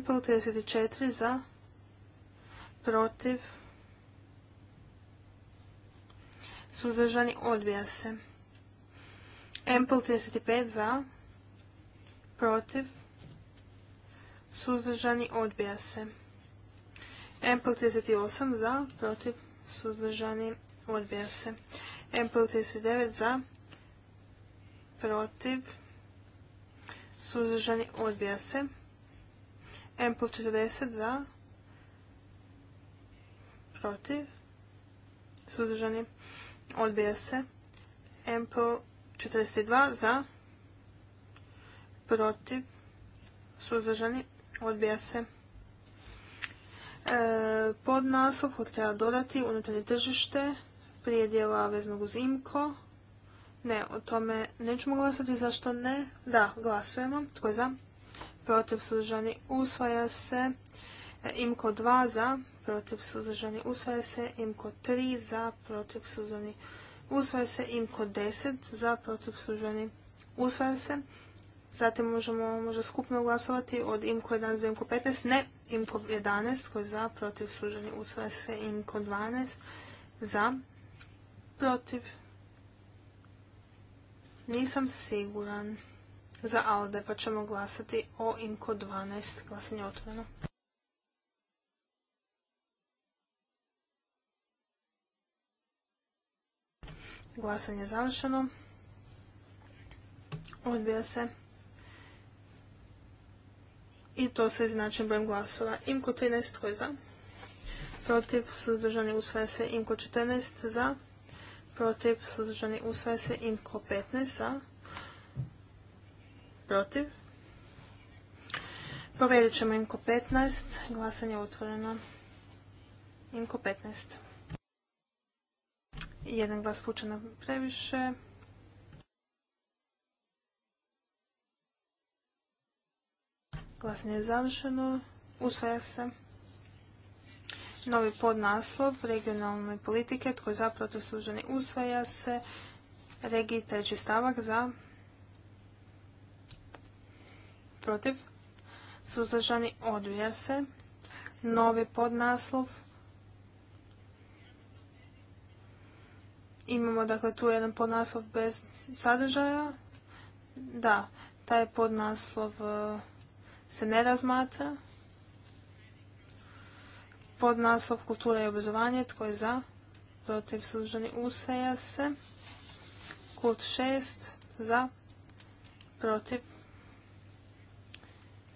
plus 34, za? Protiv, suzdržani, odbija se. plus 35, za? Protiv, suzdržani, odbija se. plus 38, za? Protiv, suzdržani, odbija se. MPL 39 za, protiv, suzdržani odbija se. MPL 40 za, protiv, suzdržani odbija se. MPL 42 za, protiv, suzdržani odbija se. E, pod naslov hotela treba dodati unutarnje tržište prijedjela veznog uz imko. Ne, o tome nećemo glasati. Zašto ne? Da, glasujemo. Tko je za? Protiv suzdržani usvaja se. E, imko 2 za, protiv suzdržani usvaja se. Imko 3 za, protiv suzdržani usvaja se. Imko 10 za, protiv suzdržani usvaja se. Zatim možemo možda skupno glasovati od IMKO 11 do IMKO 15. Ne, IMKO 11 koji je za, protiv suzdržani usvaja se. IMKO 12 za, Protiv. Nisam siguran za ALDE, pa ćemo glasati o Imko 12. Glasanje otvoreno. Glasanje je završeno. Odbija se. I to se izjednačenim brojem glasova. Imko 13 tko je za? Protiv suzdržani usvaja se. Imko 14 za protiv, suzdržani, usvaja se. Imko 15 za, protiv. Provjerit ćemo Imko 15. Glasanje je otvoreno. Imko 15. Jedan glas pučena previše. Glasanje je završeno. Usvaja se. Novi podnaslov regionalne politike, tko je za protiv suženi usvaja se. Regiji treći stavak za protiv suzdržani odvija se. Novi podnaslov imamo dakle tu jedan podnaslov bez sadržaja. Da, taj podnaslov eh, se ne razmatra. Pod naslov kultura i obrazovanje, tko je za? Protiv suzdržani usvaja se. Kult šest, za. Protiv.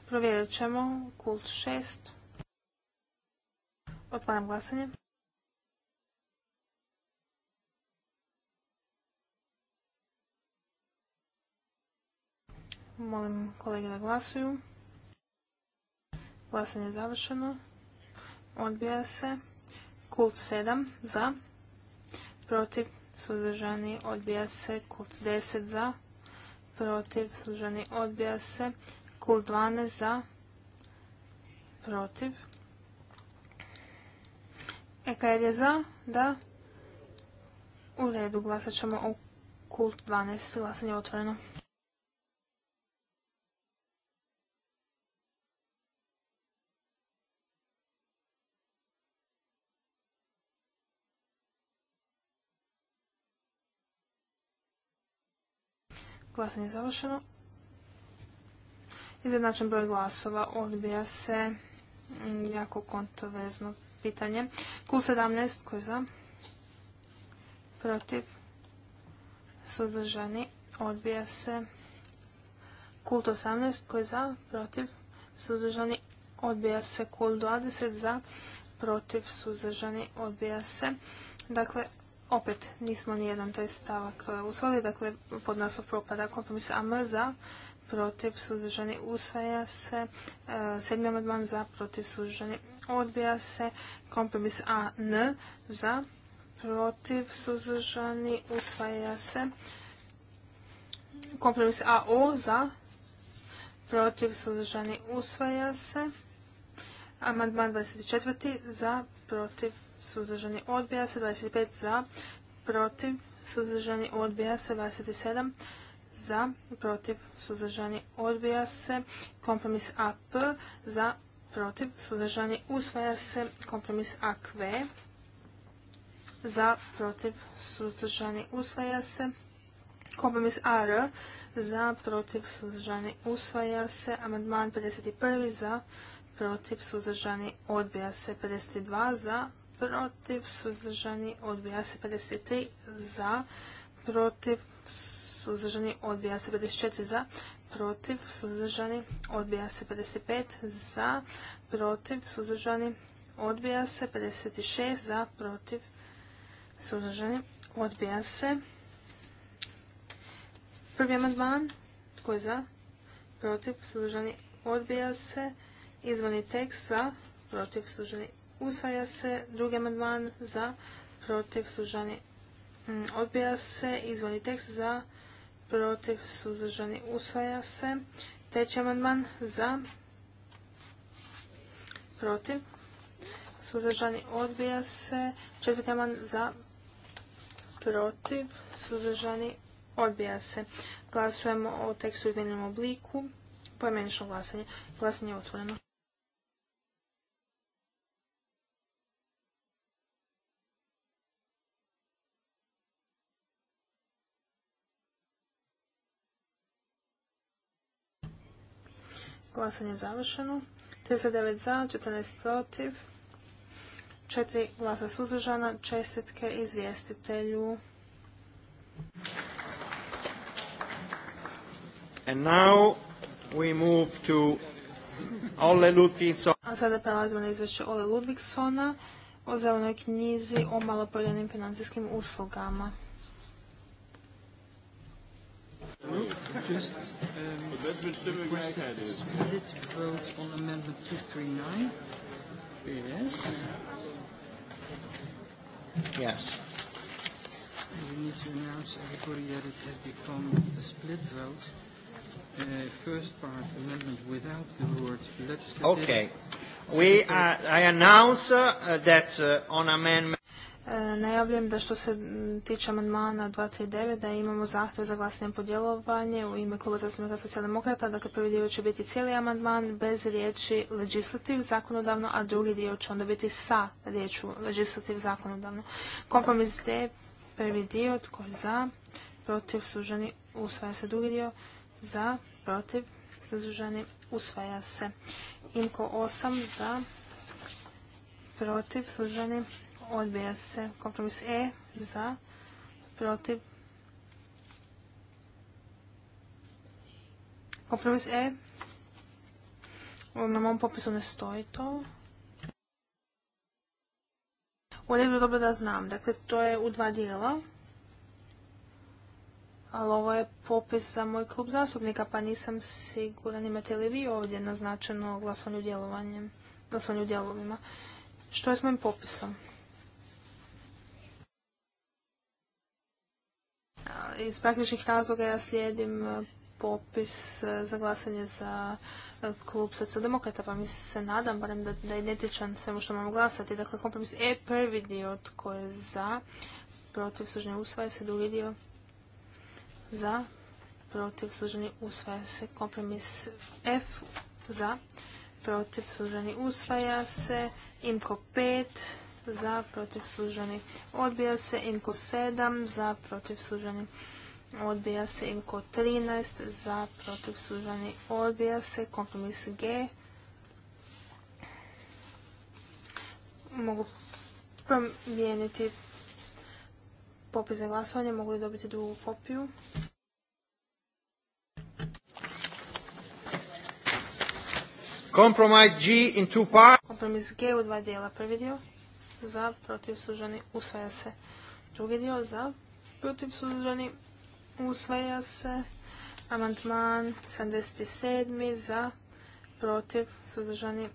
Provjerit ćemo. Kult šest. Otvaram glasanje. Molim kolege da glasuju. Glasanje je završeno odbija se. Kult 7 za, protiv, suzdržani, odbija se. Kult 10 za, protiv, suzdržani, odbija se. Kult 12 za, protiv. EKR er je za, da. U redu, glasat ćemo u kult 12. Glasanje je otvoreno. Glasanje je završeno. Izjednačen broj glasova odbija se jako kontovezno pitanje. Kul 17, koji je za? Protiv? Suzdržani? Odbija se. Kult 18, koji je za? Protiv? Suzdržani? Odbija se. Kult 20, za? Protiv? Suzdržani? Odbija se. Dakle, opet nismo ni jedan taj stavak e, usvojili, dakle pod nas propada kompromis a za protiv suzdržani usvaja se, e, sedmi amandman za protiv suzdržani odbija se, kompromis A N za protiv suzdržani usvaja se, kompromis A O za protiv suzdržani usvaja se, amandman 24. za protiv suzdržani, odbija se 25 za, protiv, suzdržani, odbija se 27 za, protiv, suzdržani, odbija se kompromis AP za, protiv, suzdržani, usvaja se kompromis AQV za, protiv, suzdržani, usvaja se kompromis AR za, protiv, suzdržani, usvaja se amandman 51 za, protiv, suzdržani, odbija se 52 za, protiv, suzdržani, odbija se 53 za, protiv, suzdržani, odbija se 54 za, protiv, suzdržani, odbija se 55 za, protiv, suzdržani, odbija se 56 za, protiv, suzdržani, odbija se. Prvi amandman, tko je za, protiv, suzdržani, odbija se. Izvani tekst za, protiv, suzdržani, Usvaja se drugi amandman za protiv suzdržani mm, odbija se. Izvorni tekst za protiv suzdržani usvaja se. Treći amandman za protiv suzdržani odbija se. Četvrti amandman za protiv suzdržani odbija se. Glasujemo o tekstu u izmijenjenom obliku. Pojmenično glasanje. Glasanje je otvoreno. Glasanje je završeno. 39 za, 14 protiv, 4 glasa suzdržana. Čestitke izvjestitelju. And now we move to Ole A sada prelazimo na izvješće Ole Ludvigsona o zelenoj knjizi o maloprodajnim financijskim uslugama group just um, split vote on amendment 239. Yes. Yes. We need to announce everybody that it has become a split vote. Uh, first part, amendment without the word legislative. Okay. We, uh, I announce uh, that uh, on amendment E, najavljujem da što se tiče amandmana 239 da imamo zahtjev za glasanje podjelovanje u ime Kluba zastupnika socijaldemokrata. Dakle, prvi dio će biti cijeli amandman bez riječi legislativ zakonodavno, a drugi dio će onda biti sa riječu legislativ zakonodavno. Kompromis D, prvi dio, tko je za, protiv, suženi, usvaja se drugi dio, za, protiv, suženi, usvaja se. Imko 8 za, protiv, suženi. Odbija se. Kompromis E za. Protiv. Kompromis E. Na mom popisu ne stoji to. U redu dobro da znam. Dakle, to je u dva dijela. Ali ovo je popis za moj klub zastupnika, pa nisam siguran imate li vi ovdje naznačeno glasovanju djelovanjem, glasovanju djelovima. Što je s mojim popisom? Iz praktičnih razloga ja slijedim e, popis e, za glasanje za e, klub socijaldemokrata, pa mi se nadam barem da, da je netičan svemu što imamo glasati. Dakle, kompromis E, prvi dio tko je za, protiv služenja usvaja se, drugi dio za, protiv suženi usvaja se, kompromis F za, protiv suženi usvaja se, imko 5 za protiv služani odbija se INKO 7 za protiv suženi. odbija se INKO 13 za protiv sužani. odbija se kompromis G mogu promijeniti popis za glasovanje mogu li dobiti drugu kopiju Compromise G Kompromis G u dva dijela. Prvi dio za, protiv, suženi, usvaja se. Drugi dio za, protiv, suzdržani, usvaja se. Amandman 77. za, protiv, suzdržani,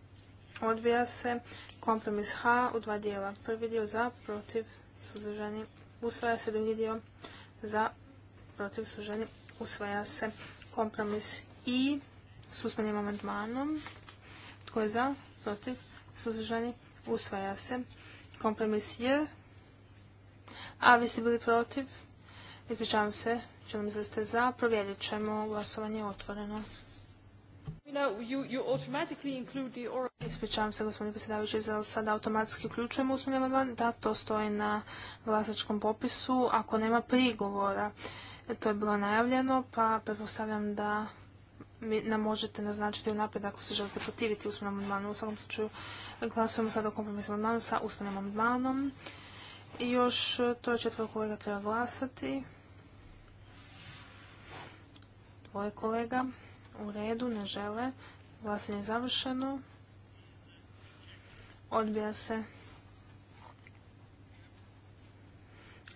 odbija se. Kompromis H u dva dijela. Prvi dio za, protiv, suzdržani, usvaja se. Drugi dio za, protiv, suženi usvaja se. Kompromis I s usmenim amandmanom. Tko je za, protiv, suzdržani, usvaja se. Kompromis je. A vi ste bili protiv? Ispričavam se. Želim se da ste za. Provjerit ćemo. Glasovanje otvoreno. Ispričavam se, gospodine predsjedavajući, za sada automatski uključujemo usmeni amandman. Da, to stoji na glasačkom popisu. Ako nema prigovora, e, to je bilo najavljeno, pa pretpostavljam da nam možete naznačiti unaprijed ako se želite protiviti usmenom amandmanu. U svakom slučaju, Glasujemo sada o kompromisnom amandmanu sa usmenim amandmanom. I još e, to je kolega treba glasati. Tvoje kolega. U redu, ne žele. Glasanje je završeno. Odbija se.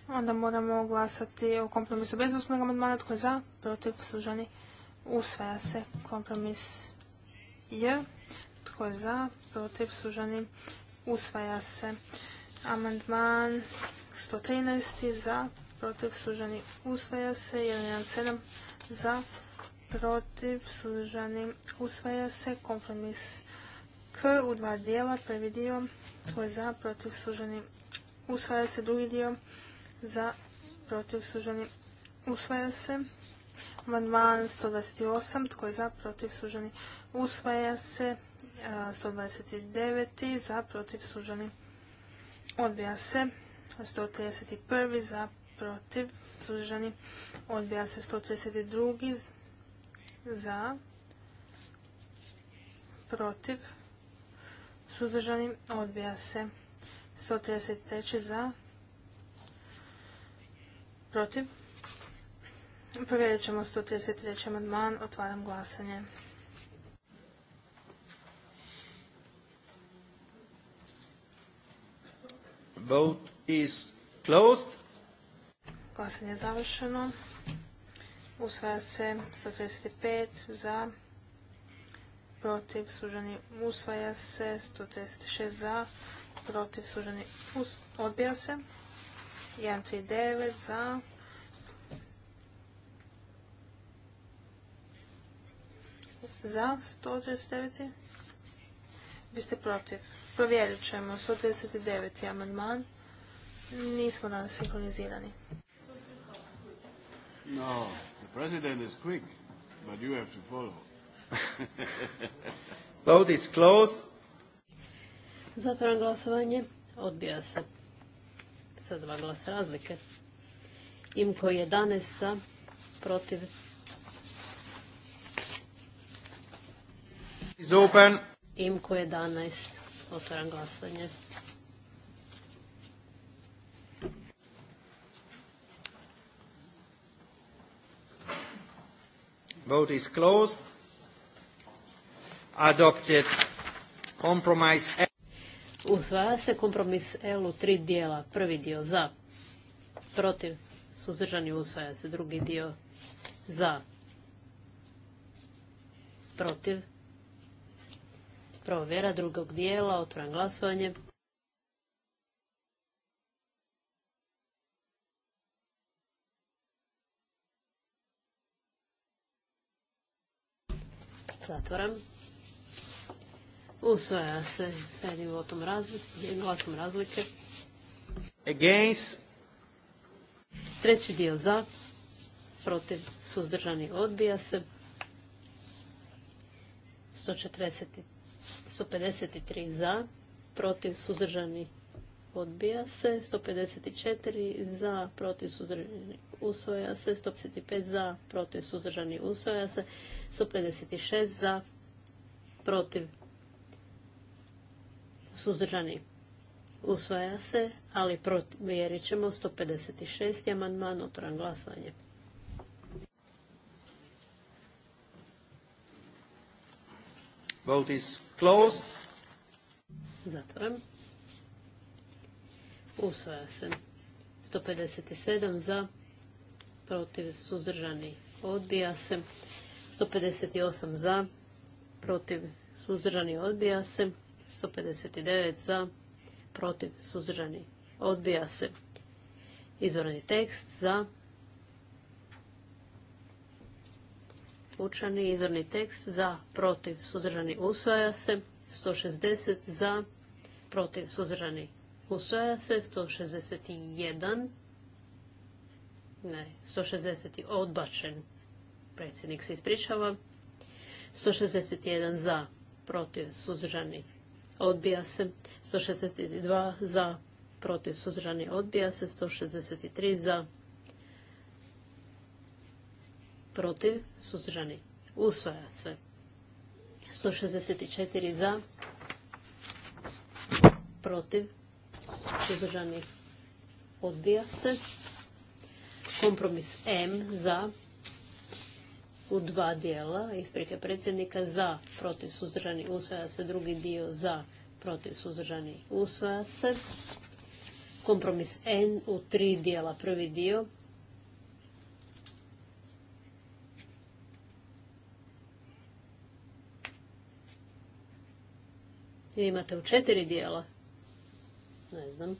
Onda moramo glasati o kompromisu bez usmenog amandmana. Tko je za? Protiv? posluženi. Usvaja se kompromis je. Tko je za? Protiv? Sužani? Usvaja se. Amandman 113. Za? Protiv? Sužani? Usvaja se. 117. Za? Protiv? Sužani? Usvaja se. Kompromis K u dva dijela. Prvi dio. Tko je za? Protiv? Sužani? Usvaja se. Drugi dio. Za? Protiv? Sužani? Usvaja se. Amandman 128. Tko je za? Protiv? Sužani? Usvaja se. 129. za protiv suženi odbija se. 131. za protiv suženi odbija se. 132. za protiv suzdržani odbija se. 133. za protiv Provjerit ćemo 133. amandman. Otvaram glasanje. Vote is closed. Glasanje je završeno. Usvaja se 135 za, protiv suženi usvaja se, 136 za, protiv suženi odbija se, 139 za, za 139. Vi ste protiv. Provjerit ćemo. 139. amandman. Nismo danas sinhronizirani. No, the president is quick, but you have to follow. Vote is closed. Zatvoram glasovanje. Odbija se. Sa dva glasa razlike. Imko 11 sa protiv. Is open. Imko 11. Otvaram glasanje. is closed. Adopted compromise Usvaja se kompromis L u tri dijela. Prvi dio za, protiv, suzdržani usvaja se. Drugi dio za, protiv, provjera drugog dijela, otvoren glasovanje. Zatvoram. Usvaja se sa jednim votom razlike, glasom razlike. Against. Treći dio za, protiv, suzdržani odbija se. 143. 153 za, protiv suzdržani odbija se, 154 za, protiv suzdržani usvoja se, 155 za, protiv suzdržani usvoja se, 156 za, protiv suzdržani usvoja se, ali vjerit ćemo 156. amandman, otvoran glasovanje. Vote is Closed. Zatvoram. Usvaja se. 157 za, protiv suzdržani odbija se. 158 za, protiv suzdržani odbija se. 159 za, protiv suzdržani odbija se. Izvorni tekst za, Učani izvorni tekst za, protiv, suzdržani, usvaja se. 160 za, protiv, suzdržani, usvaja se. 161, ne, 160 odbačen, predsjednik se ispričava. 161 za, protiv, suzdržani, odbija se. 162 za, protiv, suzdržani, odbija se. 163 za, protiv, suzdržani, usvaja se. 164 za, protiv, suzdržani, odbija se. Kompromis M za, u dva dijela, isprike predsjednika za, protiv, suzdržani, usvaja se. Drugi dio za, protiv, suzdržani, usvaja se. Kompromis N u tri dijela, prvi dio je imate u četiri dijela. Ne znam.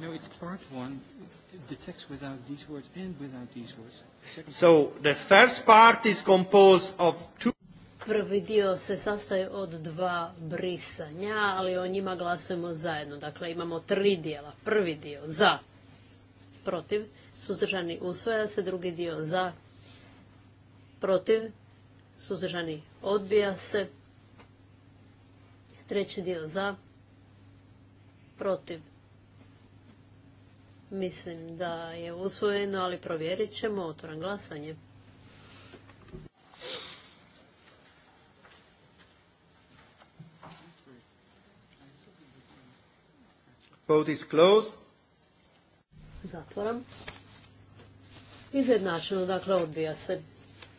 No, it's part one, It detects without these words and without these words. Second so the first part is composed of two... Prvi dio se sastoji od dva brisanja, ali o njima glasujemo zajedno. Dakle, imamo tri dijela. Prvi dio za, protiv, suzdržani, usvaja se. Drugi dio za, protiv, suzdržani, odbija se. Treći dio za, protiv. Mislim da je usvojeno, ali provjerit ćemo. otvoran glasanje. is closed. Zatvoram. Izjednačeno, dakle, odbija se.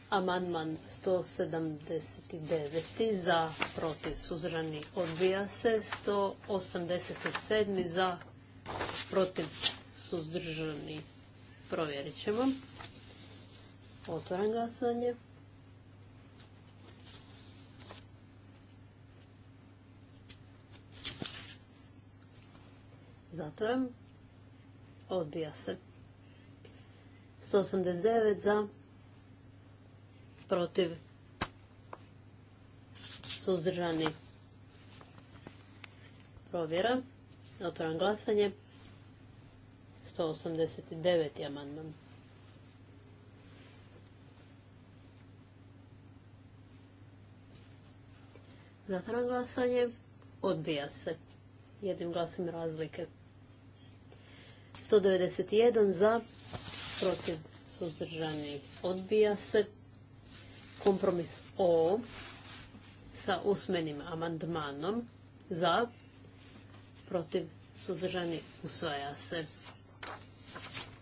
Amandman 179. za protiv suzrani odbija se. 187. za protiv suzdržani provjerit ćemo. Otvoram glasanje. Zatvoram odbija se. 189 za, protiv, suzdržani, provjera, otvoran glasanje, 189. amandman. Zatvoran glasanje, odbija se, jednim glasim razlike. 191 za, protiv suzdržani odbija se. Kompromis O sa usmenim amandmanom za, protiv suzdržani usvaja se.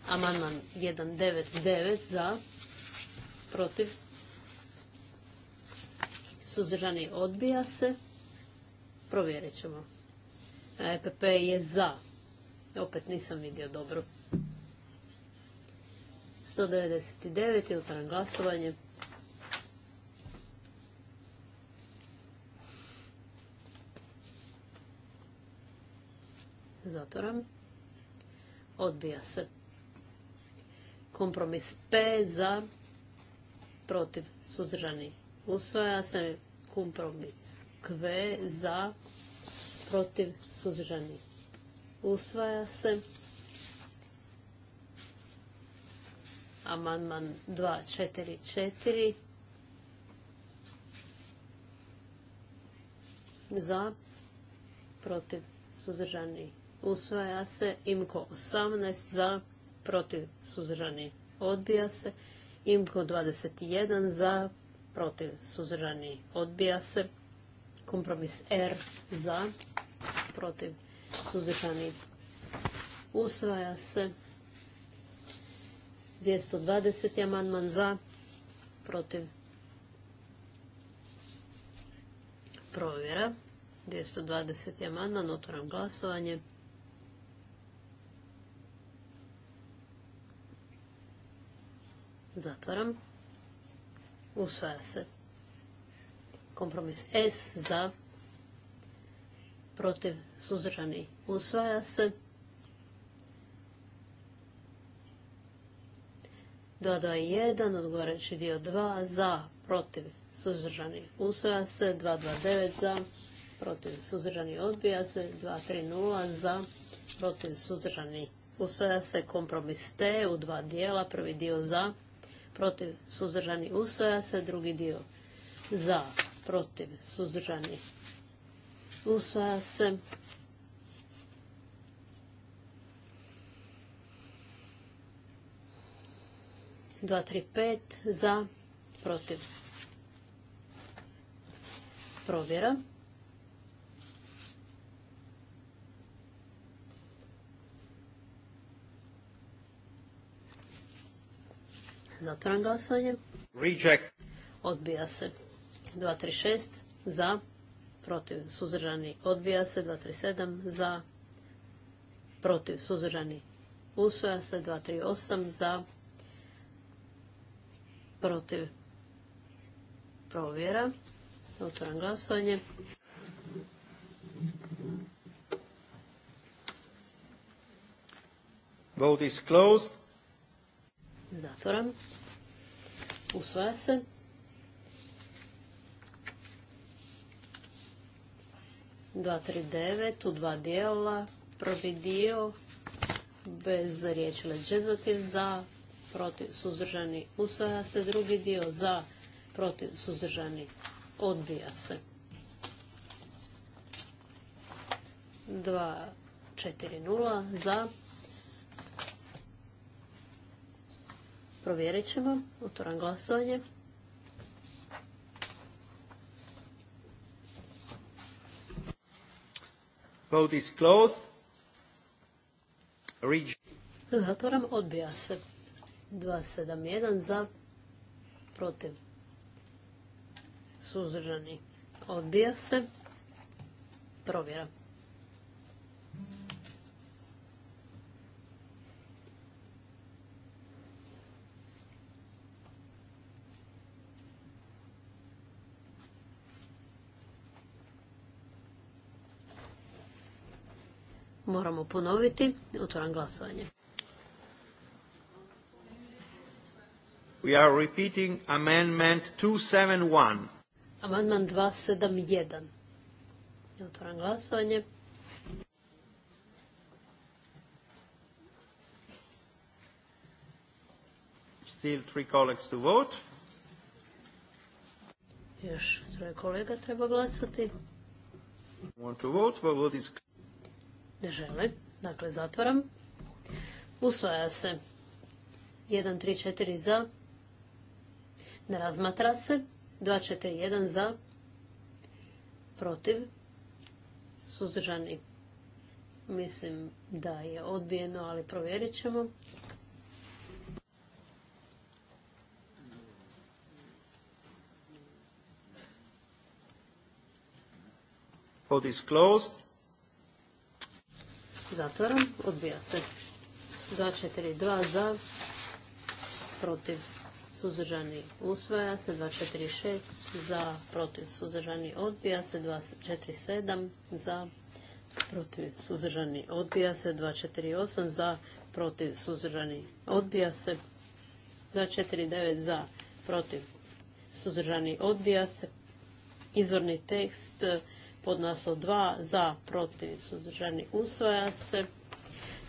Amandman 199 za, protiv suzdržani odbija se. Provjerit ćemo. EPP je za opet nisam vidio dobro. 199. Otvaram glasovanje. Zatoram. Odbija se. Kompromis P za protiv suzdržani usvaja se. Kompromis Q za protiv suzdržani usvaja se. Amandman 244 za, protiv suzdržani usvaja se. Imko 18 za, protiv suzdržani odbija se. Imko 21 za, protiv suzdržani odbija se. Kompromis R za, protiv suzdržani, usvaja se. 220. amandman za, protiv, provjera. 220. amandman, otvoram glasovanje. Zatvaram. Usvaja se. Kompromis S za protiv, suzdržani, usvaja se. dva, jedan odgovarajući dio 2, za, protiv, suzdržani, usvaja se. 229 za, protiv, suzdržani, odbija se. 230 za, protiv, suzdržani, usvaja se. Kompromis T u dva dijela, prvi dio za, protiv, suzdržani, usvaja se. Drugi dio za, protiv, suzdržani, usvaja se. Dva, pet, za, protiv. Provjera. Zatvoram glasovanje. Odbija se. 236 za protiv suzdržani odbija se 237 za protiv suzdržani usvaja se 238 za protiv provjera otvaram glasovanje Vote is closed. Zatvoram. Usvaja se. 239 u dva dijela. Prvi dio bez riječi leđezati za protiv suzdržani usvaja se. Drugi dio za protiv suzdržani odbija se. 240 za Provjerit ćemo. Otvoram glasovanje. Vote is closed. Zatvoram, odbija se. 271 za, protiv. Suzdržani, odbija se. Provjera. Moramo ponoviti. Otvoram glasovanje. We are repeating amendment 271. Amendment 271. Otvoram glasovanje. Still three colleagues to vote. Još troje kolega treba glasati. Want to vote, but vote is clear. Ne žele. Dakle, zatvaram. Usvaja se. 1, 3, 4 za. Ne razmatra se. 2, 4, 1 za. Protiv. Suzdržani. Mislim da je odbijeno, ali provjerit ćemo. Vote is closed. Zatvaram. Odbija se. 242 za. Protiv. suzržani usvaja se. 246 za. Protiv. Suzdržani odbija se. 247 za. Protiv. Suzdržani odbija se. 248 za. Protiv. Suzdržani odbija se. 249 za. Protiv. Suzdržani odbija se. Izvorni tekst pod naslov 2 za protiv suzdržani usvaja se.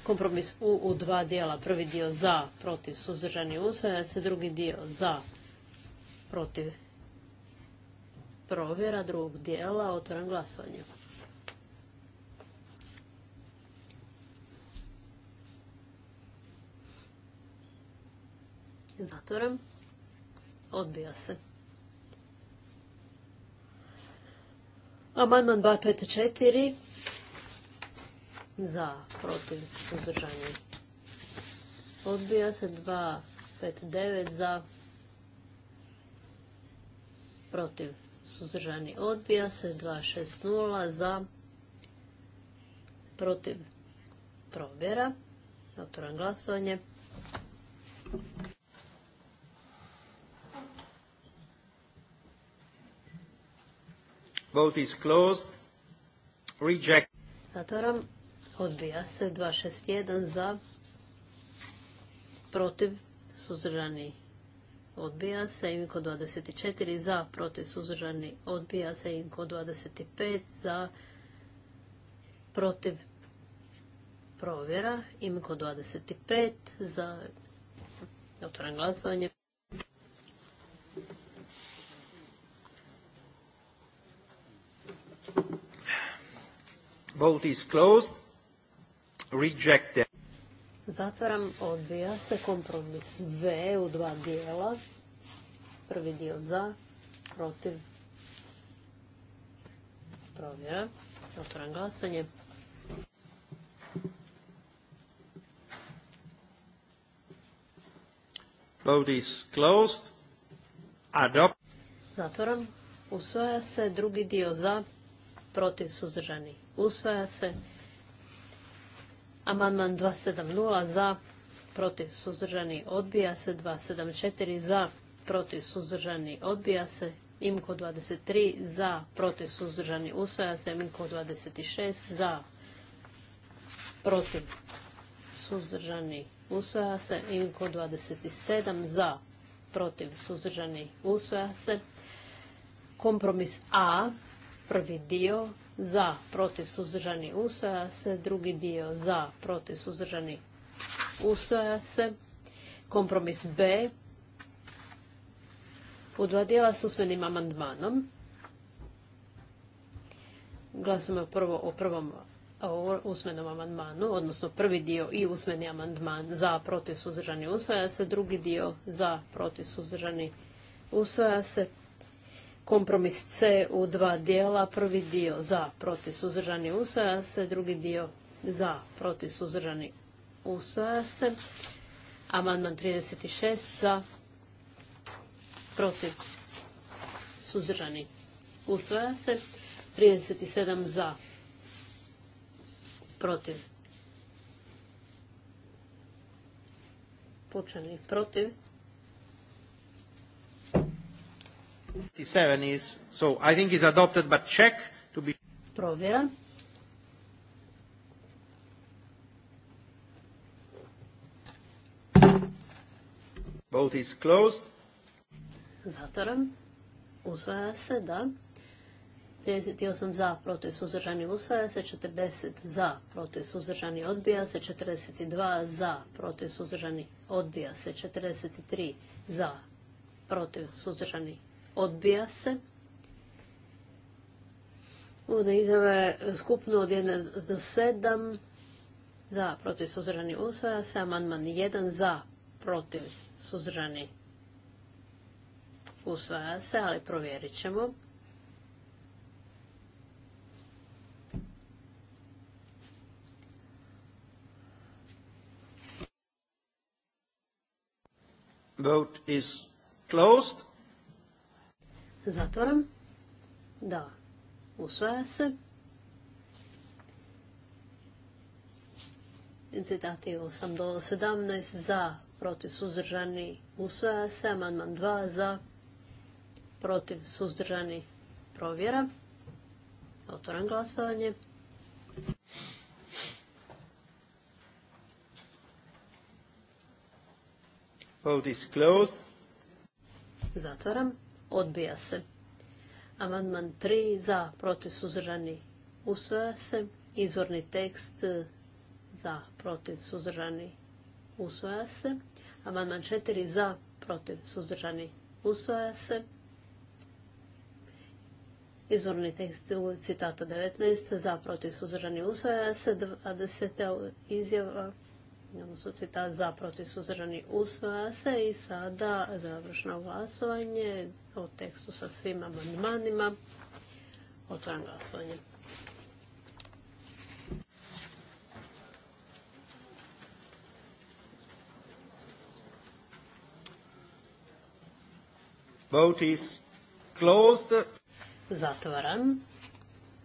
Kompromis U dva dijela. Prvi dio za protiv suzdržani usvaja se. Drugi dio za protiv provjera drugog dijela. Otvoram glasovanje. Zatvoram. Odbija se. Amandman 254 za protiv suzdržanje Odbija se 259 za protiv suzdržani. Odbija se 260 za protiv provjera. Otvoram glasovanje. Vote is closed. Reject. Zatvaram. Odbija se. 261 za. Protiv. Suzdržani. Odbija se. Imko 24 za. Protiv. Suzdržani. Odbija se. Imko 25 za. Protiv. Provjera. Imko 25 za. Otvoram glasovanje. Vote is closed. Rejected. Zatvaram, odbija se kompromis V u dva dijela. Prvi dio za, protiv, provjera. Otvoram glasanje. Vote is closed. Adopt. Zatvoram. Usvaja se drugi dio za, protiv suzdržani usvaja se. Amandman 270 za, protiv suzdržani odbija se. 274 za, protiv suzdržani odbija se. Imko 23 za, protiv suzdržani usvaja se. Imko 26 za, protiv suzdržani usvaja se. Imko 27 za, protiv suzdržani usvaja se. Kompromis A, prvi dio za, protiv, suzdržani, usvaja se. Drugi dio za, protiv, suzdržani, usvaja se. Kompromis B u dva dijela s usmenim amandmanom. Glasujemo prvo o prvom usmenom amandmanu, odnosno prvi dio i usmeni amandman za, protiv, suzdržani, usvaja se. Drugi dio za, protiv, suzdržani, usvaja se kompromis C u dva dijela. Prvi dio za protiv suzdržani usvaja se, drugi dio za protiv suzdržani usvaja se. Amandman 36 za protiv suzdržani usvaja se. 37 za protiv pučani protiv 57 is, so I think is adopted, but check to be... Provjera. Vote is closed. Zatvoram. Usvaja se, da. 38 za, protiv suzdržani usvaja se, 40 za, protiv suzdržani odbija se, 42 za, protiv suzdržani odbija se, 43 za, protiv suzdržani Odbija se. Uvodne izjave skupno od 1 do 7. Za, protiv, suzdržani, usvaja se. Amandman 1 za, protiv, suzdržani, usvaja se, ali provjerit ćemo. Vote is closed. Zatvoram. Da. Usvaja se. Citati 8 do 17 za, protiv suzdržani usvaja se. Amandman 2 za, protiv suzdržani provjera. Otvoram glasovanje. Vote is closed. Zatvoram odbija se. Amandman 3 za, protiv, suzdržani, usvaja se. Izvorni tekst za, protiv, suzdržani, usvaja se. Amandman 4 za, protiv, suzdržani, usvaja se. Izvorni tekst u citata 19 za, protiv, suzdržani, usvaja se. 20. izjava Citat za protiv suzdržani usvaja se i sada završno glasovanje o tekstu sa svim amandmanima. Otvaram glasovanje. Vote closed. Zatvaram.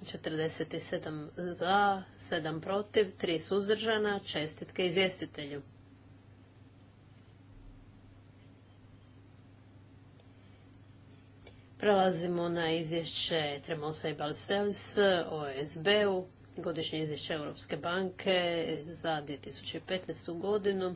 47 za, 7 protiv, 3 suzdržana. Čestitke izvjestitelju. Prelazimo na izvješće Tremosa i Balcells o SB-u, godišnje izvješće Europske banke za 2015. godinu.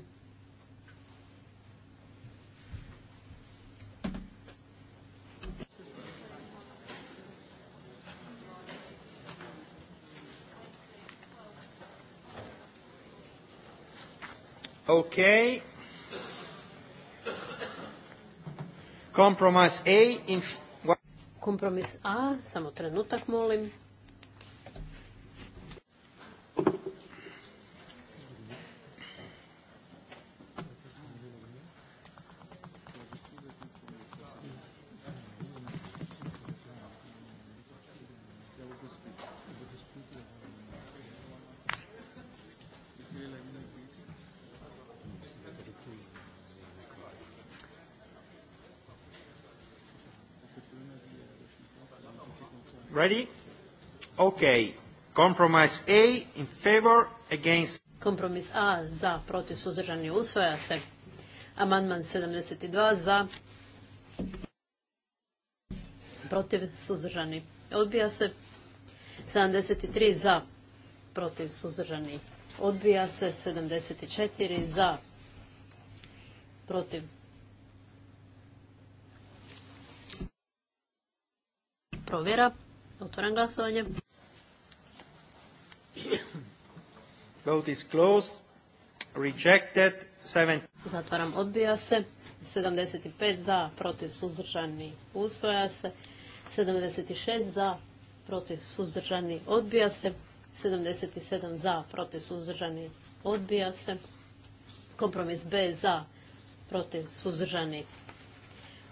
Okay. A. Kompromis A, samo trenutak molim. Ready? Okay. Compromise A in favor against. Kompromis A za protiv suzdržani usvaja se. Amandman 72 za protiv suzdržani odbija se. 73 za protiv suzdržani odbija se. 74 za protiv provjera. Otvoram glasovanje. Vote is closed. Rejected. Zatvaram odbija se. 75 za, protiv suzdržani usvoja se. 76 za, protiv suzdržani odbija se. 77 za, protiv suzdržani odbija se. Kompromis B za, protiv suzdržani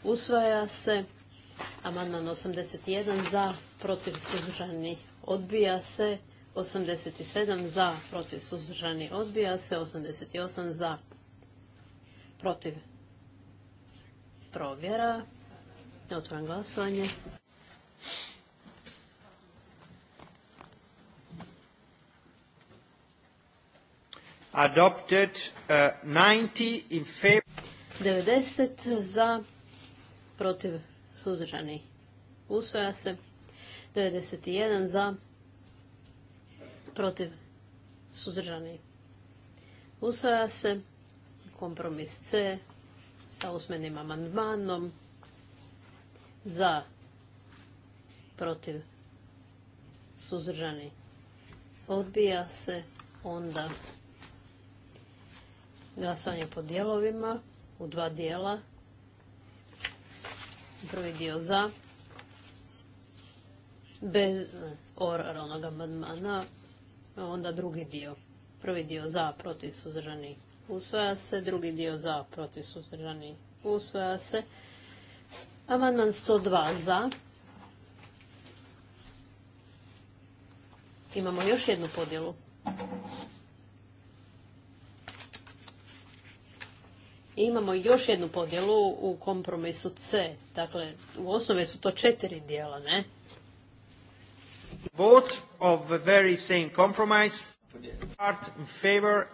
usvaja se. Amandman 81 za, protiv suzdržani odbija se. 87 za, protiv suzdržani odbija se. 88 za, protiv provjera. Otvoram glasovanje. Adopted 90 uh, in favor. 90 za, protiv suzdržani, usvaja se. 91 za, protiv, suzdržani, usvaja se. Kompromis C sa usmenim amandmanom za, protiv, suzdržani, odbija se. Onda glasovanje po dijelovima u dva dijela. Prvi dio za. Bez oralnog amandmana. Onda drugi dio. Prvi dio za, protiv suzdržani usvaja se. Drugi dio za, protiv suzdržani usvaja se. Amandman 102 za. Imamo još jednu podjelu. imamo još jednu podjelu u kompromisu C. Dakle, u osnovi su to četiri dijela, ne? of the very same compromise. Part in favor.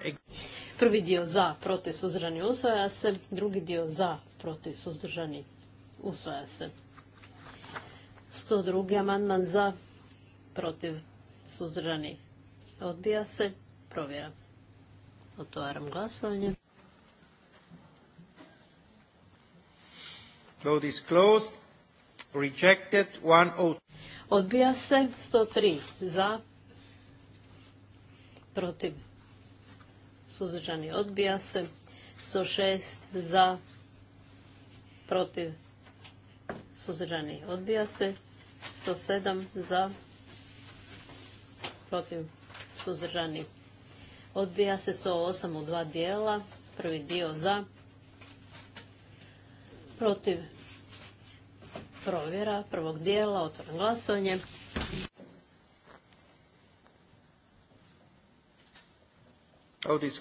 Prvi dio za, protiv, suzdržani, usvaja se. Drugi dio za, protiv, suzdržani, usvaja se. 102. amandman za, protiv, suzdržani, odbija se. Provjera. Otvaram glasovanje. Vote is closed. Rejected. Oh odbija se 103 za, protiv, suzdržani odbija se, 106 za, protiv, suzdržani odbija se, 107 za, protiv, suzdržani odbija se, 108 u dva dijela, prvi dio za, protiv, provjera prvog dijela, otvorno glasovanje. Vote is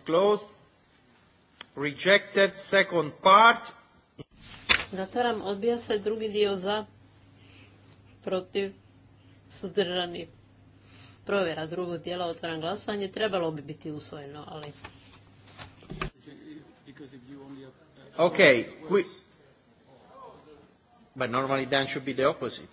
Rejected second part. Zatvaram, odbija se drugi dio za, protiv, suzdržani. Provjera drugog dijela, otvaram glasovanje. Trebalo bi biti usvojeno, ali... Okay, But normally then should be the opposite.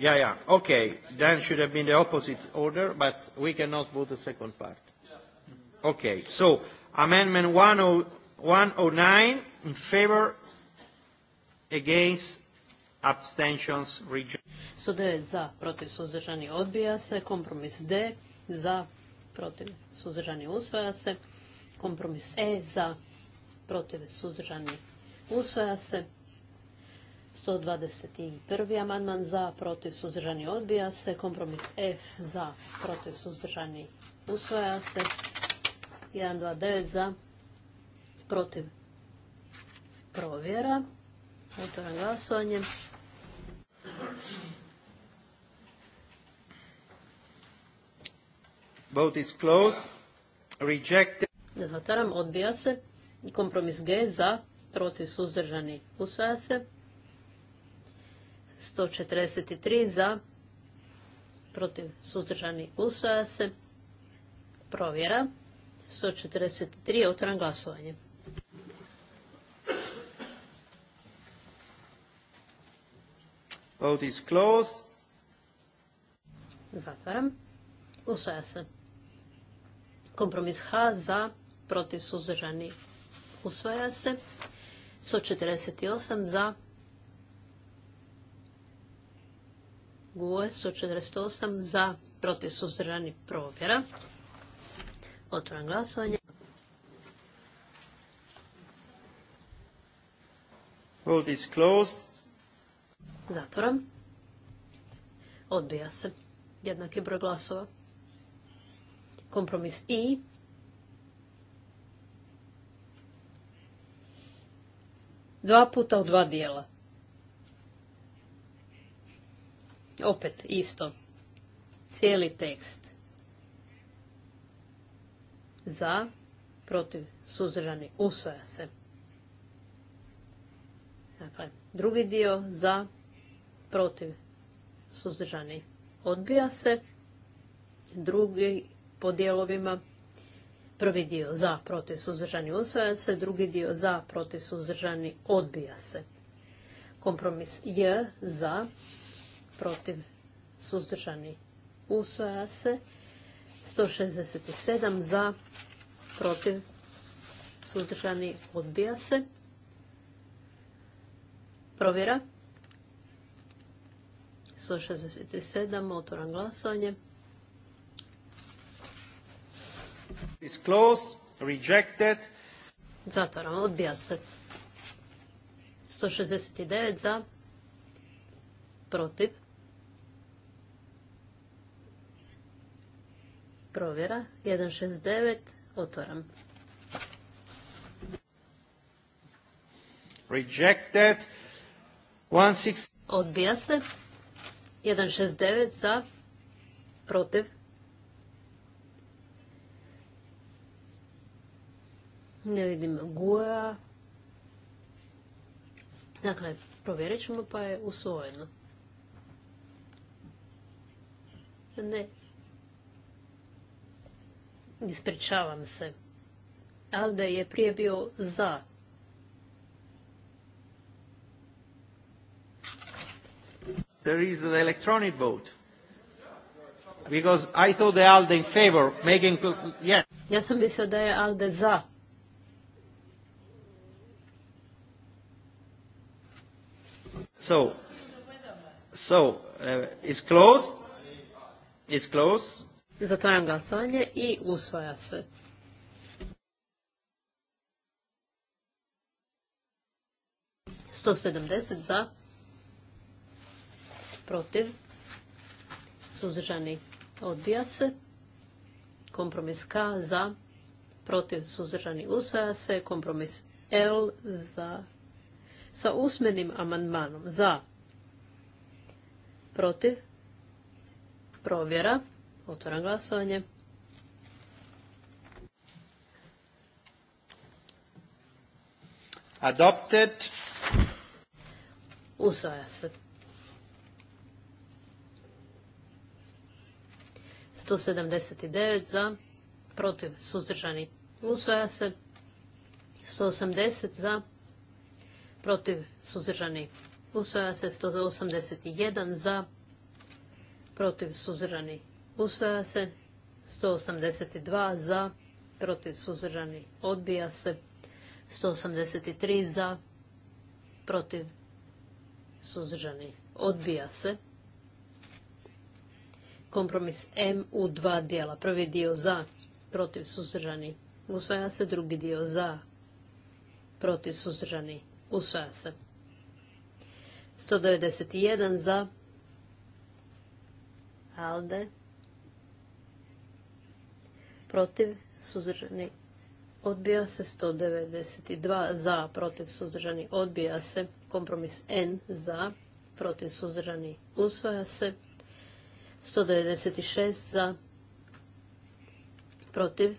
Yeah, yeah. Okay. Then should have been the opposite order, but we cannot vote the second part. Okay. So, amendment 109 in favor, against, abstentions, So, the za, protiv, suzdržani, odbija se. Kompromis D za, protiv, suzdržani, usvaja se. Kompromis E za, protiv, suzdržani, usvaja se. 121. amandman za, protiv, suzdržani, odbija se. Kompromis F za, protiv, suzdržani, usvaja se. 129 za, protiv, provjera. Otvoram glasovanje. Vote is closed. Rejected. Zatvaram, odbija se. Kompromis G za, protiv suzdržani usvaja se. 143 za, protiv suzdržani usvaja se. Provjera. 143, otvoram glasovanje. Vote is closed. Zatvaram. Usvaja se. Kompromis H za, protiv suzdržani usvaja se. 148 za, GUE 148 za, protiv suzdržani provjera. Otvoram glasovanje. Vote is closed. Zatvoram. Odbija se. Jednaki broj glasova. Kompromis I. Dva puta u dva dijela. Opet isto. Cijeli tekst. Za, protiv, suzdržani, usvaja se. Dakle, drugi dio za, protiv, suzdržani, odbija se. Drugi po dijelovima. Prvi dio za, protiv, suzdržani, usvaja se. Drugi dio za, protiv, suzdržani, odbija se. Kompromis je za, protiv, suzdržani, usvaja se. 167 za, protiv, suzdržani, odbija se. Provjera. 167, motoran glasovanje. Is closed, rejected. Zatvaram, odbija se. 169 za, protiv. Provjera, 169, otvaram. Rejected. Odbija se. 169 za, protiv. ne vidim guja. Dakle, provjerit ćemo pa je usvojeno. Ne. Ispričavam se. Alde je prije bio za. There is an electronic vote. Because I thought the Alde in favor, making... Ja sam mislio da je Alde za. So, so uh, closed. closed. Zatvaram glasovanje i usvaja se. Sto sedamdeset za, protiv, suzdržani odbija se, kompromis K za, protiv, suzdržani usvaja se, kompromis L za, sa usmenim amandmanom za protiv provjera otvaram glasovanje adopted usvaja se 179 za protiv suzdržani usvaja se 180 za protiv, suzdržani, usvaja se 181 za, protiv, suzdržani, usvaja se 182 za, protiv, suzdržani, odbija se 183 za, protiv, suzdržani, odbija se. Kompromis M u dva dijela. Prvi dio za, protiv, suzdržani, usvaja se drugi dio za, protiv, suzdržani, Usvaja se. 191 za. Alde. Protiv. Suzdržani. Odbija se. 192 za. Protiv. Suzdržani. Odbija se. Kompromis N za. Protiv. Suzdržani. Usvaja se. 196 za. Protiv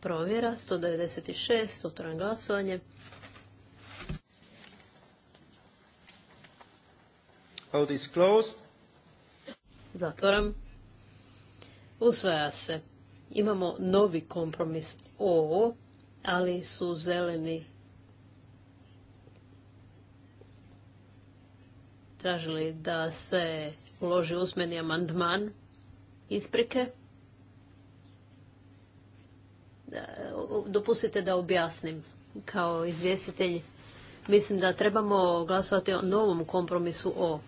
Provjera 196, otvoren glasovanje. Vote is closed. Zatvoram. Usvaja se. Imamo novi kompromis O, ali su zeleni tražili da se uloži usmeni amandman isprike dopustite da objasnim. Kao izvjestitelj mislim da trebamo glasovati o novom kompromisu O.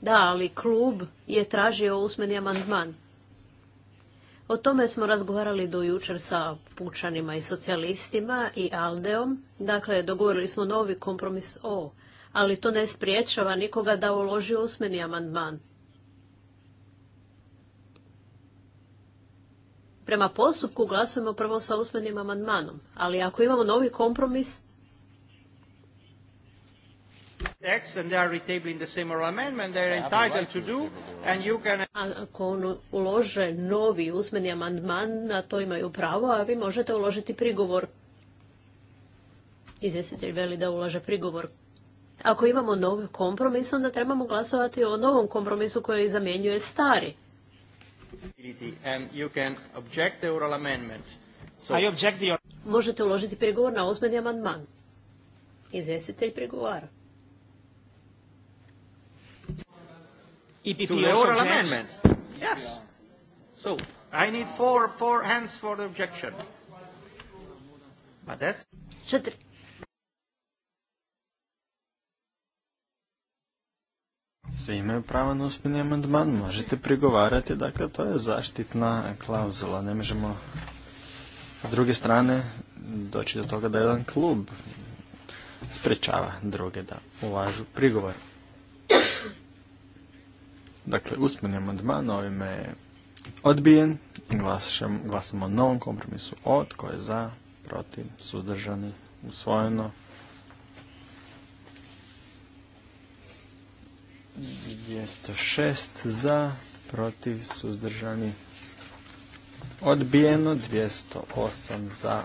Da, ali klub je tražio usmeni amandman. O tome smo razgovarali do jučer sa pučanima i socijalistima i Aldeom. Dakle, dogovorili smo novi kompromis O, ali to ne spriječava nikoga da uloži usmeni amandman. prema postupku glasujemo prvo sa usmenim amandmanom. Ali ako imamo novi kompromis... Ako ulože novi usmeni amandman, na to imaju pravo, a vi možete uložiti prigovor. Izvjestitelj veli da ulaže prigovor. Ako imamo novi kompromis, onda trebamo glasovati o novom kompromisu koji zamjenjuje stari. Možete uložiti prigovor na osmeni amandman. Izvjestitelj prigovara. EPP oral amendment. Yes. So, I need four, four hands for the objection. But that's... Četiri Svi imaju pravo na usmeni amandman, možete prigovarati, dakle to je zaštitna klauzula. Ne možemo s druge strane doći do toga da jedan klub sprečava druge da ulažu prigovor. Dakle, usmeni amandman ovime je odbijen. Glasamo o novom kompromisu od koje je za, protiv, suzdržani, usvojeno. 206 za, protiv, suzdržani, odbijeno, 208 za,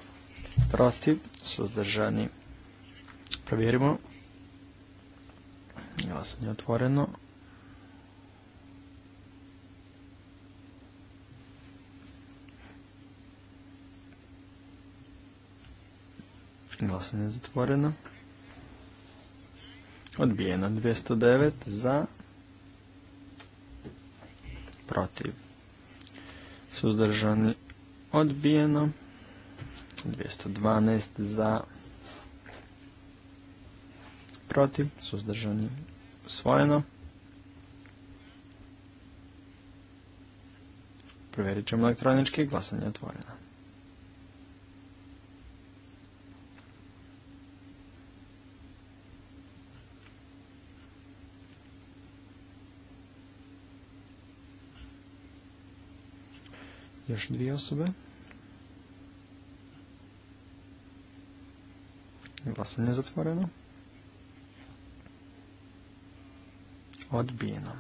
protiv, suzdržani. Provjerimo. Glasanje otvoreno. Glasanje je zatvoreno. Odbijeno 209 za. Protiv. Suzdržani odbijeno. 212 za. Protiv. Suzdržani usvojeno. Provjerit ćemo elektronički glasanje otvoreno. Još dvije osobe. Glasanje je zatvoreno. Odbijeno.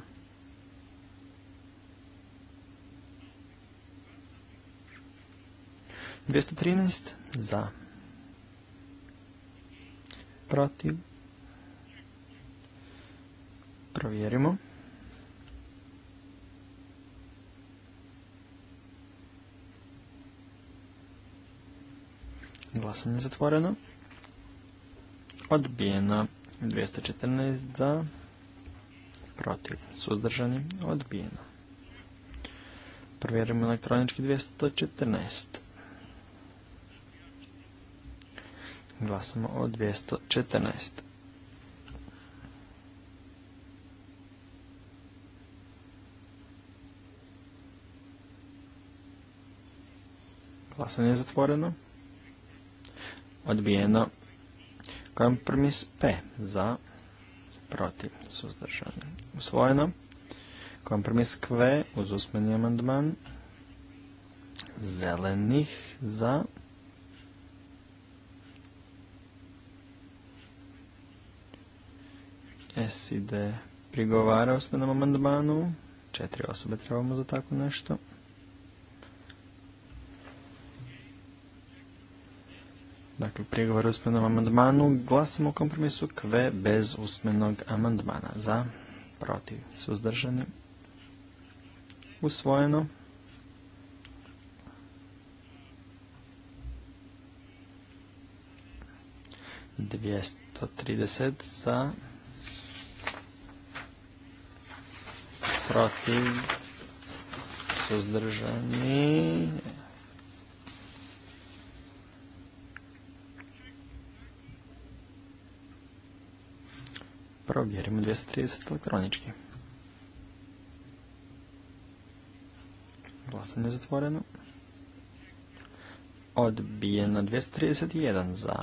Dvjesto trinaest za. Protiv. Provjerimo. Glasanje zatvoreno. Odbijeno. 214 za. Protiv. Suzdržani. Odbijeno. Provjerimo elektronički 214. Glasamo o 214. Glasanje je zatvoreno odbijeno. Kompromis P za, protiv, suzdržan. usvojeno. Kompromis Q uz usmeni amandman zelenih za SID prigovara usmenom amandmanu. Četiri osobe trebamo za tako nešto. Dakle, o usmenom amandmanu glasimo o kompromisu kve bez usmenog amandmana. Za, protiv, suzdržani. Usvojeno. Dvijesto trideset za, protiv, suzdržani. Provjerimo 230 elektronički. Glasanje zatvoreno. Odbijeno 231 za.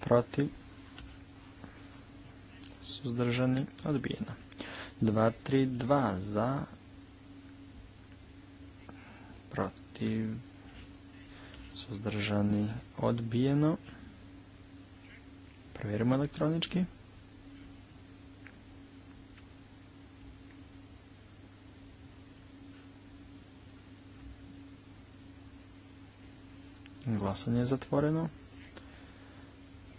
Protiv. Suzdržani. Odbijeno. 232 za. Protiv. Suzdržani. Odbijeno. Provjerimo elektronički. Glasanje je zatvoreno.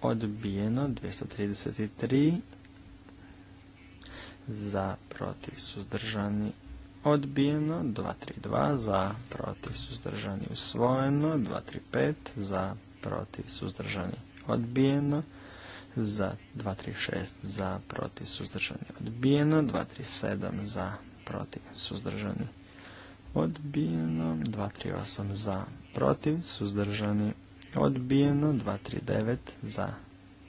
Odbijeno 233 za protiv suzdržani odbijeno 232 za protiv suzdržani usvojeno 235 za protiv suzdržani odbijeno za 236 za protiv suzdržani odbijeno, 237 za protiv suzdržani odbijeno, 238 za protiv suzdržani odbijeno, 239 za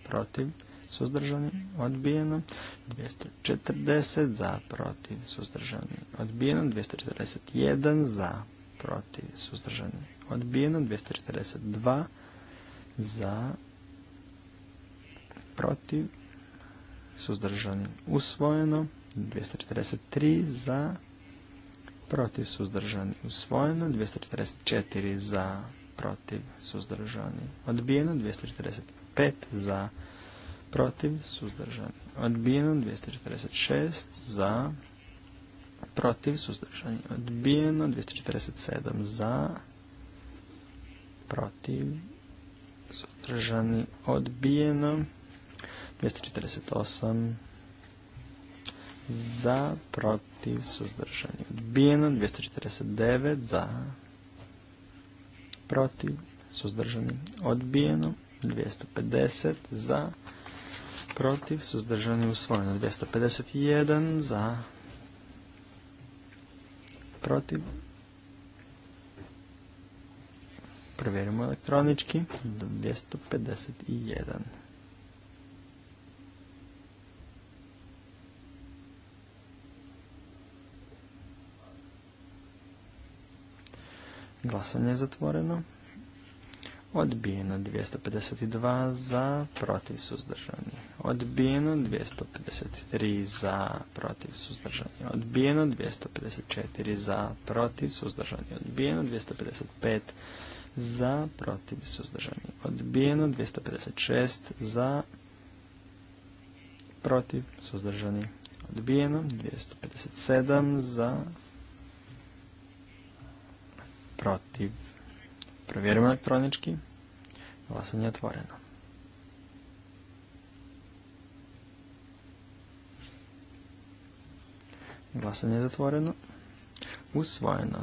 protiv suzdržani odbijeno, 240 za protiv suzdržani odbijeno, 241 za protiv suzdržani odbijeno, 242 za protiv, suzdržani, usvojeno. 243 za, protiv, suzdržani, usvojeno. 244 za, protiv, suzdržani, odbijeno. 245 za, protiv, suzdržani, odbijeno. 246 za, protiv, suzdržani, odbijeno. 247 za, protiv, suzdržani, odbijeno. 248 za, protiv, suzdržani, odbijeno, 249 za, protiv, suzdržani, odbijeno, 250 za, protiv, suzdržani, usvojeno, 251 za, protiv, provjerimo elektronički, 251 Glasanje je zatvoreno. Odbijeno 252 za, protiv suzdržani. Odbijeno 253 za, protiv suzdržani. Odbijeno 254 za, protiv suzdržani. Odbijeno 255 za, protiv suzdržani. Odbijeno 256 za, protiv suzdržani. Odbijeno 257 za, protiv. Provjerimo elektronički. Glasanje je otvoreno. Glasanje je zatvoreno. Usvojeno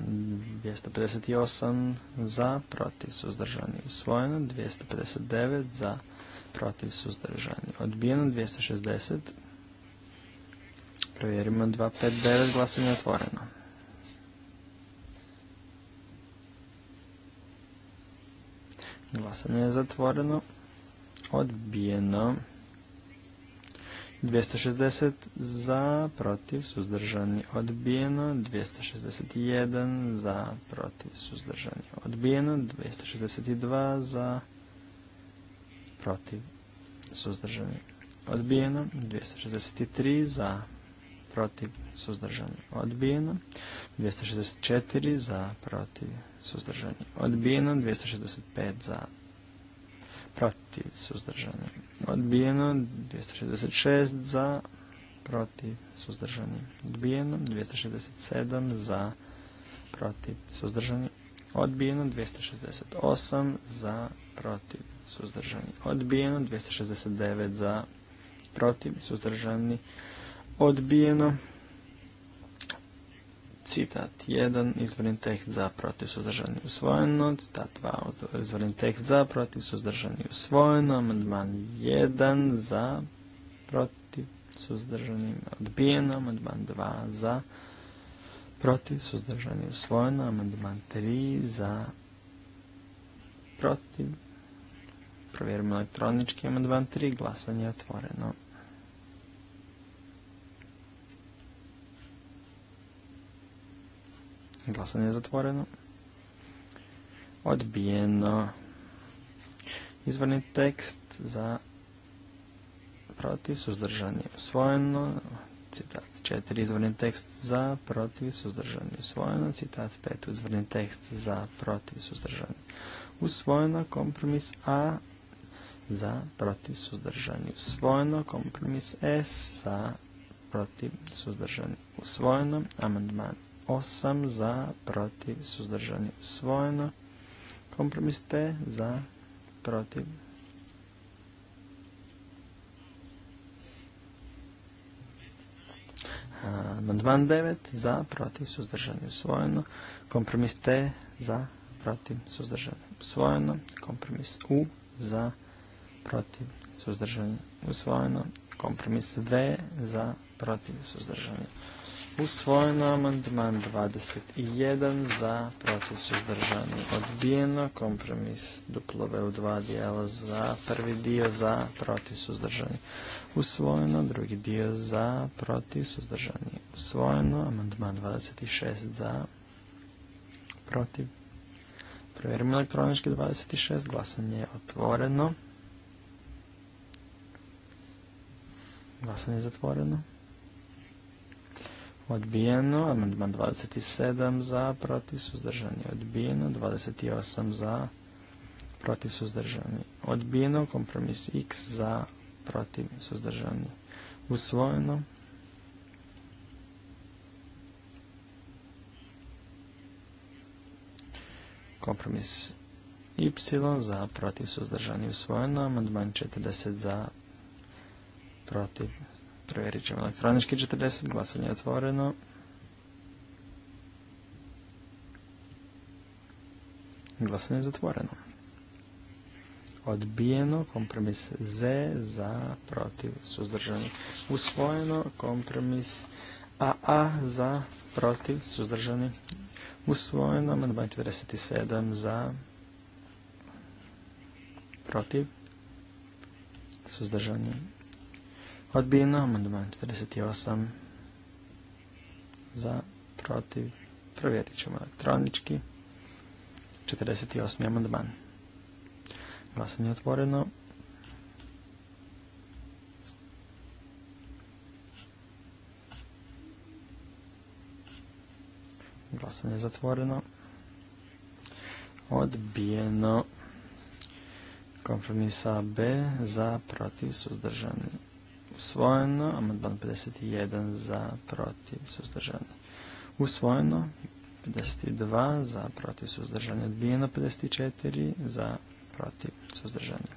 258 za, protiv suzdržani. Usvojeno 259 za, protiv suzdržani. Odbijeno 260. Provjerimo 259. Glasanje je otvoreno. Glasanje je zatvoreno. Odbijeno. 260 za, protiv, suzdržani, odbijeno. 261 za, protiv, suzdržani, odbijeno. 262 za, protiv, suzdržani, odbijeno. 263 za, protiv, suzdržani, odbijeno. 264 za, protiv, suzdržani, odbijeno. 265 za, protiv, suzdržani. Odbijeno, 266 za, protiv, suzdržani. Odbijeno, 267 za, protiv, suzdržani. Odbijeno, 268 za, protiv, suzdržani. Odbijeno, 269 za, protiv, suzdržani. Odbijeno, citat 1, izvorni tekst za, protiv, suzdržani, usvojeno, citat 2, izvorni tekst za, protiv, suzdržani, usvojeno, amandman 1, za, protiv, suzdržani, odbijeno, amandman 2, za, protiv, suzdržani, usvojeno, amandman 3, za, protiv, provjerimo elektronički, amandman 3, glasanje je otvoreno. Glasanje je zatvoreno. Odbijeno. Izvorni tekst za protiv, suzdržani, usvojeno. Citat 4, izvorni tekst za, protiv, suzdržani, usvojeno. Citat 5, izvorni tekst za, protiv, suzdržani, usvojeno. Kompromis A, za, protiv, suzdržani, usvojeno. Kompromis S, za, protiv, suzdržani, usvojeno. Amandman 8 za, protiv, suzdržani, usvojeno. Kompromis T za, protiv. Amandman 9 za, protiv, suzdržani, usvojeno. Kompromis T za, protiv, suzdržani, usvojeno. Kompromis U za, protiv, suzdržani, usvojeno. Kompromis V za, protiv, suzdržani, usvojeno usvojeno amandman 21 za protiv suzdržani odbijeno kompromis duplove u dva dijela za prvi dio za protiv suzdržani usvojeno drugi dio za protiv suzdržani usvojeno amandman 26 za protiv provjerimo elektronički 26 glasanje je otvoreno glasanje je zatvoreno Odbijeno. Amandman 27 za, protiv, suzdržani. Odbijeno. 28 za, protiv, suzdržani. Odbijeno. Kompromis X za, protiv, suzdržani. Usvojeno. Kompromis Y za, protiv, suzdržani. Usvojeno. Amandman 40 za, protiv, Provjerit ćemo elektronički 40, glasanje je otvoreno. Glasanje je zatvoreno. Odbijeno, kompromis Z za protiv suzdržani. Usvojeno, kompromis AA za protiv suzdržani. Usvojeno, amandman 47 za protiv suzdržani Odbijeno, amandman 48 za, protiv, provjerit ćemo elektronički. 48. amandman. Glasanje je otvoreno. Glasanje je zatvoreno. Odbijeno. Kompromisa B za protiv suzdržani usvojeno, amandman 51 za protiv suzdržani usvojeno, 52 za protiv suzdržani odbijeno, 54 za protiv suzdržani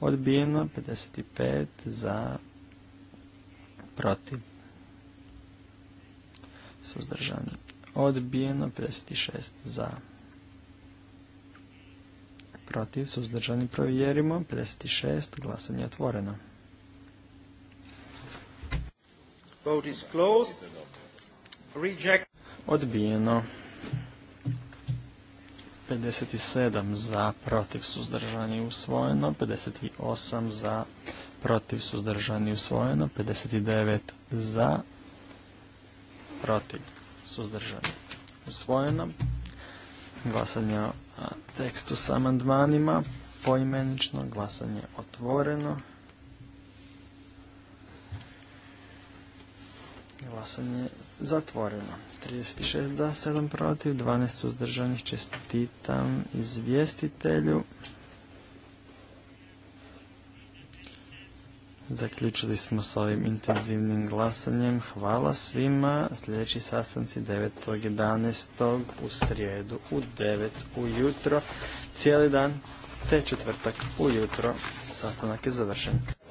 odbijeno, 55 za protiv suzdržani odbijeno, 56 za protiv suzdržani provjerimo, 56 glasanje otvoreno. Vote is closed. Odbijeno. 57 za, protiv suzdržani usvojeno, 58 za, protiv suzdržani usvojeno, 59 za, protiv suzdržani usvojeno. Glasanje o tekstu s amandmanima, poimenično, glasanje otvoreno. Glasanje je zatvoreno. 36 za, 7 protiv, 12 suzdržanih. Čestitam izvjestitelju. Zaključili smo s ovim intenzivnim glasanjem. Hvala svima. Sljedeći sastanci 9.11. u srijedu u 9 ujutro. Cijeli dan te četvrtak ujutro. Sastanak je završen.